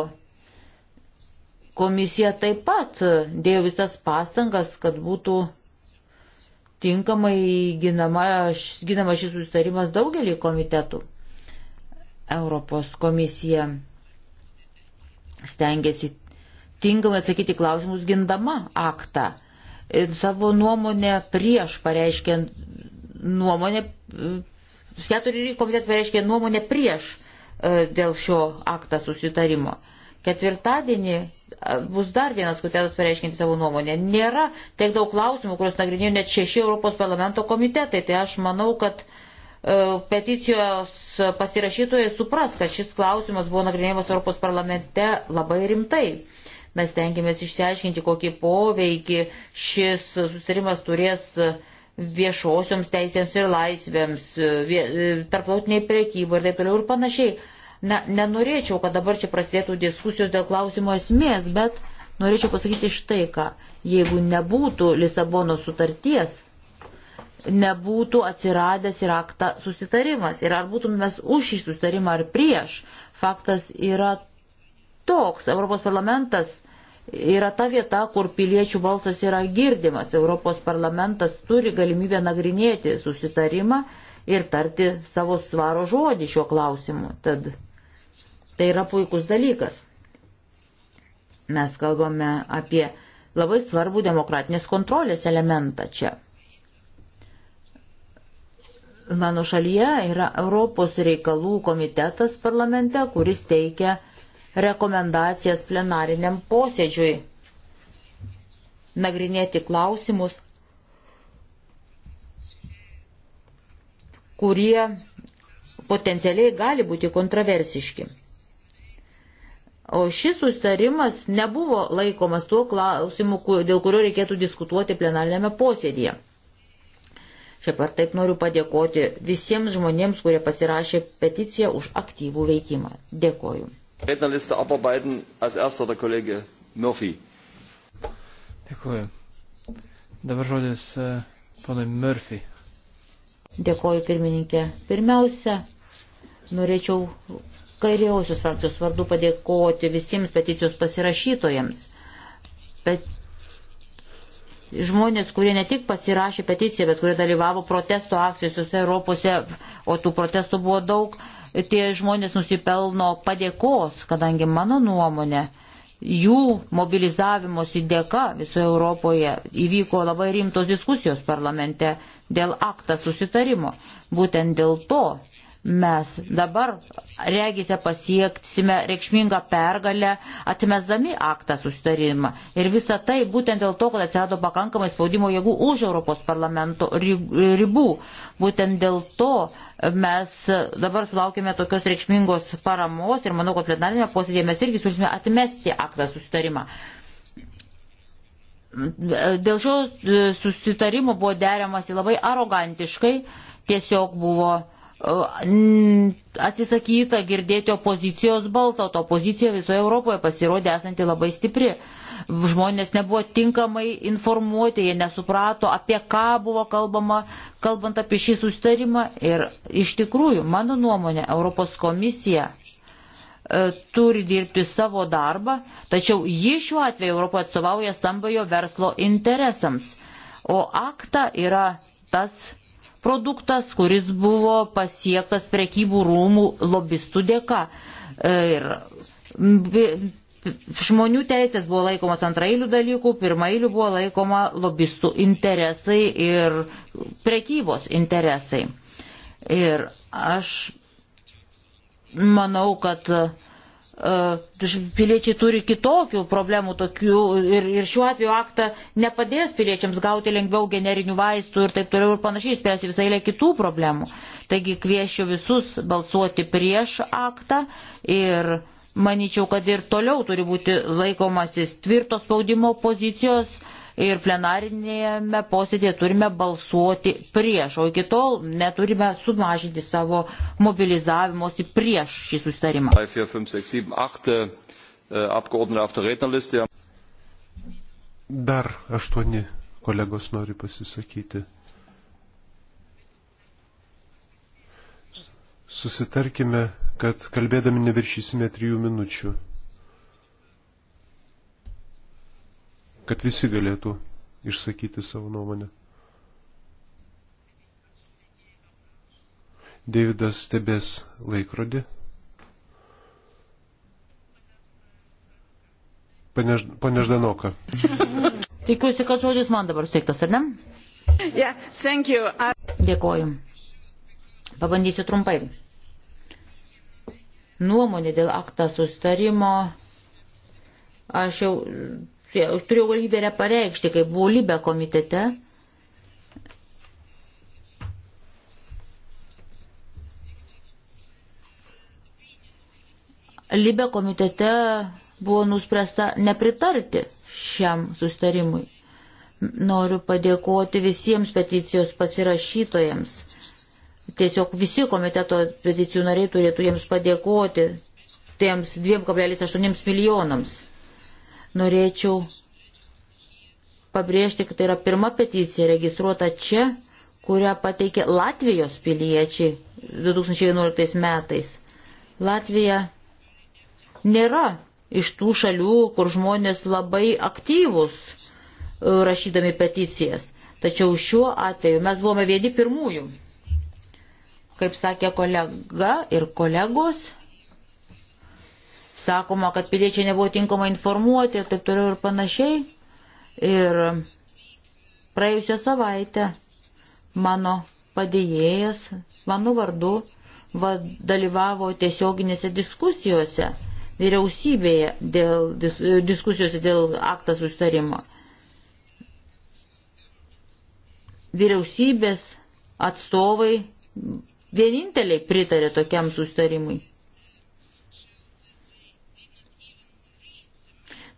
komisija taip pat dėjo visas pastangas, kad būtų tinkamai ginama, ginama šis sustarimas daugelį komitetų. Europos komisija stengiasi tinkamai atsakyti klausimus gindama aktą. Ir savo nuomonę prieš pareiškiant nuomonę keturi komitetai pareiškė nuomonę prieš e, dėl šio aktą susitarimo. Ketvirtadienį e, bus dar vienas komitetas pareiškinti savo nuomonę. Nėra tiek daug klausimų, kuriuos nagrinėjo net šeši Europos parlamento komitetai. Tai aš manau, kad e, peticijos pasirašytojai supras, kad šis klausimas buvo nagrinėjamas Europos parlamente labai rimtai. Mes tengiamės išsiaiškinti, kokį poveikį šis susitarimas turės uh, viešosioms teisėms ir laisvėms, e, e, tarptautiniai priekybai ir taip toliau ir panašiai. Na, nenorėčiau, kad dabar čia prasidėtų diskusijos dėl klausimo esmės, bet norėčiau pasakyti štai ką. Jeigu nebūtų Lisabono sutarties, nebūtų atsiradęs ir aktą susitarimas. Ir ar būtum mes už šį susitarimą ar prieš, faktas yra toks. Europos parlamentas yra ta vieta, kur piliečių balsas yra girdimas. Europos parlamentas turi galimybę nagrinėti susitarimą ir tarti savo svaro žodį šiuo klausimu. Tad tai yra puikus dalykas. Mes kalbame apie labai svarbų demokratinės kontrolės elementą čia. Mano šalyje yra Europos reikalų komitetas parlamente, kuris teikia rekomendacijas plenariniam posėdžiui nagrinėti klausimus, kurie potencialiai gali būti kontroversiški. O šis sustarimas nebuvo laikomas tuo klausimu, dėl kurio reikėtų diskutuoti plenarinėme posėdėje. Šiaip ar taip noriu padėkoti visiems žmonėms, kurie pasirašė peticiją už aktyvų veikimą. Dėkoju. Rednerliste abarbeiten. Als erster der Kollege Murphy. Dėkuoju. Dabar žodis e, ponui Murphy. Dėkuoju, pirmininkė. Pirmiausia, norėčiau kairiausios frakcijos vardu padėkoti visiems peticijos pasirašytojams. Bet žmonės, kurie ne tik pasirašė peticiją, bet kurie dalyvavo protesto akcijose Europose, o tų protestų buvo daug, tie žmonės nusipelno padėkos, kadangi mano nuomonė, jų mobilizavimosi dėka visoje Europoje įvyko labai rimtos diskusijos parlamente dėl aktą susitarimo. Būtent dėl to mes dabar regise pasieksime reikšmingą pergalę, atmesdami aktą susitarimą. Ir visa tai būtent dėl to, kad atsirado pakankamai spaudimo jėgų už Europos parlamento ribų. Būtent dėl to mes dabar sulaukime tokios reikšmingos paramos ir manau, kad plenarinėme posėdėje mes irgi siūlysime atmesti aktą susitarimą. Dėl šio e, susitarimo buvo deriamasi labai arogantiškai, tiesiog buvo atsisakyta girdėti opozicijos balsą, o to opozicija visoje Europoje pasirodė esanti labai stipri. Žmonės nebuvo tinkamai informuoti, jie nesuprato, apie ką buvo kalbama, kalbant apie šį sustarimą. Ir iš tikrųjų, mano nuomonė, Europos komisija e, turi dirbti savo darbą, tačiau ji šiuo atveju Europoje atstovauja stambiojo verslo interesams. O akta yra tas produktas, kuris buvo pasiektas prekybų rūmų lobistų dėka. E, ir žmonių teisės buvo laikomas antrailių dalykų, pirmailių buvo laikoma lobistų interesai ir prekybos interesai. Ir aš manau, kad E, piliečiai turi kitokių problemų tokių ir, ir šiuo atveju aktą nepadės piliečiams gauti lengviau generinių vaistų ir taip toliau ir panašiai spręsti visą eilę kitų problemų. Taigi kviešiu visus balsuoti prieš aktą ir manyčiau, kad ir toliau turi būti laikomasis tvirtos spaudimo pozicijos ir plenarinėme posėdėje turime balsuoti prieš, o iki tol neturime sumažinti savo mobilizavimosi prieš šį susitarimą. 4, 5, 6, 7, 8, Abgeordnete auf der Rednerliste. Dar aštuoni kolegos nori pasisakyti. Susitarkime, kad kalbėdami neviršysime trijų minučių. kad visi galėtų išsakyti savo nuomonę. Davidas stebės laikrodį. Paneždanoka. *laughs* Tikiuosi, kad žodis man dabar suteiktas, ar ne? Yeah, I... Dėkoju. Pabandysiu trumpai. Nuomonė dėl aktą sustarimo. Aš jau turėjau galimybę nepareikšti, kai buvau Libe komitete. Libe komitete buvo nuspręsta nepritarti šiam sustarimui. Noriu padėkoti visiems peticijos pasirašytojams. Tiesiog visi komiteto peticijų nariai turėtų jiems padėkoti tiems 2,8 milijonams. Norėčiau pabrėžti, kad tai yra pirma peticija registruota čia, kurią pateikė Latvijos piliečiai 2011 metais. Latvija nėra iš tų šalių, kur žmonės labai aktyvus e, rašydami peticijas. Tačiau šiuo atveju mes buvome vieni pirmųjų. Kaip sakė kolega ir kolegos, sakoma, kad piliečiai nebuvo tinkamai informuoti ir taip toliau ir panašiai. Ir praėjusią savaitę mano padėjėjas, mano vardu, va, dalyvavo tiesioginėse diskusijose vyriausybėje dėl dis, diskusijose dėl aktas užtarimo. Vyriausybės atstovai vieninteliai pritarė tokiam sustarimui.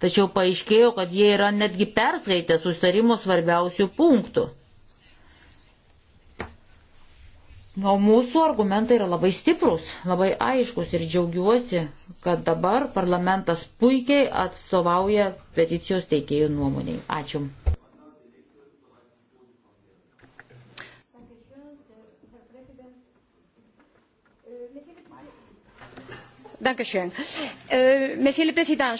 tačiau paaiškėjo, kad jie yra netgi perskaitę susitarimo svarbiausių punktų. O mūsų argumentai yra labai stiprus, labai aiškus ir džiaugiuosi, kad dabar parlamentas puikiai atstovauja peticijos teikėjų nuomoniai. Ačiū. Dankeschön. Äh, Monsieur le Président.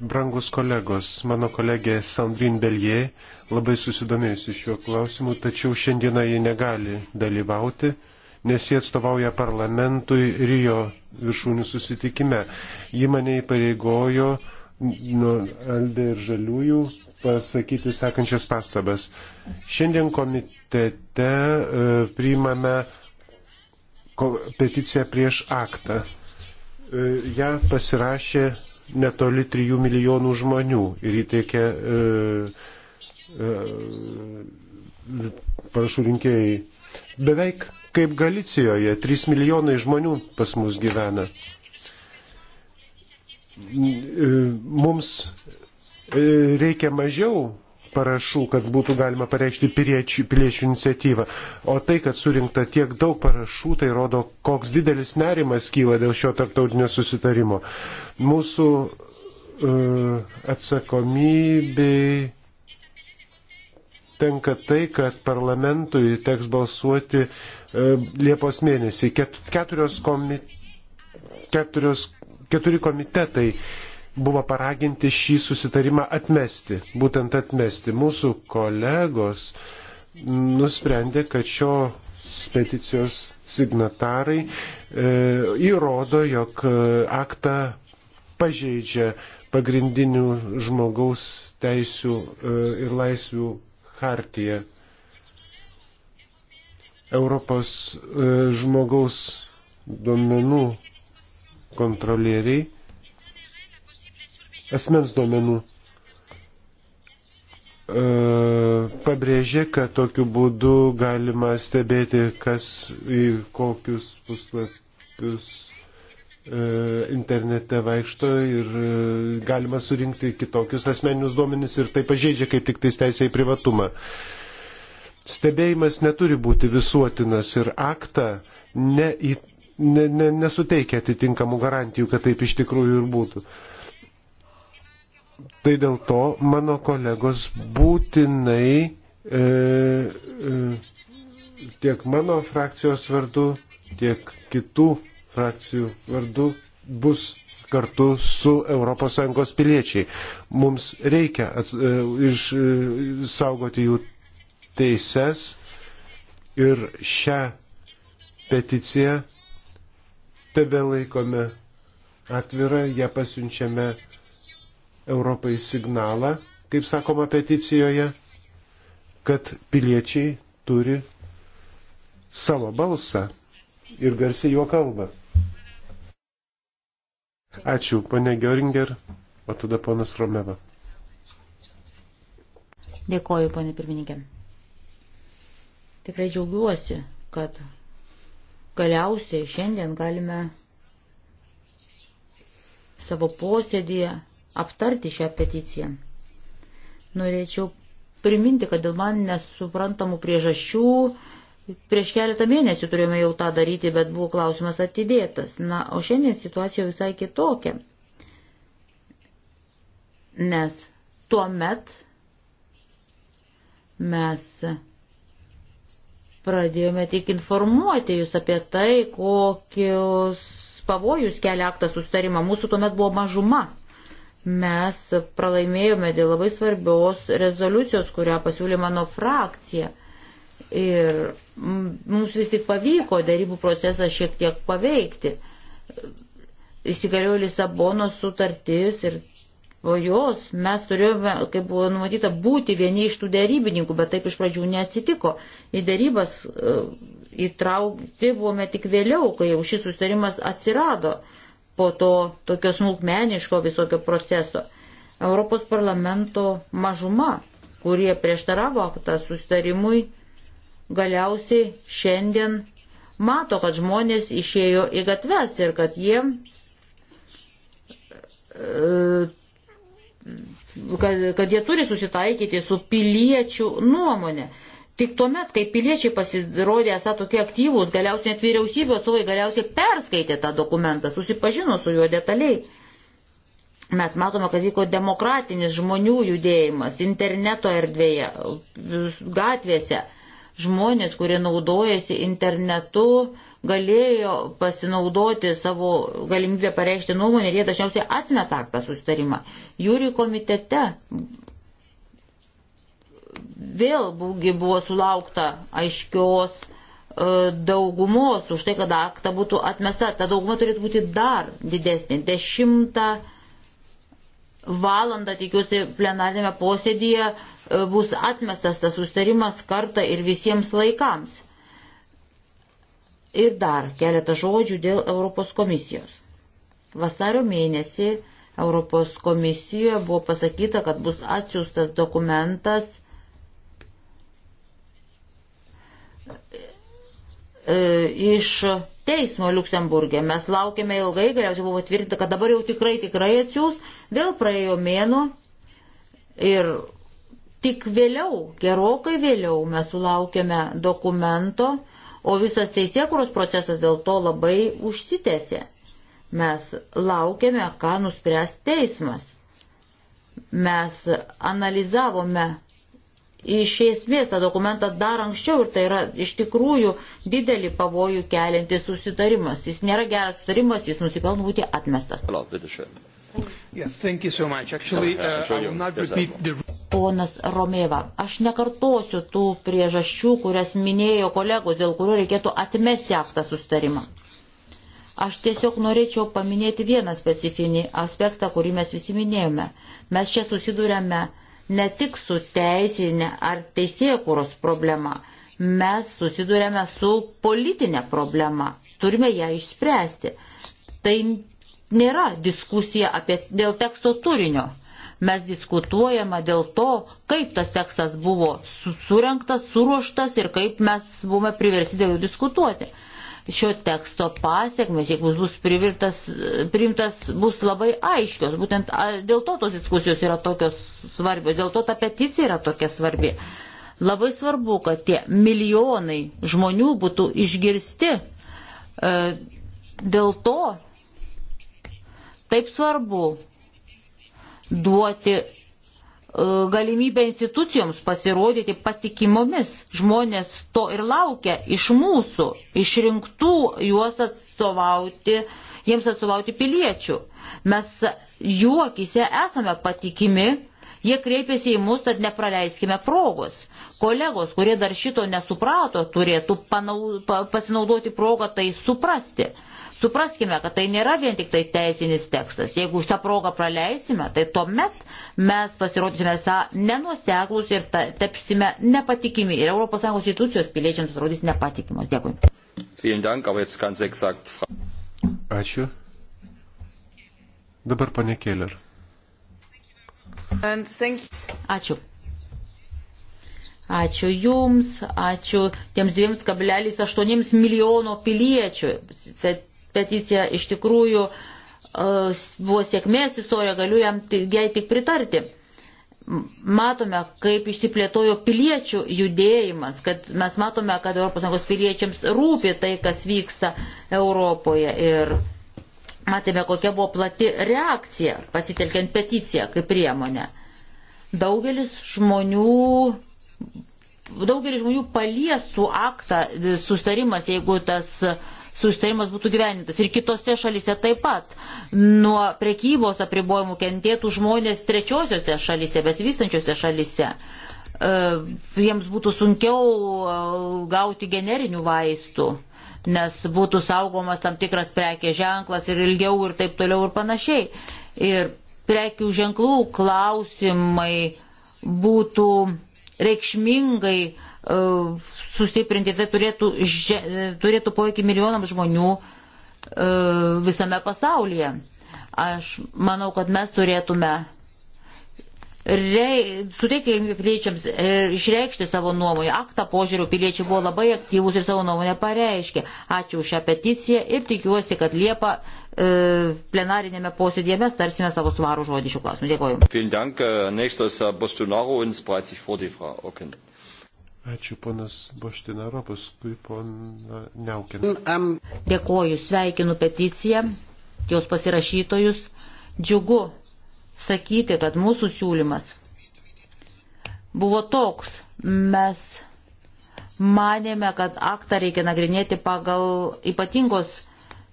Brangus kolegos, mano kolegė Sandrin Belie labai susidomėjusi šiuo klausimu, tačiau šiandieną ji negali dalyvauti, nes jie atstovauja parlamentui Rijo viršūnių susitikime. Ji mane įpareigojo nuo Aldė ir Žaliųjų pasakyti sekančias pastabas. Šiandien komitete e, priimame peticiją prieš aktą. E, ją pasirašė netoli 3 milijonų žmonių ir įteikia e, e, parašų rinkėjai. Beveik kaip Galicijoje, 3 milijonai žmonių pas mus gyvena. E, mums e, reikia mažiau parašų, kad būtų galima pareikšti piliečių, piliečių iniciatyvą. O tai, kad surinkta tiek daug parašų, tai rodo, koks didelis nerimas kyla dėl šio tarptautinio susitarimo. Mūsų uh, atsakomybei tenka tai, kad parlamentui teks balsuoti uh, Liepos mėnesį. Ket, keturios komi, keturios, keturi komitetai uh, buvo paraginti šį susitarimą atmesti, būtent atmesti. Mūsų kolegos nusprendė, kad šios peticijos signatarai e, įrodo, jog e, aktą pažeidžia pagrindinių žmogaus teisių e, ir laisvių hartija. Europos e, žmogaus duomenų kontrolieriai asmens duomenų e, pabrėžė, kad tokiu būdu galima stebėti, kas į kokius puslapius e, internete vaikšto ir e, galima surinkti kitokius asmeninius duomenis ir tai pažeidžia kaip tik tais teisę į privatumą. Stebėjimas neturi būti visuotinas ir aktą ne, ne, ne, nesuteikia atitinkamų garantijų, kad taip iš tikrųjų ir būtų. Uh, Tai dėl to mano kolegos būtinai e, e, tiek mano frakcijos vardu, tiek kitų frakcijų vardu bus kartu su ES piliečiai. Mums reikia ats, e, išsaugoti e, jų teises ir šią peticiją tebe laikome atvirą, ją pasiunčiame Europai signalą, kaip sakoma peticijoje, kad piliečiai turi savo balsą ir garsiai juo kalba. Ačiū, ponė Göringer, o tada ponas Romeva. Dėkoju, ponė pirmininkė. Tikrai džiaugiuosi, kad galiausiai šiandien galime savo posėdėje aptarti šią peticiją. Norėčiau priminti, kad dėl man nesuprantamų priežasčių prieš keletą mėnesių turėjome jau tą daryti, bet buvo klausimas atidėtas. Na, o šiandien situacija visai kitokia. Nes tuo met mes pradėjome tik informuoti jūs apie tai, kokius pavojus kelia aktas sustarimą. Mūsų tuomet buvo mažuma mes pralaimėjome dėl labai svarbios rezoliucijos, kurią pasiūlė mano frakcija. Ir mums vis tik pavyko darybų procesą šiek tiek paveikti. Įsigaliojo Lisabonos sutartis ir po jos mes turėjome, kaip buvo numatyta, būti vieni iš tų darybininkų, bet taip iš pradžių neatsitiko. Į darybas e, įtraukti buvome tik vėliau, kai jau šis sustarimas atsirado po to tokio smulkmeniško visokio proceso. Europos parlamento mažuma, kurie prieštaravo tą sustarimui, galiausiai šiandien mato, kad žmonės išėjo į gatves ir kad jie e, kad, kad jie turi susitaikyti su piliečių nuomonė. Tik tuomet, kai piliečiai pasirodė esą tokie aktyvūs, galiausiai net vyriausybė atstovai galiausiai perskaitė tą dokumentą, susipažino su juo detaliai. Mes matome, kad vyko demokratinis žmonių judėjimas interneto erdvėje, gatvėse. Žmonės, kurie naudojasi internetu, galėjo pasinaudoti savo galimybę pareikšti nuomonę ir jie dažniausiai atmeta tą susitarimą. Jūri komitete vėl buvo sulaukta aiškios e, daugumos už tai, kad aktą būtų atmesta. Ta dauguma turėtų būti dar didesnė. Dešimtą valandą, tikiuosi, plenarinėme posėdėje e, bus atmestas tas sustarimas kartą ir visiems laikams. Ir dar keletą žodžių dėl Europos komisijos. Vasario mėnesį Europos komisijoje buvo pasakyta, kad bus atsiųstas dokumentas E, iš teismo Luksemburgė. Mes laukėme ilgai, galiausiai buvo tvirtinta, kad dabar jau tikrai, tikrai atsiūs. Vėl praėjo mėnuo ir tik vėliau, gerokai vėliau mes sulaukėme dokumento, o visas teisėkuros procesas dėl to labai užsitęsė. Mes laukėme, ką nuspręs teismas. Mes analizavome iš esmės tą dokumentą dar anksčiau ir tai yra iš tikrųjų didelį pavojų keliantis susitarimas. Jis nėra geras susitarimas, jis nusipelno būti atmestas. Uh, Ponas Romėva, aš nekartosiu tų priežasčių, kurias minėjo kolegos, dėl kurių reikėtų atmesti aktą susitarimą. Aš tiesiog norėčiau paminėti vieną specifinį aspektą, kurį mes visi minėjome. Mes čia susidūrėme uh, ne tik su teisinė ar teisėkūros problema, mes susidurėme su politinė problema, turime ją išspręsti. Tai nėra diskusija apie, dėl teksto turinio. Mes diskutuojame dėl to, kaip tas tekstas buvo surinktas, suruoštas ir kaip mes buvome priversti dėl jų diskutuoti šio teksto pasiekmes, jeigu bus privirtas, primtas, bus labai aiškios. Būtent dėl to tos diskusijos yra tokios svarbios, dėl to ta peticija yra tokia svarbi. Labai svarbu, kad tie milijonai žmonių būtų išgirsti. E, dėl to taip svarbu duoti E, galimybę institucijoms pasirodyti patikimomis. Žmonės to ir laukia iš mūsų, išrinktų juos atstovauti, jiems atstovauti piliečių. Mes jų akise esame patikimi, jie kreipiasi į mus, tad nepraleiskime progos. Kolegos, kurie dar šito nesuprato, turėtų panau, pa, pasinaudoti progą tai suprasti. Supraskime, kad tai nėra vien tik tai teisinis tekstas. Jeigu šitą progą praleisime, tai tuomet mes pasirodysime esą nenuoseklus ir ta, tapsime nepatikimi. Ir ES institucijos piliečiams atrodys nepatikimos. Dėkui. Ačiū. Dabar pane Keller. Ačiū. Ačiū Jums, ačiū tiems 2,8 milijono piliečių peticija iš tikrųjų e, buvo sėkmės istorija, galiu jam, jai tik pritarti. Matome, kaip išsiplėtojo piliečių judėjimas, kad mes matome, kad ES piliečiams rūpi tai, kas vyksta Europoje. Ir matėme, kokia buvo plati reakcija, pasitelkiant peticiją kaip priemonę. Daugelis žmonių, daugelis žmonių paliestų aktą e, sustarimas, jeigu tas uh, sustarimas būtų gyvenintas. Ir kitose šalise taip pat nuo prekybos apribojimų kentėtų žmonės trečiosiose šalise, besivystančiose šalise. E, jiems būtų sunkiau e, gauti generinių vaistų, nes būtų saugomas tam tikras prekė ženklas ir ilgiau ir taip toliau ir panašiai. Ir prekių ženklų klausimai būtų reikšmingai uh, E, sustiprinti, tai turėtų, turėtų poveikį milijonams žmonių e, visame pasaulyje. Aš manau, kad mes turėtume rei, suteikti piliečiams e, išreikšti savo nuomonę. Aktą požiūrių piliečiai buvo labai aktyvūs ir savo nuomonę pareiškė. Ačiū už šią peticiją ir tikiuosi, kad Liepa e, plenarinėme posėdėje mes tarsime savo svarų žodį šių klausimų. Dėkoju. Ačiū ponas Boštinaro, paskui pona Neukina. Dėkoju, sveikinu peticiją, jos pasirašytojus. Džiugu sakyti, kad mūsų siūlymas buvo toks. Mes manėme, kad aktą reikia nagrinėti pagal ypatingos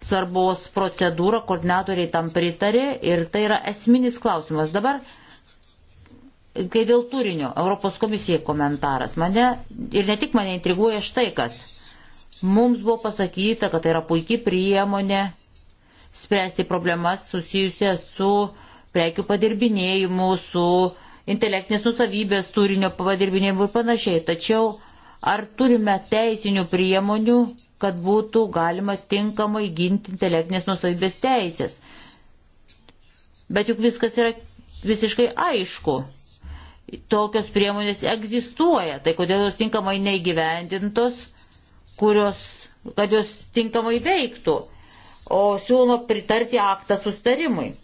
svarbos procedūrą, koordinatoriai tam pritarė ir tai yra esminis klausimas. Dabar Kai dėl turinio, Europos komisijai komentaras mane ir ne tik mane intriguoja štai kas. Mums buvo pasakyta, kad tai yra puikiai priemonė spręsti problemas susijusias su prekių padirbinėjimu, su intelektinės nusavybės turinio padirbinėjimu ir panašiai. Tačiau ar turime teisinių priemonių, kad būtų galima tinkamai ginti intelektinės nusavybės teisės? Bet juk viskas yra visiškai aišku tokios priemonės egzistuoja, tai kodėl jos tinkamai neįgyvendintos, kurios, kad jos tinkamai veiktų, o siūloma pritarti aktą sustarimui. E,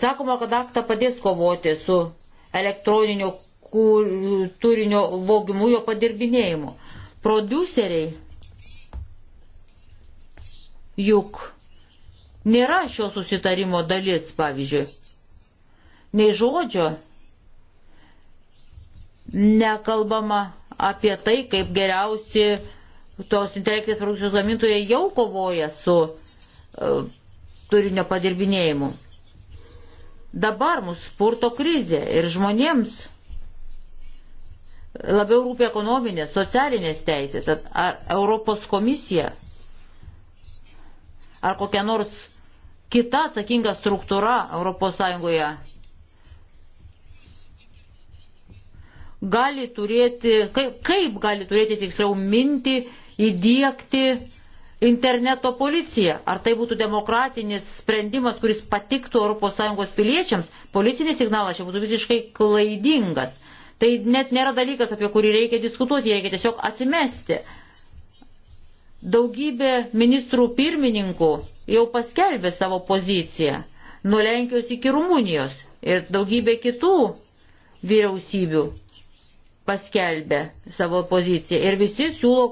sakoma, kad aktą padės kovoti su elektroninio kur, turinio vogimu jo padirbinėjimu. Produceriai juk nėra šio susitarimo dalis, pavyzdžiui nei žodžio nekalbama apie tai, kaip geriausi tos intelektinės produkcijos gamintojai jau kovoja su uh, turinio padirbinėjimu. Dabar mūsų spurto krizė ir žmonėms labiau rūpi ekonominės, socialinės teisės. Tad ar Europos komisija ar kokia nors kita atsakinga struktūra ES gali turėti, kaip, kaip gali turėti tiksliau minti, įdėkti interneto policiją. Ar tai būtų demokratinis sprendimas, kuris patiktų ES piliečiams, politinis signalas čia būtų visiškai klaidingas. Tai net nėra dalykas, apie kurį reikia diskutuoti, reikia tiesiog atsimesti. Daugybė ministrų pirmininkų jau paskelbė savo poziciją nuo Lenkijos iki Rumunijos ir daugybė kitų vyriausybių paskelbė savo poziciją ir visi siūlo,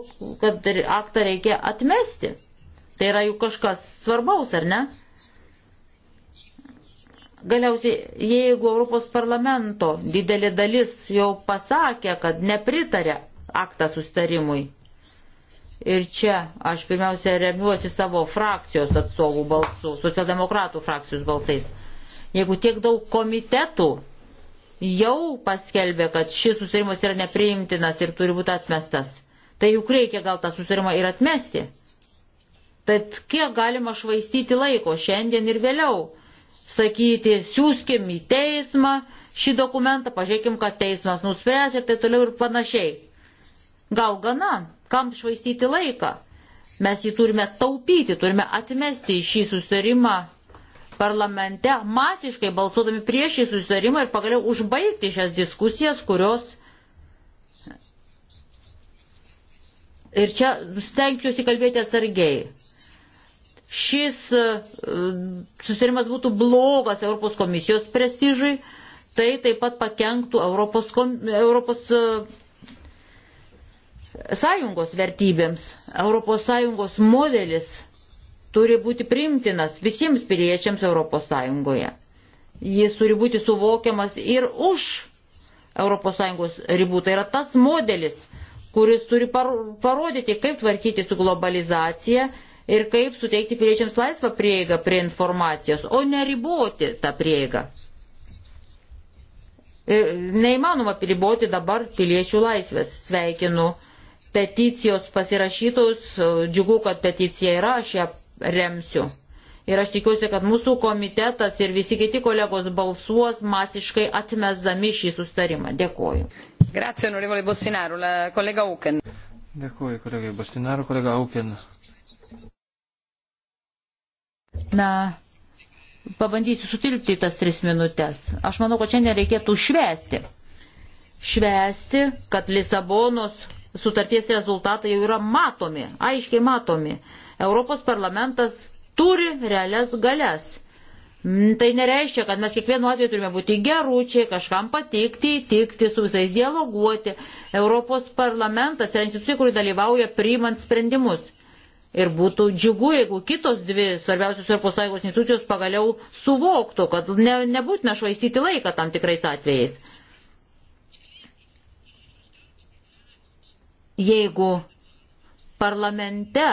kad aktą reikia atmesti. Tai yra juk kažkas svarbaus, ar ne? Galiausiai, jeigu Europos parlamento didelė dalis jau pasakė, kad nepritarė aktą sustarimui, ir čia aš pirmiausia remiuosi savo frakcijos atstovų balsų, socialdemokratų frakcijos balsais, jeigu tiek daug komitetų jau paskelbė, kad šis susitarimas yra nepriimtinas ir turi būti atmestas. Tai juk reikia gal tą susitarimą ir atmesti. Tad kiek galima švaistyti laiko šiandien ir vėliau? Sakyti, siūskim į teismą šį dokumentą, pažiūrėkim, kad teismas nuspręs ir taip toliau ir panašiai. Gal gana, kam švaistyti laiką? Mes jį turime taupyti, turime atmesti šį susitarimą parlamente masiškai balsuodami prieš šį susitarimą ir pagaliau užbaigti šias diskusijas, kurios. Ir čia stengsiuosi kalbėti atsargiai. Šis e, susitarimas būtų blogas Europos komisijos prestižui, tai taip pat pakenktų Europos, kom... Europos e, sąjungos vertybėms. Europos sąjungos modelis turi būti primtinas visiems piliečiams ES. Jis turi būti suvokiamas ir už ES ribų. Tai yra tas modelis, kuris turi parodyti, kaip tvarkyti su globalizacija ir kaip suteikti piliečiams laisvą prieigą prie informacijos, o neriboti tą prieigą. Ir e, neįmanoma riboti dabar piliečių laisvės. Sveikinu peticijos pasirašytus, džiugu, kad peticija yra, aš ją remsiu. Ir aš tikiuosi, kad mūsų komitetas ir visi kiti kolegos balsuos masiškai atmesdami šį sustarimą. Dėkuoju. Grazie, onorevole Bostinaru, kolega Auken. Dėkuoju, kolegai Bostinaru, kolega Auken. Na, pabandysiu sutilpti į tas tris minutės. Aš manau, kad šiandien reikėtų švesti. Švesti, kad Lisabonos sutarties rezultatai jau yra matomi, aiškiai matomi. Europos parlamentas turi realias galias. Mm, tai nereiškia, kad mes kiekvienu atveju turime būti geručiai, kažkam patikti, įtikti, su visais dialoguoti. Europos parlamentas yra institucija, kuri dalyvauja priimant sprendimus. Ir būtų džiugu, jeigu kitos dvi svarbiausios Europos Sąjungos institucijos pagaliau suvoktų, kad ne, nebūtina švaistyti laiką tam tikrais atvejais. Jeigu parlamente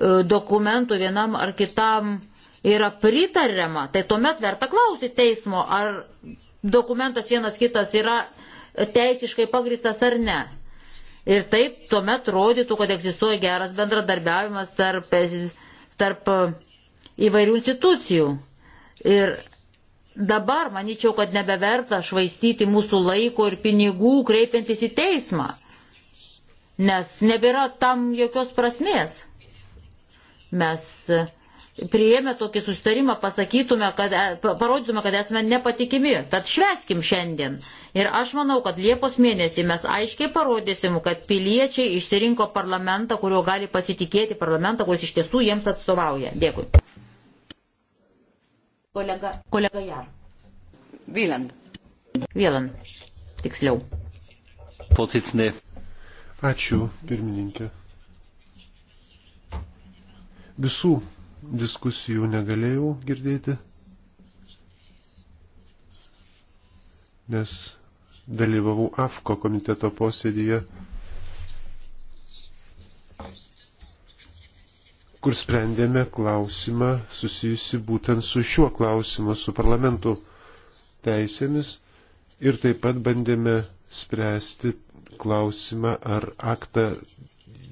E, dokumentų vienam ar kitam yra pritariama, tai tuomet verta klausyti teismo, ar dokumentas vienas kitas yra teisiškai pagristas ar ne. Ir taip tuomet rodytų, kad egzistuoja geras bendradarbiavimas tarp, tarp e, įvairių institucijų. Ir dabar manyčiau, kad nebeverta švaistyti mūsų laiko ir pinigų kreipiantis į teismą, nes nebėra tam jokios prasmės mes prieėmę tokį sustarimą pasakytume, kad e, parodytume, kad esame nepatikimi. Tad šveskim šiandien. Ir aš manau, kad Liepos mėnesį mes aiškiai parodysim, kad piliečiai išsirinko parlamentą, kuriuo gali pasitikėti, parlamentą, kuris iš tiesų jiems atstovauja. Dėkui. Kolega, kolega Jar. Vyland. Vyland. Tiksliau. Pozicinė. Ačiū, pirmininkė. Visų diskusijų negalėjau girdėti, nes dalyvavau AFKO komiteto posėdėje, kur sprendėme klausimą susijusi būtent su šiuo klausimu, su parlamentu teisėmis ir taip pat bandėme spręsti klausimą, ar aktą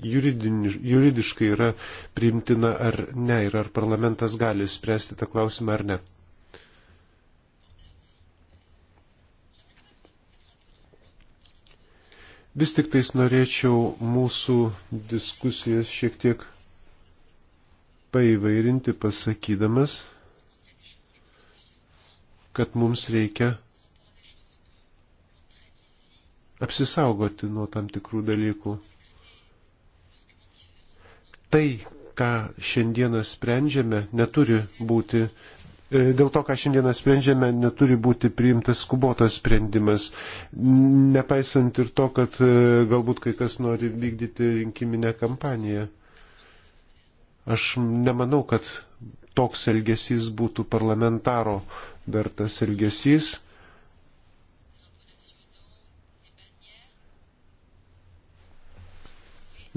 juridiškai yra priimtina ar ne ir ar parlamentas gali spręsti tą klausimą ar ne. Vis tik tais norėčiau mūsų diskusijas šiek tiek paįvairinti pasakydamas, kad mums reikia apsisaugoti nuo tam tikrų dalykų tai, ką šiandieną sprendžiame, neturi būti. E, dėl to, ką šiandieną sprendžiame, neturi būti priimtas skubotas sprendimas, nepaisant ir to, kad e, galbūt kai kas nori vykdyti rinkiminę kampaniją. Aš nemanau, kad toks elgesys būtų parlamentaro vertas elgesys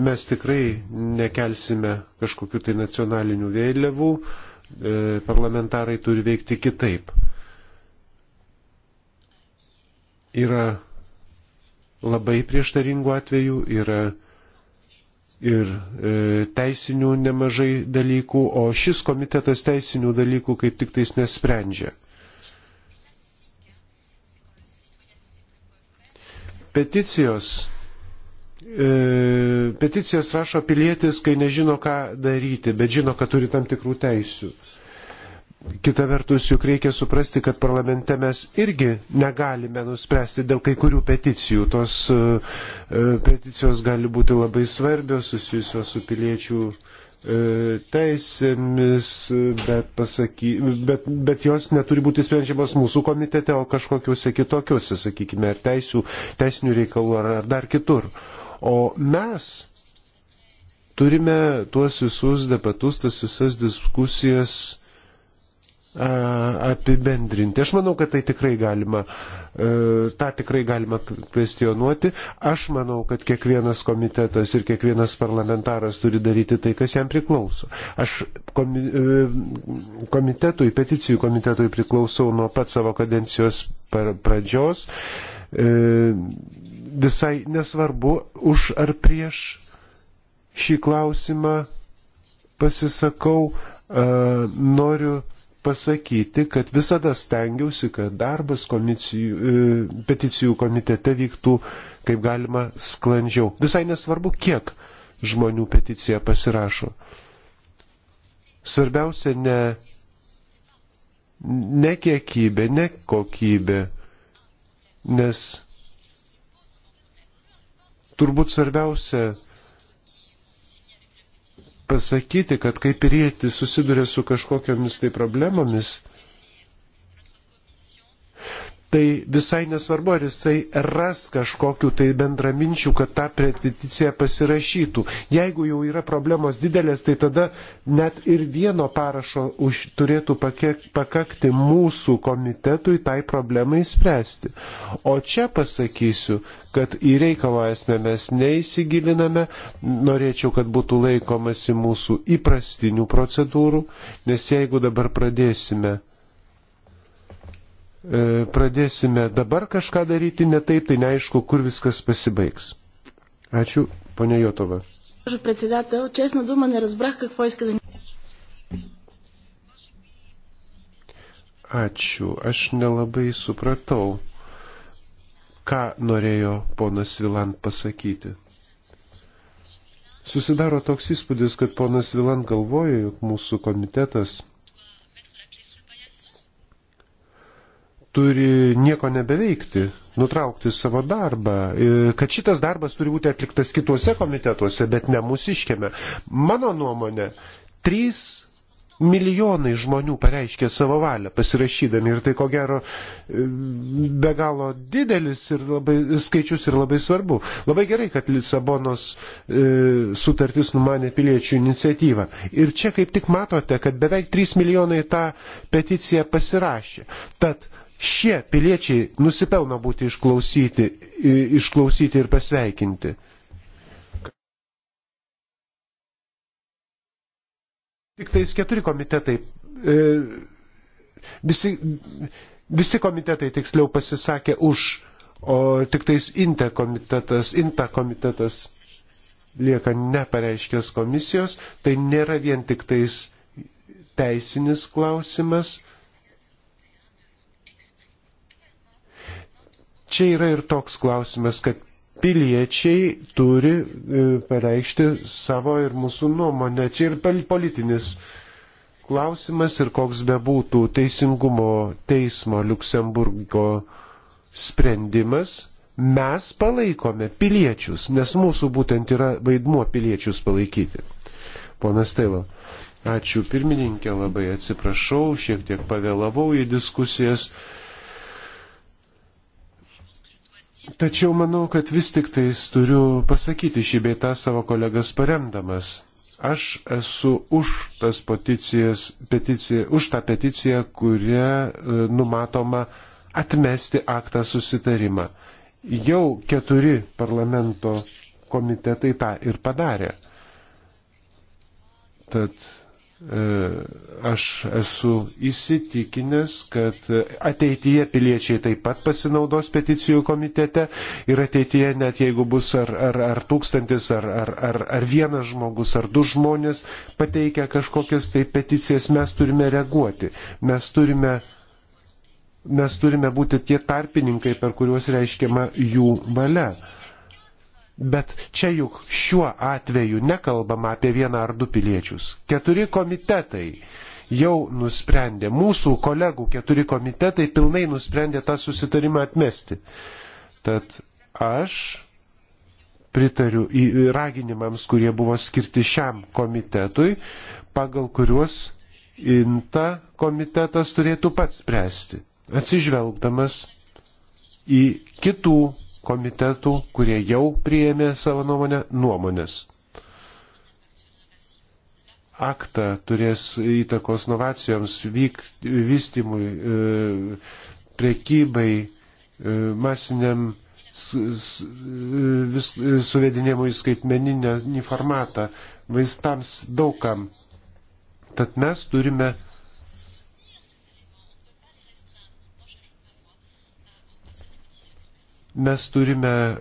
Mes tikrai nekelsime kažkokiu tai nacionaliniu vėliavu, e, parlamentarai turi veikti kitaip. Yra labai prieštaringų atvejų, yra ir e, teisinių nemažai dalykų, o šis komitetas teisinių dalykų kaip tik tais nesprendžia. Peticijos e, peticijas rašo pilietis, kai nežino, ką daryti, bet žino, kad turi tam tikrų teisių. Kita vertus, juk reikia suprasti, kad parlamente mes irgi negalime nuspręsti dėl kai kurių peticijų. Tos e, e peticijos gali būti labai svarbios, susijusios su piliečių e, teisėmis, bet, pasaky, bet, bet jos neturi būti sprendžiamas mūsų komitete, o kažkokiuose kitokiuose, sakykime, ar teisų, teisinių reikalų, ar, ar dar kitur. O mes turime tuos visus debatus, tas visas diskusijas apibendrinti. Aš manau, kad tai tikrai galima, e, tą tikrai galima kvestionuoti. Aš manau, kad kiekvienas komitetas ir kiekvienas parlamentaras turi daryti tai, kas jam priklauso. Aš e, komitetui, peticijų komitetui priklausau nuo pat savo kadencijos pradžios. E, visai nesvarbu už ar prieš šį klausimą pasisakau, e, noriu pasakyti, kad visada stengiausi, kad darbas komisijų, e, peticijų komitete vyktų kaip galima sklandžiau. Visai nesvarbu, kiek žmonių peticiją pasirašo. Svarbiausia ne, ne kiekybė, ne kokybė, nes Turbūt svarbiausia pasakyti, kad kai pilietis susiduria su kažkokiamis tai problemomis, tai visai nesvarbu, ar jisai ras kažkokiu tai bendraminčių, kad tą peticiją pasirašytų. Jeigu jau yra problemos didelės, tai tada net ir vieno parašo už, turėtų pakek, pakakti mūsų komitetui tai problemai spręsti. O čia pasakysiu, kad į reikalą esmę mes neįsigiliname, norėčiau, kad būtų laikomasi mūsų įprastinių procedūrų, nes jeigu dabar pradėsime E, pradėsime dabar kažką daryti netaip, tai neaišku, kur viskas pasibaigs. Ačiū, ponia Jotova. Госпожо председател, честна дума, не разбрах какво иска да ни... Ačiū, aš nelabai supratau, ką norėjo ponas Vilan pasakyti. Susidaro toks įspūdis, kad ponas Vilan galvoja, jog mūsų komitetas turi nieko nebeveikti, nutraukti savo darbą, e, kad šitas darbas turi būti atliktas kituose komitetuose, bet ne mūsiškėme. Mano nuomonė, 3 milijonai žmonių pareiškė savo valią pasirašydami ir tai ko gero e, be galo didelis ir labai, skaičius ir labai svarbu. Labai gerai, kad Lisabonos e, sutartis numanė piliečių iniciatyvą. Ir čia kaip tik matote, kad beveik 3 milijonai tą peticiją pasirašė. Tad Šie piliečiai nusipelno būti išklausyti, išklausyti ir pasveikinti. Tik tais keturi komitetai, e, visi, visi komitetai tiksliau pasisakė už, o tik tais INTA komitetas, INTA komitetas lieka nepareiškęs komisijos, tai nėra vien tik tais teisinis klausimas, čia yra ir toks klausimas, kad piliečiai turi e, pareikšti savo ir mūsų nuomonę. Čia ir politinis klausimas ir koks bebūtų teisingumo teismo Luksemburgo sprendimas, mes palaikome piliečius, nes mūsų būtent yra vaidmuo piliečius palaikyti. Ponas Tailo, ačiū pirmininkė, labai atsiprašau, šiek tiek pavėlavau į diskusijas. Tačiau manau, kad vis tik tais turiu pasakyti šį beitą savo kolegas paremdamas. Aš esu už, peticiją, už tą peticiją, kuria e, numatoma atmesti aktą susitarimą. Jau keturi parlamento komitetai tą ir padarė. Tad E, aš esu įsitikinęs, kad ateityje piliečiai taip pat pasinaudos peticijų komitete ir ateityje net jeigu bus ar, ar, ar tūkstantis, ar, ar, ar, ar vienas žmogus, ar du žmonės pateikia kažkokias tai peticijas, mes turime reaguoti. Mes turime, mes turime būti tie tarpininkai, per kuriuos reiškiama jų valia. Bet čia juk šiuo atveju nekalbama apie vieną ar du piliečius. Keturi komitetai jau nusprendė, mūsų kolegų keturi komitetai pilnai nusprendė tą susitarimą atmesti. Tad aš pritariu raginimams, kurie buvo skirti šiam komitetui, pagal kuriuos INTA komitetas turėtų pats spręsti, atsižvelgdamas į kitų komitetų, kurie jau priėmė savo nuomonę nuomonės. Akta turės įtakos inovacijoms, vyk, vystimui, e, prekybai, e, masiniam e, suvedinėmų į skaitmeninę formatą, vaistams daugam. Tad mes turime mes turime e,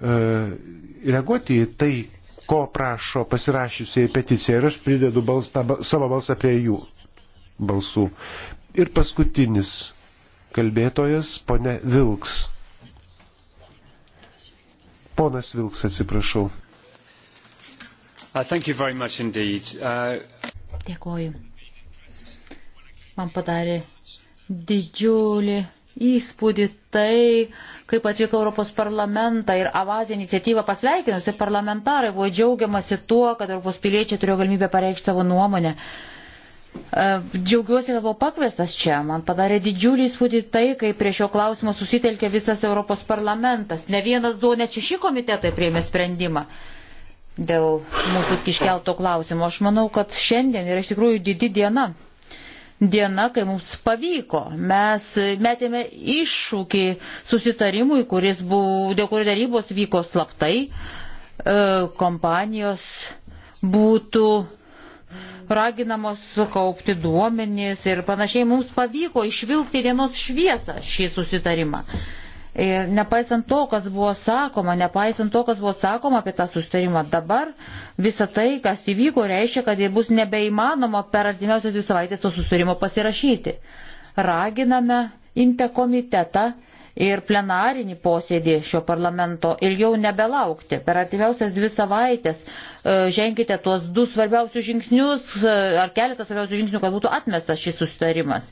reaguoti į tai, ko prašo pasirašysiai peticiją ir aš pridedu balsą, savo balsą prie jų balsų. Ir paskutinis kalbėtojas, pone Vilks. Ponas Vilks, atsiprašau. Uh, uh, Dėkoju. Man padarė didžiulį įspūdį tai, kaip atvyko Europos parlamentą ir Avazė iniciatyvą pasveikinusi parlamentarai, buvo džiaugiamasi tuo, kad Europos piliečiai turėjo galimybę pareikšti savo nuomonę. E, džiaugiuosi, kad buvau pakviestas čia. Man padarė didžiulį įspūdį tai, kai prie šio klausimo susitelkė visas Europos parlamentas. Ne vienas, du, net šeši komitetai priėmė sprendimą dėl mūsų iškelto klausimo. Aš manau, kad šiandien yra iš tikrųjų didi diena diena, kai mums pavyko. Mes metėme iššūkį susitarimui, buvo, dėl kurio darybos vyko slaptai. E, kompanijos būtų raginamos kaupti duomenys ir panašiai mums pavyko išvilkti dienos šviesą šį susitarimą. Ir nepaisant to, kas buvo sakoma, nepaisant to, kas buvo sakoma apie tą sustarimą dabar, visa tai, kas įvyko, reiškia, kad bus nebeįmanoma per artimiausias dvi savaitės to sustarimo pasirašyti. Raginame Inte komitetą ir plenarinį posėdį šio parlamento ilgiau nebelaukti. Per artimiausias dvi savaitės e, ženkite tuos du svarbiausius žingsnius e, ar keletą svarbiausių žingsnių, kad būtų atmestas šis sustarimas.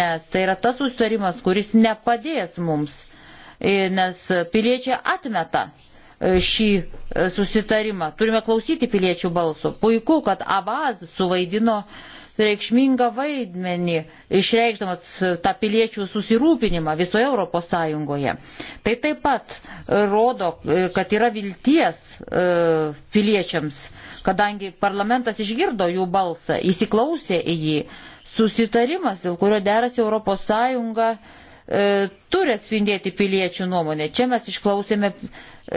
Nes tai yra tas sustarimas, kuris nepadės mums E, nes piliečiai atmeta e, šį e, susitarimą. Turime klausyti piliečių balso. Puiku, kad Avaz suvaidino reikšmingą vaidmenį, išreikšdamas tą piliečių susirūpinimą visoje Europos Sąjungoje. Tai taip pat rodo, kad yra vilties piliečiams, kadangi parlamentas išgirdo jų balsą, įsiklausė į jį. Susitarimas, dėl kurio derasi Europos Sąjunga, E, turi atspindėti piliečių nuomonę. Čia mes išklausėme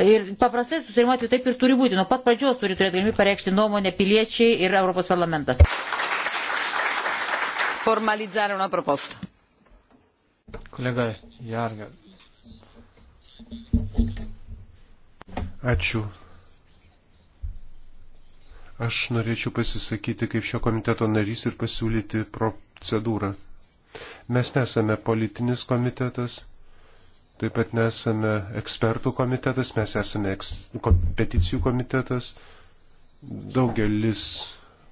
ir paprastai susitarimo atveju taip ir turi būti. Nuo pat pradžios turi turėti galimybę pareikšti nuomonę piliečiai ir Europos parlamentas. Formalizzare una proposta. Kolega Jarga. Ačiū. Aš norėčiau pasisakyti kaip šio komiteto narys ir pasiūlyti procedūrą. Mes nesame politinis komitetas, taip pat nesame ekspertų komitetas, mes esame eks, kompeticijų komitetas. Daugelis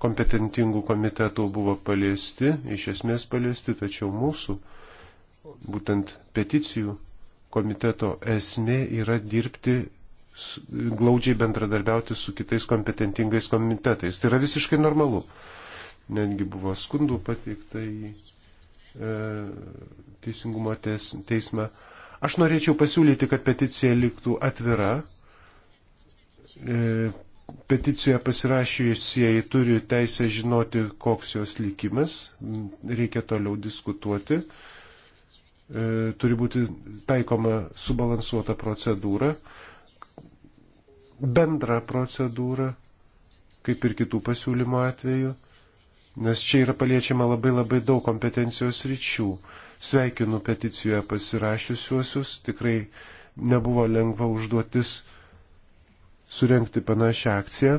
kompetentingų komitetų buvo paliesti, iš esmės paliesti, tačiau mūsų, būtent peticijų komiteto esmė yra dirbti glaudžiai bendradarbiauti su kitais kompetentingais komitetais. Tai yra visiškai normalu. Netgi buvo skundų pateikta į E, teisingumo teismą. Aš norėčiau pasiūlyti, kad peticija liktų atvira. E, peticijoje pasirašyjusieji turi teisę žinoti, koks jos likimas. Reikia toliau diskutuoti. E, turi būti taikoma subalansuota procedūra, bendra procedūra, kaip ir kitų pasiūlymų atveju nes čia yra paliečiama labai labai daug kompetencijos ryčių. Sveikinu peticijoje pasirašiusiuosius, tikrai nebuvo lengva užduotis surenkti panašią akciją.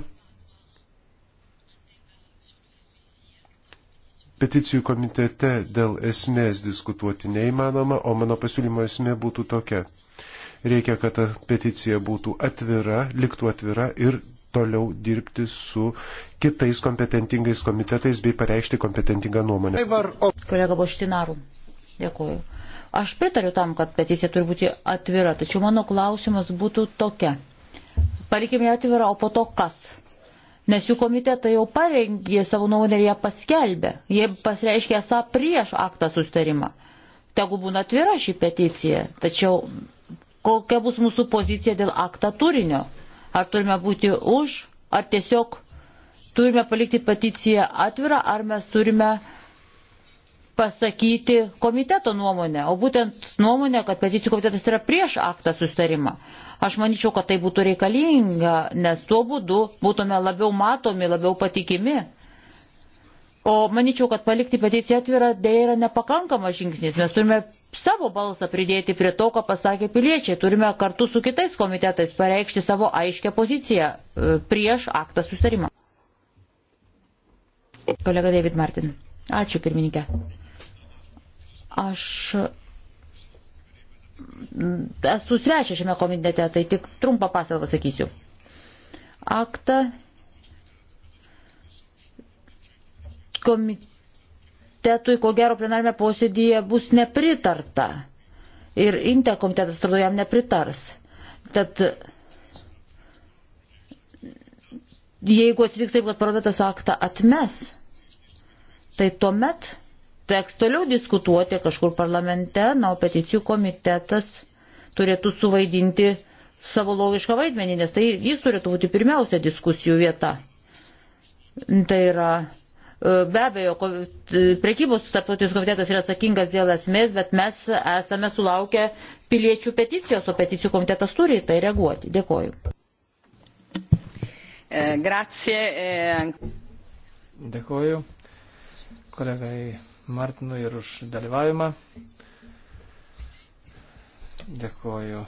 Peticijų komitete dėl esmės diskutuoti neįmanoma, o mano pasiūlymo esmė būtų tokia. Reikia, kad ta peticija būtų atvira, liktų atvira ir toliau dirbti su kitais kompetentingais komitetais bei pareikšti kompetentingą nuomonę. Kolega Boštinaru, dėkuoju. Aš pritariu tam, kad peticija turi būti atvira, tačiau mano klausimas būtų tokia. Palikime ją atvirą, o po to kas? Nes jų komitetai jau parengė savo nuomonę ir ją paskelbė. Jie pasireiškė esą prieš aktą sustarimą. Tegu būna atvira ši peticija, tačiau kokia bus mūsų pozicija dėl aktą turinio? Ar turime būti už, ar tiesiog turime palikti peticiją atvirą, ar mes turime pasakyti komiteto nuomonę, o būtent nuomonę, kad peticijų komitetas yra prieš aktą sustarimą. Aš manyčiau, kad tai būtų reikalinga, nes tuo būdu būtume labiau matomi, labiau patikimi O manyčiau, kad palikti peticiją atvirą dėja yra nepakankamas žingsnis. Mes turime savo balsą pridėti prie to, ką pasakė piliečiai. Turime kartu su kitais komitetais pareikšti savo aiškę poziciją e, prieš aktą sustarimą. Kolega David Martin. Ačiū pirmininkė. Aš mm, esu svečias šiame komitete, tai tik trumpą pasavą pasakysiu. Aktą komitetui, ko gero, plenarime posėdėje bus nepritarta. Ir Inte komitetas, atrodo, jam nepritars. Tad jeigu atsitiks taip, kad parlamentas aktą atmes, tai tuomet teks toliau diskutuoti kažkur parlamente, na, o peticijų komitetas turėtų suvaidinti savo logišką vaidmenį, nes tai jis turėtų būti pirmiausia diskusijų vieta. Tai yra E, be abejo, prekybos tarptautinis komitetas yra atsakingas dėl esmės, bet mes esame sulaukę piliečių peticijos, o peticijų komitetas turi į tai reaguoti. Dėkoju. E, grazie. E, Dėkoju kolegai Martinui ir už dalyvavimą. Dėkoju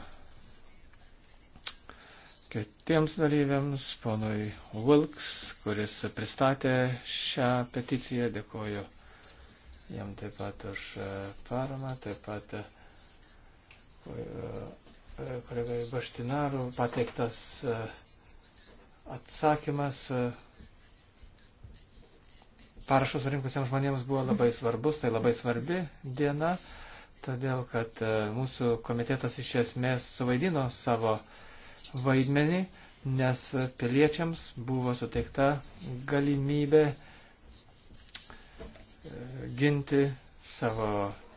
kitiems dalyviams, ponui Vilks, kuris pristatė šią peticiją. Dėkuoju jam taip pat už e, paramą, taip pat e, e, kolegai Baštinarų pateiktas atsakymas. Parašus rinkusiems žmonėms buvo labai svarbus, tai labai svarbi diena, todėl kad mūsų komitetas iš esmės suvaidino savo uh, vaidmenį, nes piliečiams buvo suteikta galimybė e, ginti savo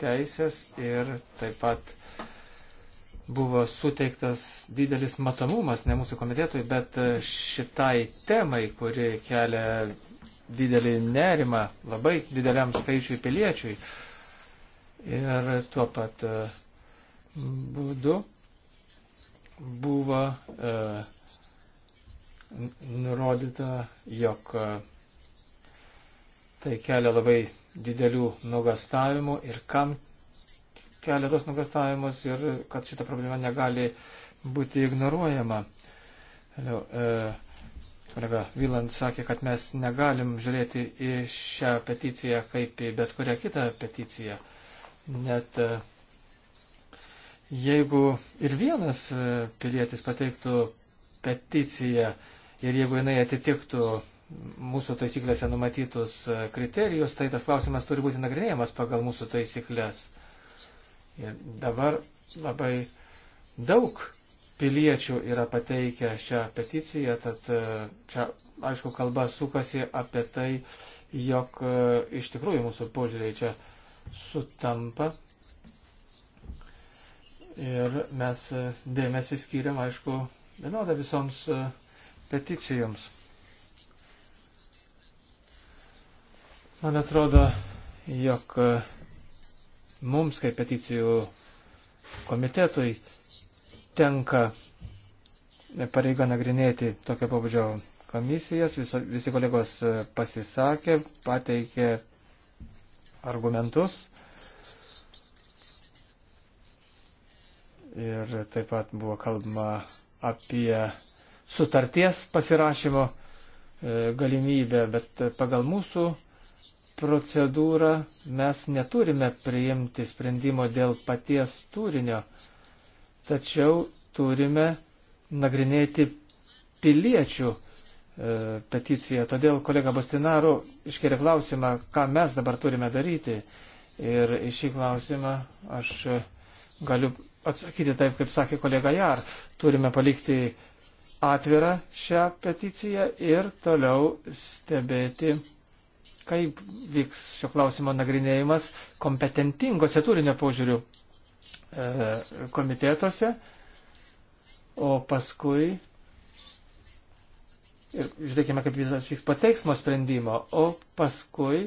teisės ir taip pat buvo suteiktas didelis matomumas, ne mūsų komitetui, bet e, šitai temai, kuri kelia didelį nerimą labai dideliam skaičiui piliečiui. Ir tuo pat e, būdu buvo e, nurodyta, jog e, tai kelia labai didelių nuogastavimų ir kam kelia tos nuogastavimus ir kad šita problema negali būti ignoruojama. Vėliau, e, kolega Viland sakė, kad mes negalim žiūrėti į šią peticiją kaip į bet kurią kitą peticiją. Net e, jeigu ir vienas e, pilietis pateiktų peticiją ir jeigu jinai atitiktų mūsų taisyklėse numatytus e, kriterijus, tai tas klausimas turi būti nagrinėjamas pagal mūsų taisyklės. Ir dabar labai daug piliečių yra pateikę šią peticiją, tad e, čia, aišku, kalba sukasi apie tai, jog iš tikrųjų mūsų požiūriai čia sutampa. Ir mes e, dėmesį skiriam, aišku, vienodą visoms e, peticijoms. Man atrodo, jog e, mums, kaip peticijų komitetui, tenka pareiga nagrinėti tokio pabudžio komisijas. Visa, visi kolegos pasisakė, pateikė argumentus. ir taip pat buvo kalbama apie sutarties pasirašymo e, galimybę, bet pagal mūsų procedūrą mes neturime priimti sprendimo dėl paties turinio, tačiau turime nagrinėti piliečių e, peticiją. Todėl kolega Bostinaru iškėlė klausimą, ką mes dabar turime daryti. Ir į šį klausimą aš galiu atsakyti taip, kaip sakė kolega Jar. Turime palikti atvirą šią peticiją ir toliau stebėti, kaip vyks šio klausimo nagrinėjimas kompetentingose turinio požiūrių e, komitetuose, o paskui ir žiūrėkime, kaip visas vyks po teiksmo sprendimo, o paskui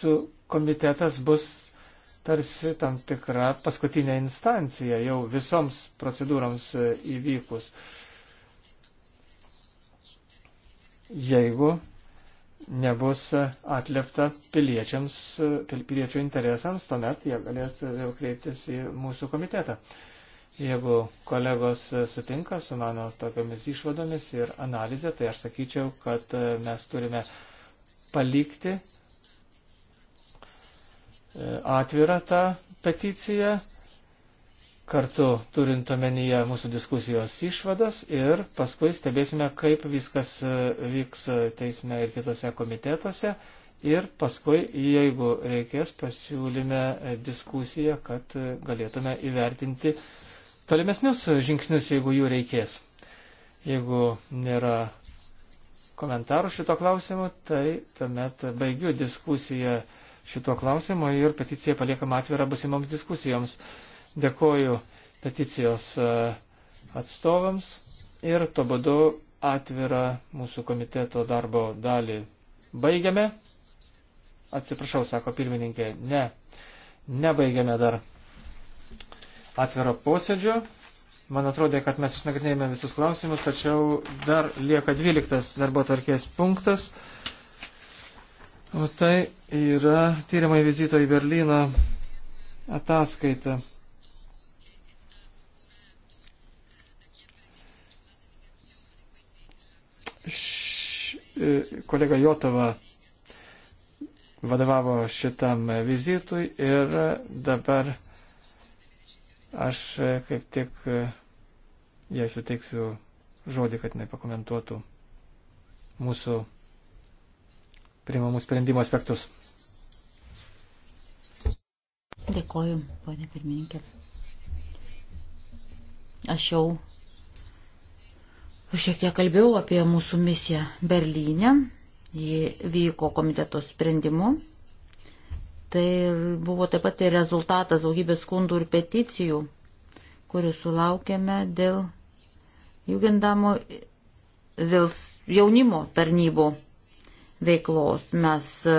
su komitetas bus tarsi tam tikra paskutinė instancija jau visoms procedūroms e, įvykus. Jeigu nebus e, atliepta piliečiams, e, piliečių interesams, tuomet jie galės vėl kreiptis į mūsų komitetą. Jeigu kolegos sutinka su mano tokiamis išvadomis ir analizė, tai aš sakyčiau, kad mes turime palikti E, atvirą tą peticiją, kartu turint omenyje mūsų diskusijos išvadas ir paskui stebėsime, kaip viskas e, vyks teisme ir kitose komitetuose. Ir paskui, jeigu reikės, pasiūlyme diskusiją, kad e, galėtume įvertinti tolimesnius žingsnius, jeigu jų reikės. Jeigu nėra komentarų šito klausimu, tai tuomet baigiu diskusiją šituo klausimu ir peticija paliekama atvira busimoms diskusijoms. Dėkoju peticijos e, atstovams ir to būdu atvirą mūsų komiteto darbo dalį baigiame. Atsiprašau, sako pirmininkė, ne, nebaigiame dar atviro posėdžio. Man atrodė, kad mes išnagrinėjome visus klausimus, tačiau dar lieka 12 darbo tvarkės punktas. O tai yra tyrimai vizito į Berliną ataskaita. E, kolega Jotova vadovavo šitam vizitui ir dabar aš e, kaip tik e, jai suteiksiu žodį, kad nepakomentuotų mūsų priimamų sprendimų aspektus. Dėkoju, ponė pirmininkė. Aš jau šiek tiek kalbėjau apie mūsų misiją Berlyne. Ji vyko komiteto sprendimu. Tai buvo taip pat ir rezultatas daugybės skundų ir peticijų, kurių sulaukėme dėl Jugendamo, dėl jaunimo tarnybų veiklos. Mes e,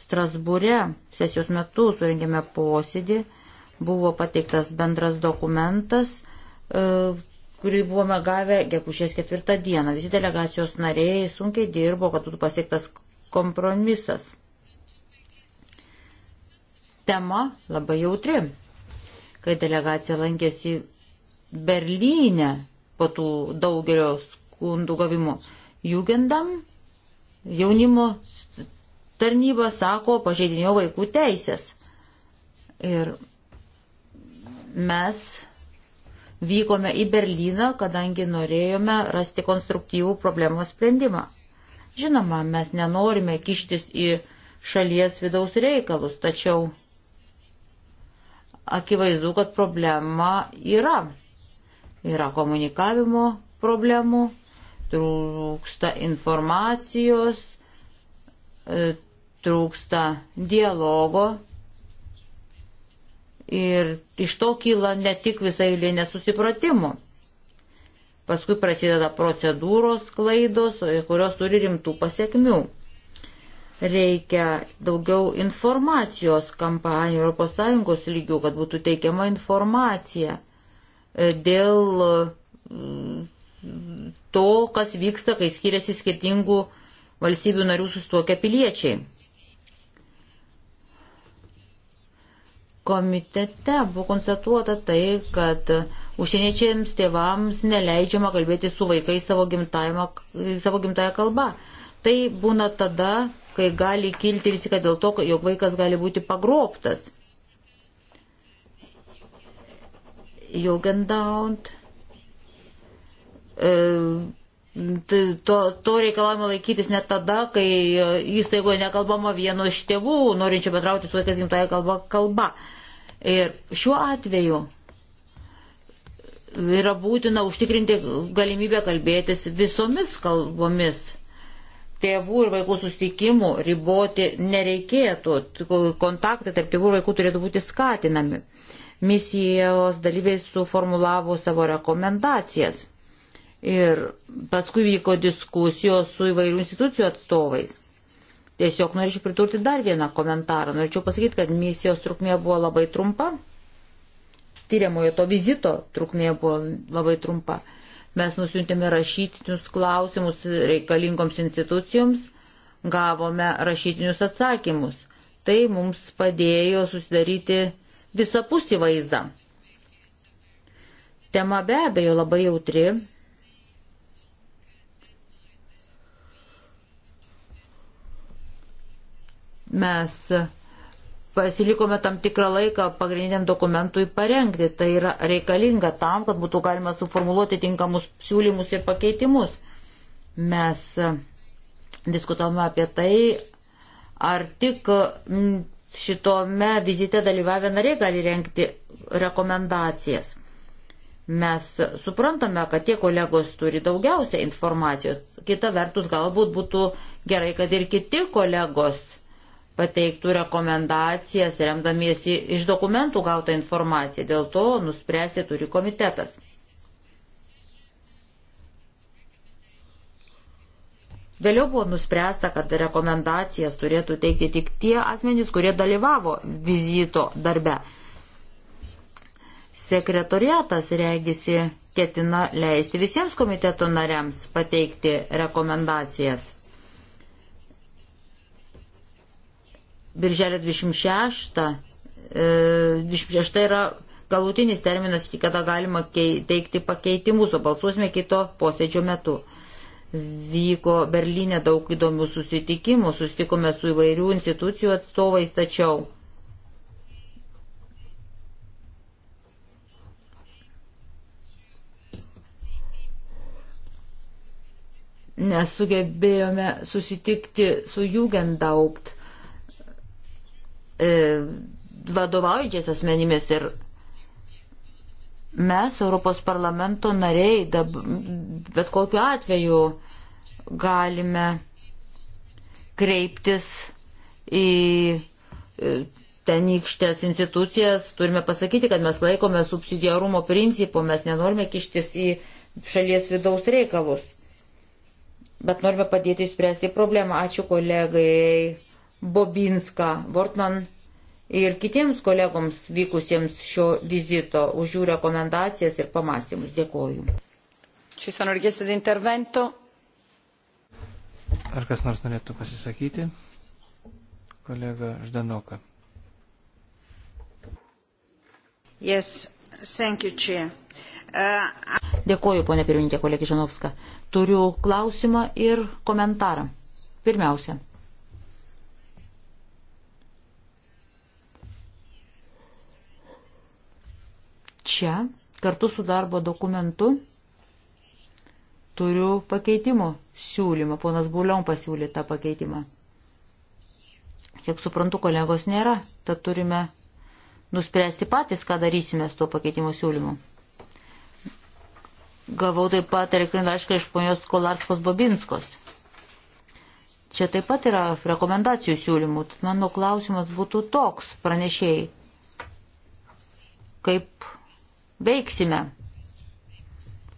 Strasbūre sesijos metu surengėme posėdį, buvo pateiktas bendras dokumentas, e, kurį buvome gavę gegužės ketvirtą dieną. Visi delegacijos nariai sunkiai dirbo, kad būtų pasiektas kompromisas. Tema labai jautri. Kai delegacija lankėsi Berlyne po tų daugelio skundų gavimo, Jugendam jaunimo tarnyba sako pažeidinio vaikų teisės. Ir mes vykome į Berliną, kadangi norėjome rasti konstruktyvų problemos sprendimą. Žinoma, mes nenorime kištis į šalies vidaus reikalus, tačiau akivaizdu, kad problema yra. Yra komunikavimo problemų, trūksta informacijos, e, trūksta dialogo ir iš to kyla ne tik visai eilė nesusipratimų. Paskui prasideda procedūros klaidos, kurios turi rimtų pasiekmių. Reikia daugiau informacijos kampanijų ES lygių, kad būtų teikiama informacija e, dėl to, kas vyksta, kai skiriasi skirtingų valstybių narių sustokia piliečiai. Komitete buvo konstatuota tai, kad užsieniečiams tėvams neleidžiama kalbėti su vaikais savo, savo gimtają kalbą. Tai būna tada, kai gali kilti rizika dėl to, jog vaikas gali būti pagroptas. Jugendaut E, to, to reikalavimo laikytis net tada, kai e, įstaigoje nekalbama vieno iš tėvų, norinčio bendrauti su vaikas gimtoje kalba, kalba. Ir šiuo atveju yra būtina užtikrinti galimybę kalbėtis visomis kalbomis. Tėvų ir vaikų sustikimų riboti nereikėtų, kontaktai tarp tėvų ir vaikų turėtų būti skatinami. Misijos dalyviai suformulavo savo rekomendacijas Ir paskui vyko diskusijos su įvairių institucijų atstovais. Tiesiog norėčiau pridurti dar vieną komentarą. Norėčiau pasakyti, kad misijos trukmė buvo labai trumpa. Tyriamojo to vizito trukmė buvo labai trumpa. Mes nusintėme rašytinius klausimus reikalingoms institucijoms, gavome rašytinius atsakymus. Tai mums padėjo susidaryti visapusį vaizdą. Tema be abejo labai jautri, mes pasilikome tam tikrą laiką pagrindiniam dokumentui parengti. Tai yra reikalinga tam, kad būtų galima suformuoluoti tinkamus siūlymus ir pakeitimus. Mes diskutavome apie tai, ar tik šitome vizite dalyvavę nariai gali renkti rekomendacijas. Mes suprantame, kad tie kolegos turi daugiausia informacijos. Kita vertus, galbūt būtų gerai, kad ir kiti kolegos pateiktų rekomendacijas, remdamiesi iš dokumentų gautą informaciją. Dėl to nuspręsti turi komitetas. Vėliau buvo nuspręsta, kad rekomendacijas turėtų teikti tik tie asmenys, kurie dalyvavo vizito darbe. Sekretoriatas regisi ketina leisti visiems komiteto nariams pateikti rekomendacijas. Birželio 26, 26 e, yra galutinis terminas, iki kada galima teikti pakeitimus, o balsuosime kito posėdžio metu. Vyko Berlyne daug įdomių susitikimų, susitikome su įvairių institucijų atstovais, tačiau nesugebėjome susitikti su Jugendaupt e, vadovaujančiais asmenimis ir mes, Europos parlamento nariai, dab, bet kokiu atveju galime kreiptis į e, tenykštės institucijas, turime pasakyti, kad mes laikome subsidiarumo principų, mes nenorime kištis į šalies vidaus reikalus, bet norime padėti išspręsti problemą. Ačiū kolegai Bobinską, Vortman ir kitiems kolegoms vykusiems šio vizito už jų rekomendacijas ir pamastymus. Dėkoju. Ar kas nors norėtų pasisakyti? Kolega Ždanoka. Yes, thank you, Chair. Uh, I... Dėkoju, ponė pirmininkė, kolegė Žanovska. Turiu klausimą ir komentarą. Pirmiausia, čia kartu su darbo dokumentu turiu pakeitimo siūlymą. Ponas Buliom pasiūlė tą pakeitimą. Kiek suprantu, kolegos nėra, tad turime nuspręsti patys, ką darysime su tuo pakeitimo siūlymu. Gavau taip pat elektrinį laišką iš ponios Kolarskos Babinskos. Čia taip pat yra rekomendacijų siūlymų. Mano klausimas būtų toks pranešėjai. Kaip veiksime,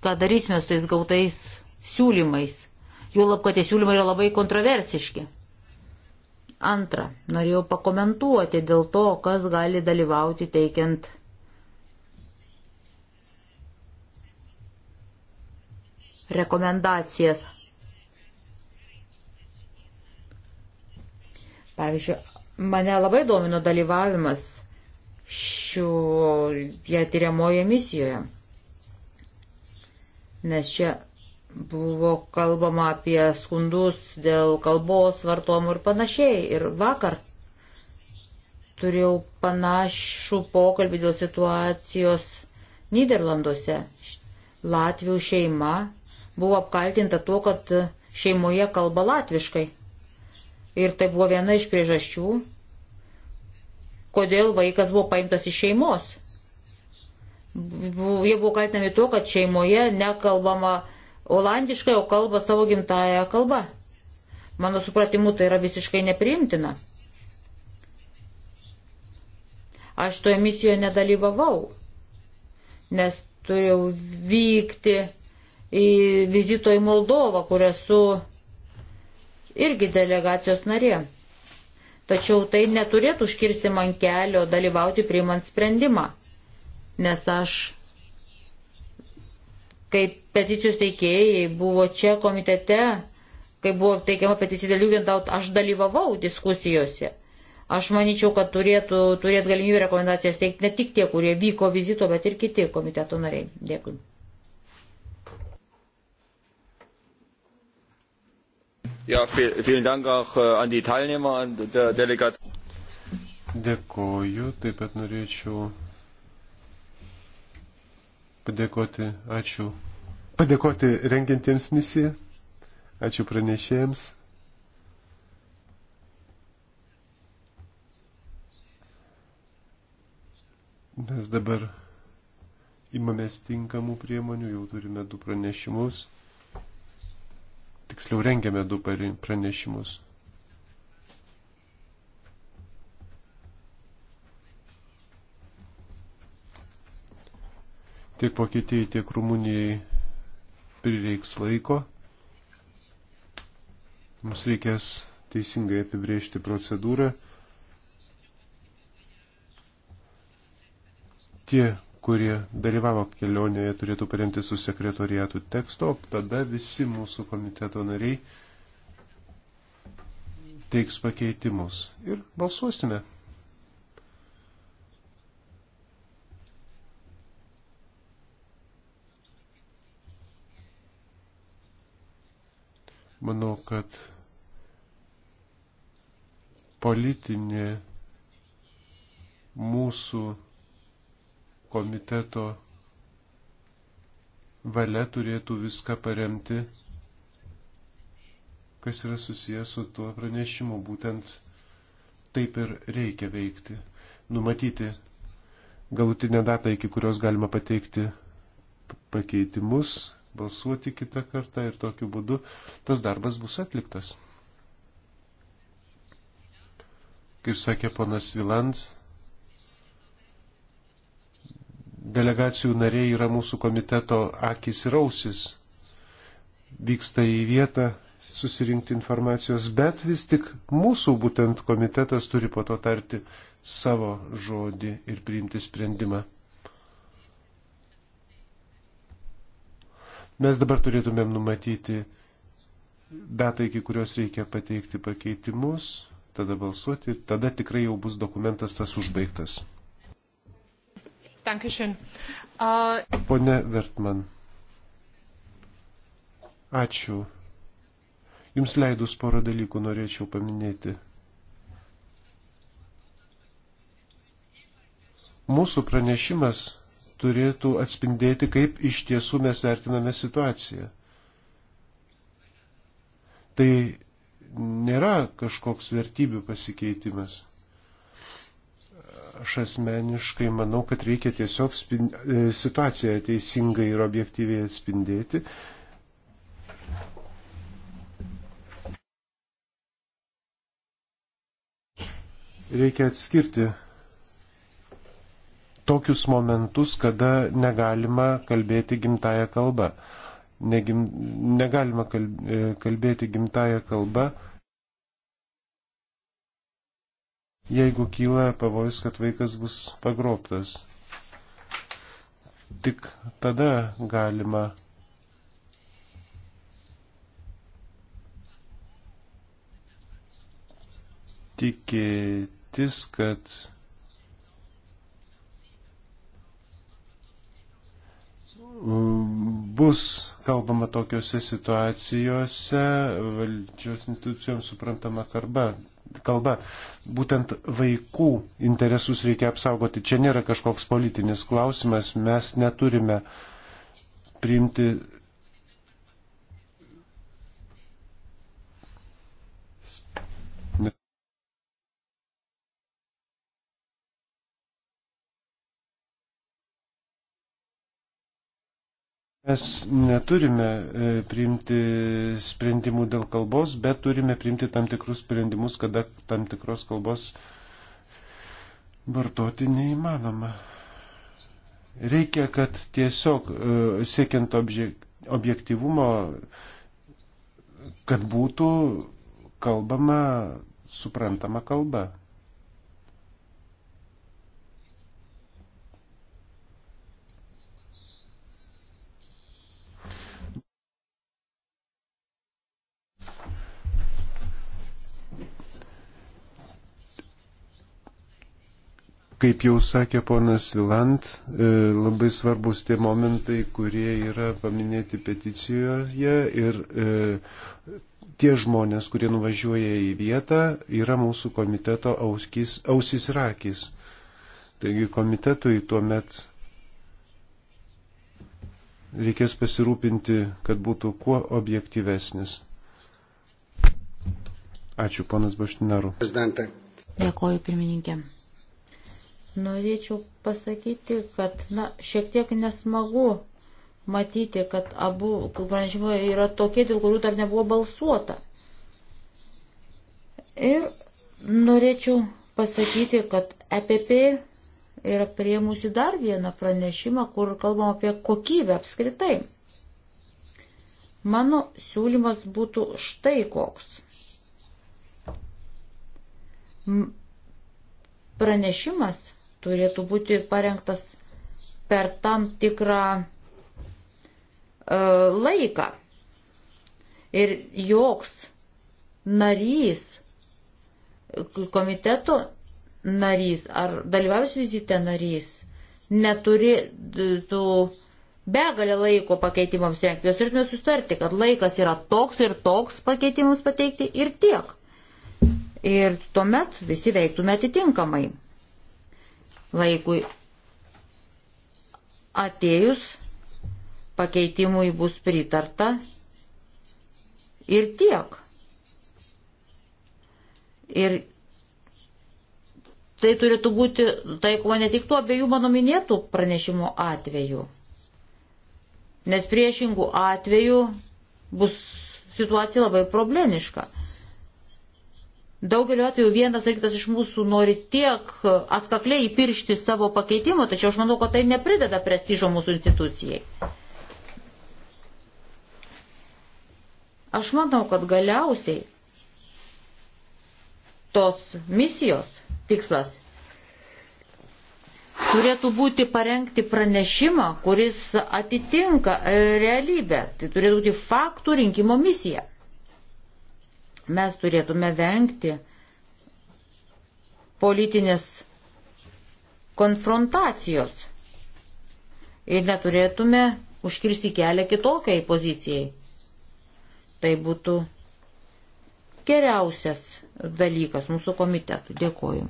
ką darysime su tais gautais siūlymais. Juolab, kad tie siūlymai yra labai kontroversiški. Antra, norėjau pakomentuoti dėl to, kas gali dalyvauti teikiant rekomendacijas. Pavyzdžiui, mane labai domino dalyvavimas šioje tyriamoje misijoje. Nes čia buvo kalbama apie skundus dėl kalbos vartomų ir panašiai. Ir vakar turėjau panašų pokalbį dėl situacijos Niderlanduose. Latvių šeima buvo apkaltinta tuo, kad šeimoje kalba latviškai. Ir tai buvo viena iš priežasčių, kodėl vaikas buvo paimtas iš šeimos. Jie buvo kaltinami tuo, kad šeimoje nekalbama olandiškai, o kalba savo gimtają kalbą. Mano supratimu, tai yra visiškai neprimtina. Aš toje misijoje nedalyvavau, nes turėjau vykti į vizito į Moldovą, kur esu irgi delegacijos narė tačiau tai neturėtų užkirsti man kelio dalyvauti priimant sprendimą, nes aš kaip peticijos teikėjai buvo čia komitete, kai buvo teikiama peticija dėl Jugendaut, aš dalyvavau diskusijose. Aš manyčiau, kad turėtų turėti galimybę rekomendacijas teikti ne tik tie, kurie vyko vizito, bet ir kiti komiteto nariai. Dėkui. Ja, vielen Dank auch äh, an die Teilnehmer, an der Delegation. Dėkoju, taip pat norėčiau padėkoti, ačiū, padėkoti rengiantiems misiją, ačiū pranešėjams. Mes dabar imamės tinkamų priemonių, jau turime du pranešimus tiksliau rengiame du pranešimus. Tiek Vokietijai, tiek Rumunijai prireiks laiko. Mums reikės teisingai apibriežti procedūrą. Tie, kurie dalyvavo kelionėje, turėtų paremti su sekretoriatu teksto, tada visi mūsų komiteto nariai teiks pakeitimus ir balsuosime. Manau, kad politinė mūsų komiteto valia turėtų viską paremti, kas yra susijęs su tuo pranešimu. Būtent taip ir reikia veikti. Numatyti galutinę datą, iki kurios galima pateikti pakeitimus, balsuoti kitą kartą ir tokiu būdu tas darbas bus atliktas. Kaip sakė ponas Vilans, delegacijų nariai yra mūsų komiteto akis ir ausis. Vyksta į vietą susirinkti informacijos, bet vis tik mūsų būtent komitetas turi po to tarti savo žodį ir priimti sprendimą. Mes dabar turėtumėm numatyti datą, iki kurios reikia pateikti pakeitimus, tada balsuoti ir tada tikrai jau bus dokumentas tas užbaigtas. Dankeschön. Uh... Pone Vertman. Ačiū. Jums leidus porą dalykų norėčiau paminėti. Mūsų pranešimas turėtų atspindėti, kaip iš tiesų mes vertiname situaciją. Tai nėra kažkoks vertybių pasikeitimas. Aš asmeniškai manau, kad reikia tiesiog e, situaciją teisingai ir objektyviai atspindėti. Reikia atskirti tokius momentus, kada negalima kalbėti gimtają kalbą. Negim, negalima e, kalbėti gimtają kalbą jeigu kyla pavojus, kad vaikas bus pagrobtas. Tik tada galima tikėtis, kad bus kalbama tokiuose situacijose valdžios institucijoms suprantama kalba kalba. Būtent vaikų interesus reikia apsaugoti. Čia nėra kažkoks politinis klausimas. Mes neturime priimti Mes neturime e, priimti sprendimų dėl kalbos, bet turime priimti tam tikrus sprendimus, kada tam tikros kalbos vartoti neįmanoma. Reikia, kad tiesiog e, siekiant objektivumo, kad būtų kalbama suprantama kalba. Kaip jau sakė ponas Vilant, e, labai svarbus tie momentai, kurie yra paminėti peticijoje ir e, tie žmonės, kurie nuvažiuoja į vietą, yra mūsų komiteto auskis, ausis ir akis. Taigi komitetui tuo met reikės pasirūpinti, kad būtų kuo objektyvesnis. Ačiū, ponas Baštinaru. Dėkoju, pirmininkė. Norėčiau pasakyti, kad na, šiek tiek nesmagu matyti, kad abu pranešimai yra tokie, dėl kurių dar nebuvo balsuota. Ir norėčiau pasakyti, kad EPP yra prieimusi dar vieną pranešimą, kur kalbam apie kokybę apskritai. Mano siūlymas būtų štai koks. Pranešimas turėtų būti parengtas per tam tikrą uh, laiką. Ir joks narys, komiteto narys ar dalyvavęs vizite narys neturi tų begalę laiko pakeitimams rengti. Mes turėtume sustarti, kad laikas yra toks ir toks pakeitimams pateikti ir tiek. Ir tuomet visi veiktume atitinkamai laikui atėjus pakeitimui bus pritarta ir tiek. Ir tai turėtų būti taikoma ne tik tuo abiejų mano minėtų pranešimų atveju, nes priešingų atveju bus situacija labai problemiška. Daugeliu atveju vienas ar kitas iš mūsų nori tiek atkakliai įpiršti savo pakeitimą, tačiau aš manau, kad tai neprideda prestižo mūsų institucijai. Aš manau, kad galiausiai tos misijos tikslas turėtų būti parengti pranešimą, kuris atitinka e, realybę. Tai turėtų būti faktų rinkimo misija. Mes turėtume vengti politinės konfrontacijos ir neturėtume užkirsti kelią kitokiai pozicijai. Tai būtų geriausias dalykas mūsų komitetų. Dėkoju.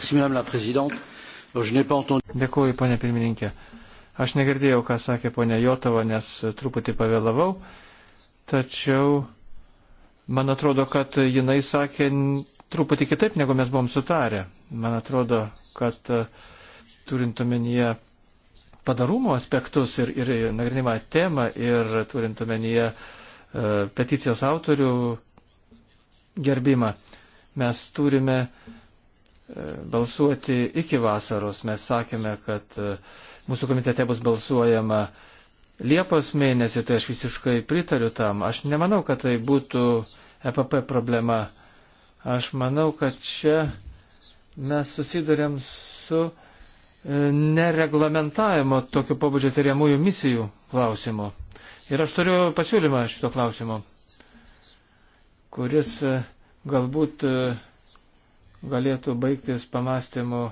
Euh, Dėkoju, ponė pirmininkė. Aš negirdėjau, ką sakė ponė Jotava, nes truputį pavėlavau, tačiau Man atrodo, kad jinai sakė truputį kitaip, negu mes buvom sutarę. Man atrodo, kad e, turint omenyje padarumo aspektus ir, ir nagrinimą temą ir turint omenyje e, peticijos autorių gerbimą, mes turime e, balsuoti iki vasaros. Mes sakėme, kad e, mūsų komitete bus balsuojama e, Liepos mėnesį, tai aš visiškai pritariu tam. Aš nemanau, kad tai būtų EPP problema. Aš manau, kad čia mes susidurėm su e, nereglamentavimo tokio pobūdžio tyriamųjų misijų klausimu. Ir aš turiu pasiūlymą šito klausimo, kuris e, galbūt e, galėtų baigtis pamastymu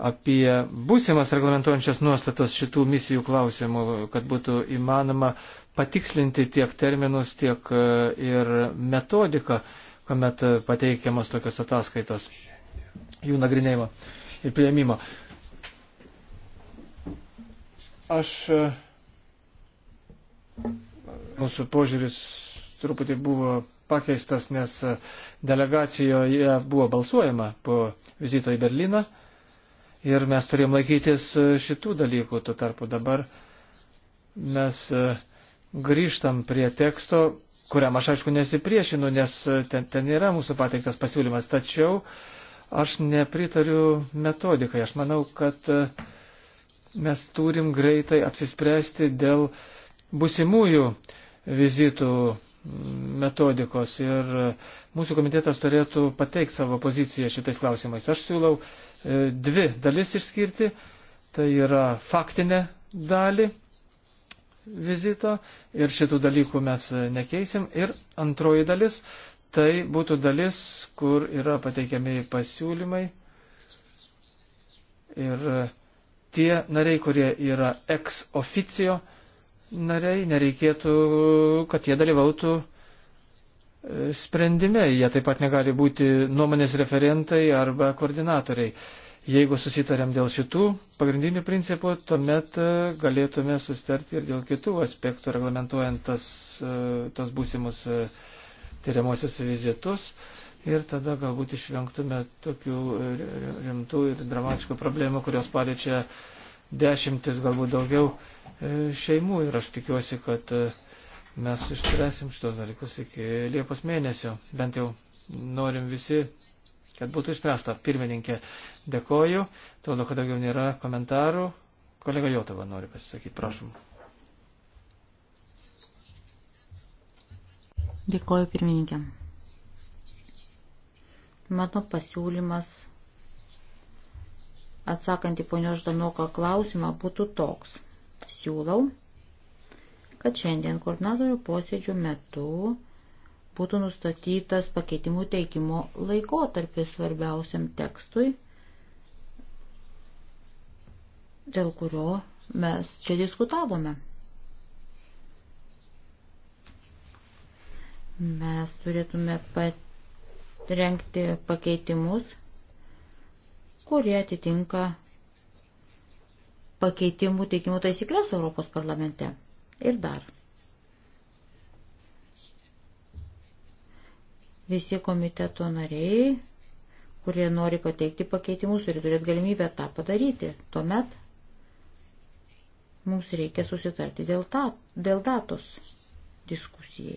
apie būsimas reglamentuojančias nuostatas šitų misijų klausimų, kad būtų įmanoma patikslinti tiek terminus, tiek e, ir metodiką, kuomet pateikiamas tokios ataskaitos, jų nagrinėjimo ir prieimimo. Aš e, mūsų požiūris truputį buvo pakeistas, nes delegacijoje buvo balsuojama po vizito į Berliną ir mes turėjom laikytis e, šitų dalykų. Tuo tarpu dabar mes e, grįžtam prie teksto, kuriam aš aišku nesipriešinu, nes e, ten, ten yra mūsų pateiktas pasiūlymas. Tačiau aš nepritariu metodikai. Aš manau, kad mes turim greitai apsispręsti dėl busimųjų vizitų metodikos ir mūsų komitetas turėtų pateikti savo poziciją šitais klausimais. Aš siūlau E, dvi dalis išskirti. Tai yra faktinė dalį vizito ir šitų dalykų mes nekeisim. Ir antroji dalis, tai būtų dalis, kur yra pateikiami pasiūlymai. Ir e, tie nariai, kurie yra ex oficio nariai, nereikėtų, kad jie dalyvautų uh, sprendime. Jie taip pat negali būti nuomonės referentai arba koordinatoriai. Jeigu susitarėm dėl šitų pagrindinių principų, tuomet e, galėtume sustarti ir dėl kitų aspektų, reglamentuojant tas, e, tas būsimus e, tyriamosius vizitus ir tada galbūt išvengtume tokių rimtų ir dramatiškų problemų, kurios paliečia dešimtis, galbūt daugiau šeimų ir aš tikiuosi, kad uh, mes išspręsim šitos dalykus iki Liepos mėnesio. Bent jau norim visi, kad būtų išspręsta. Pirmininkė, dėkoju. Atrodo, kad daugiau nėra komentarų. Kolega Jotava nori pasisakyti, prašom. Dėkoju pirmininkė. Mano pasiūlymas atsakant į ponios Ždanoką klausimą būtų toks. Siūlau kad šiandien koordinatorių posėdžių metu būtų nustatytas pakeitimų teikimo laikotarpis svarbiausiam tekstui, dėl kurio mes čia diskutavome. Mes turėtume rengti pakeitimus, kurie atitinka pakeitimų teikimo taisyklės Europos parlamente. Ir dar. Visi komiteto nariai, kurie nori pateikti pakeitimus ir turėt galimybę tą padaryti, tuomet mums reikia susitarti dėl, ta, dėl datos diskusijai.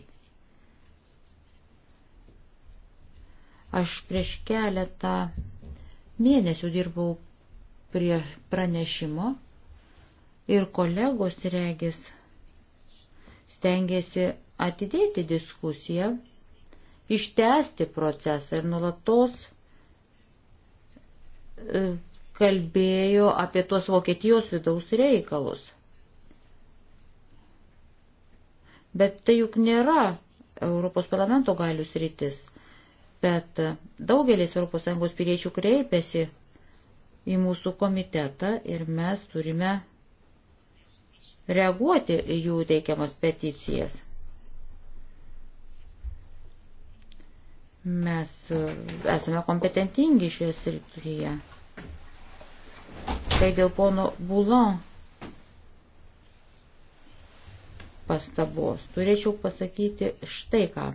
Aš prieš keletą mėnesių dirbau prie pranešimo ir kolegos regis stengiasi atidėti diskusiją, ištęsti procesą ir nulatos e, kalbėjo apie tuos Vokietijos vidaus reikalus. Bet tai juk nėra Europos parlamento galius rytis. Bet daugelis ES piliečių kreipiasi į mūsų komitetą ir mes turime reaguoti į jų teikiamas peticijas. Mes e, esame kompetentingi šioje srityje. Tai dėl pono Bulon pastabos turėčiau pasakyti štai ką.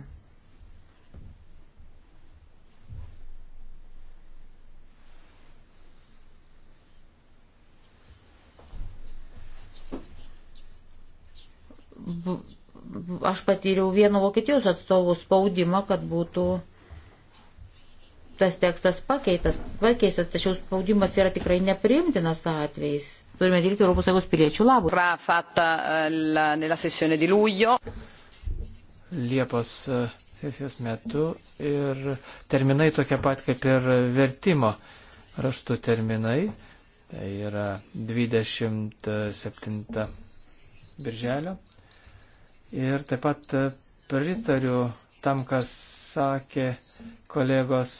aš patyriau vieno Vokietijos atstovų spaudimą, kad būtų tas tekstas pakeitas, pakeistas, tačiau spaudimas yra tikrai neprimtinas atvejais. Turime dirbti ES piliečių labui. Eh, Liepos eh, sesijos metu ir terminai tokie pat kaip ir vertimo raštų terminai. Tai yra 27 eh, birželio Ir taip pat e, pritariu tam, kas sakė kolegos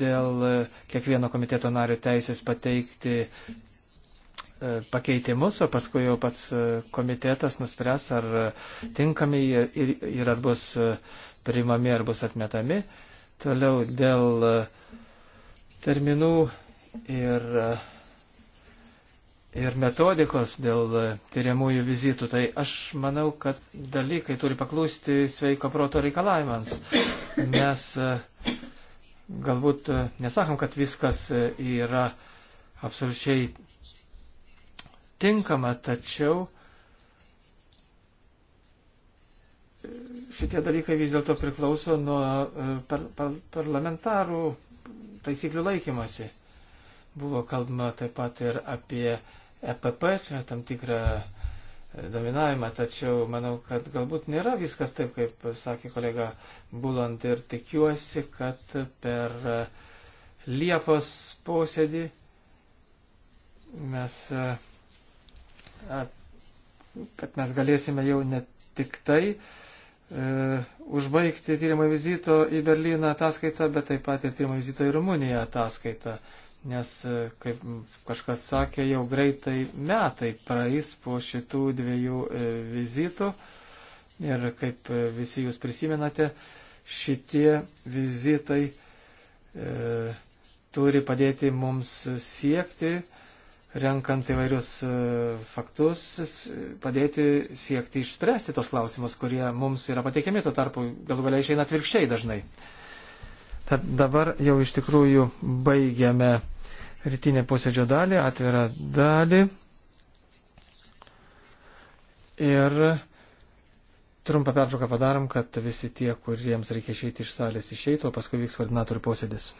dėl e, kiekvieno komiteto nario teisės pateikti e, pakeitimus, o paskui jau pats komitetas nuspręs, ar tinkami ir, ir ar bus priimami, ar bus atmetami. Toliau dėl terminų ir uh, ir metodikos dėl tyriamųjų vizitų, tai aš manau, kad dalykai turi paklūsti sveiko proto reikalavimams. Mes e, galbūt e, nesakom, kad viskas e, yra absoliučiai tinkama, tačiau šitie dalykai vis dėlto priklauso nuo par, par, parlamentarų taisyklių laikymasi. Buvo kalbama taip pat ir apie uh, EPP čia tam tikrą e, dominavimą, tačiau manau, kad galbūt nėra viskas taip, kaip sakė kolega Bulant ir tikiuosi, kad per e, Liepos posėdį mes, e, kad mes galėsime jau ne tik tai užbaigti tyrimo vizito į Berliną ataskaitą, bet taip pat ir tyrimo vizito į Rumuniją ataskaitą nes, e, kaip kažkas sakė, jau greitai metai praeis po šitų dviejų e, vizitų ir, kaip e, visi jūs prisimenate, šitie vizitai e, turi padėti mums siekti, renkant įvairius faktus, padėti siekti išspręsti tos klausimus, kurie mums yra pateikiami, tuo tarpu galų galiai išeina atvirkščiai dažnai. Tad dabar jau iš tikrųjų baigiame rytinę posėdžio dalį, atvirą dalį. Ir trumpą pertrauką padarom, kad visi tie, kuriems reikia išeiti iš salės, išeitų, o paskui vyks koordinatorių posėdis.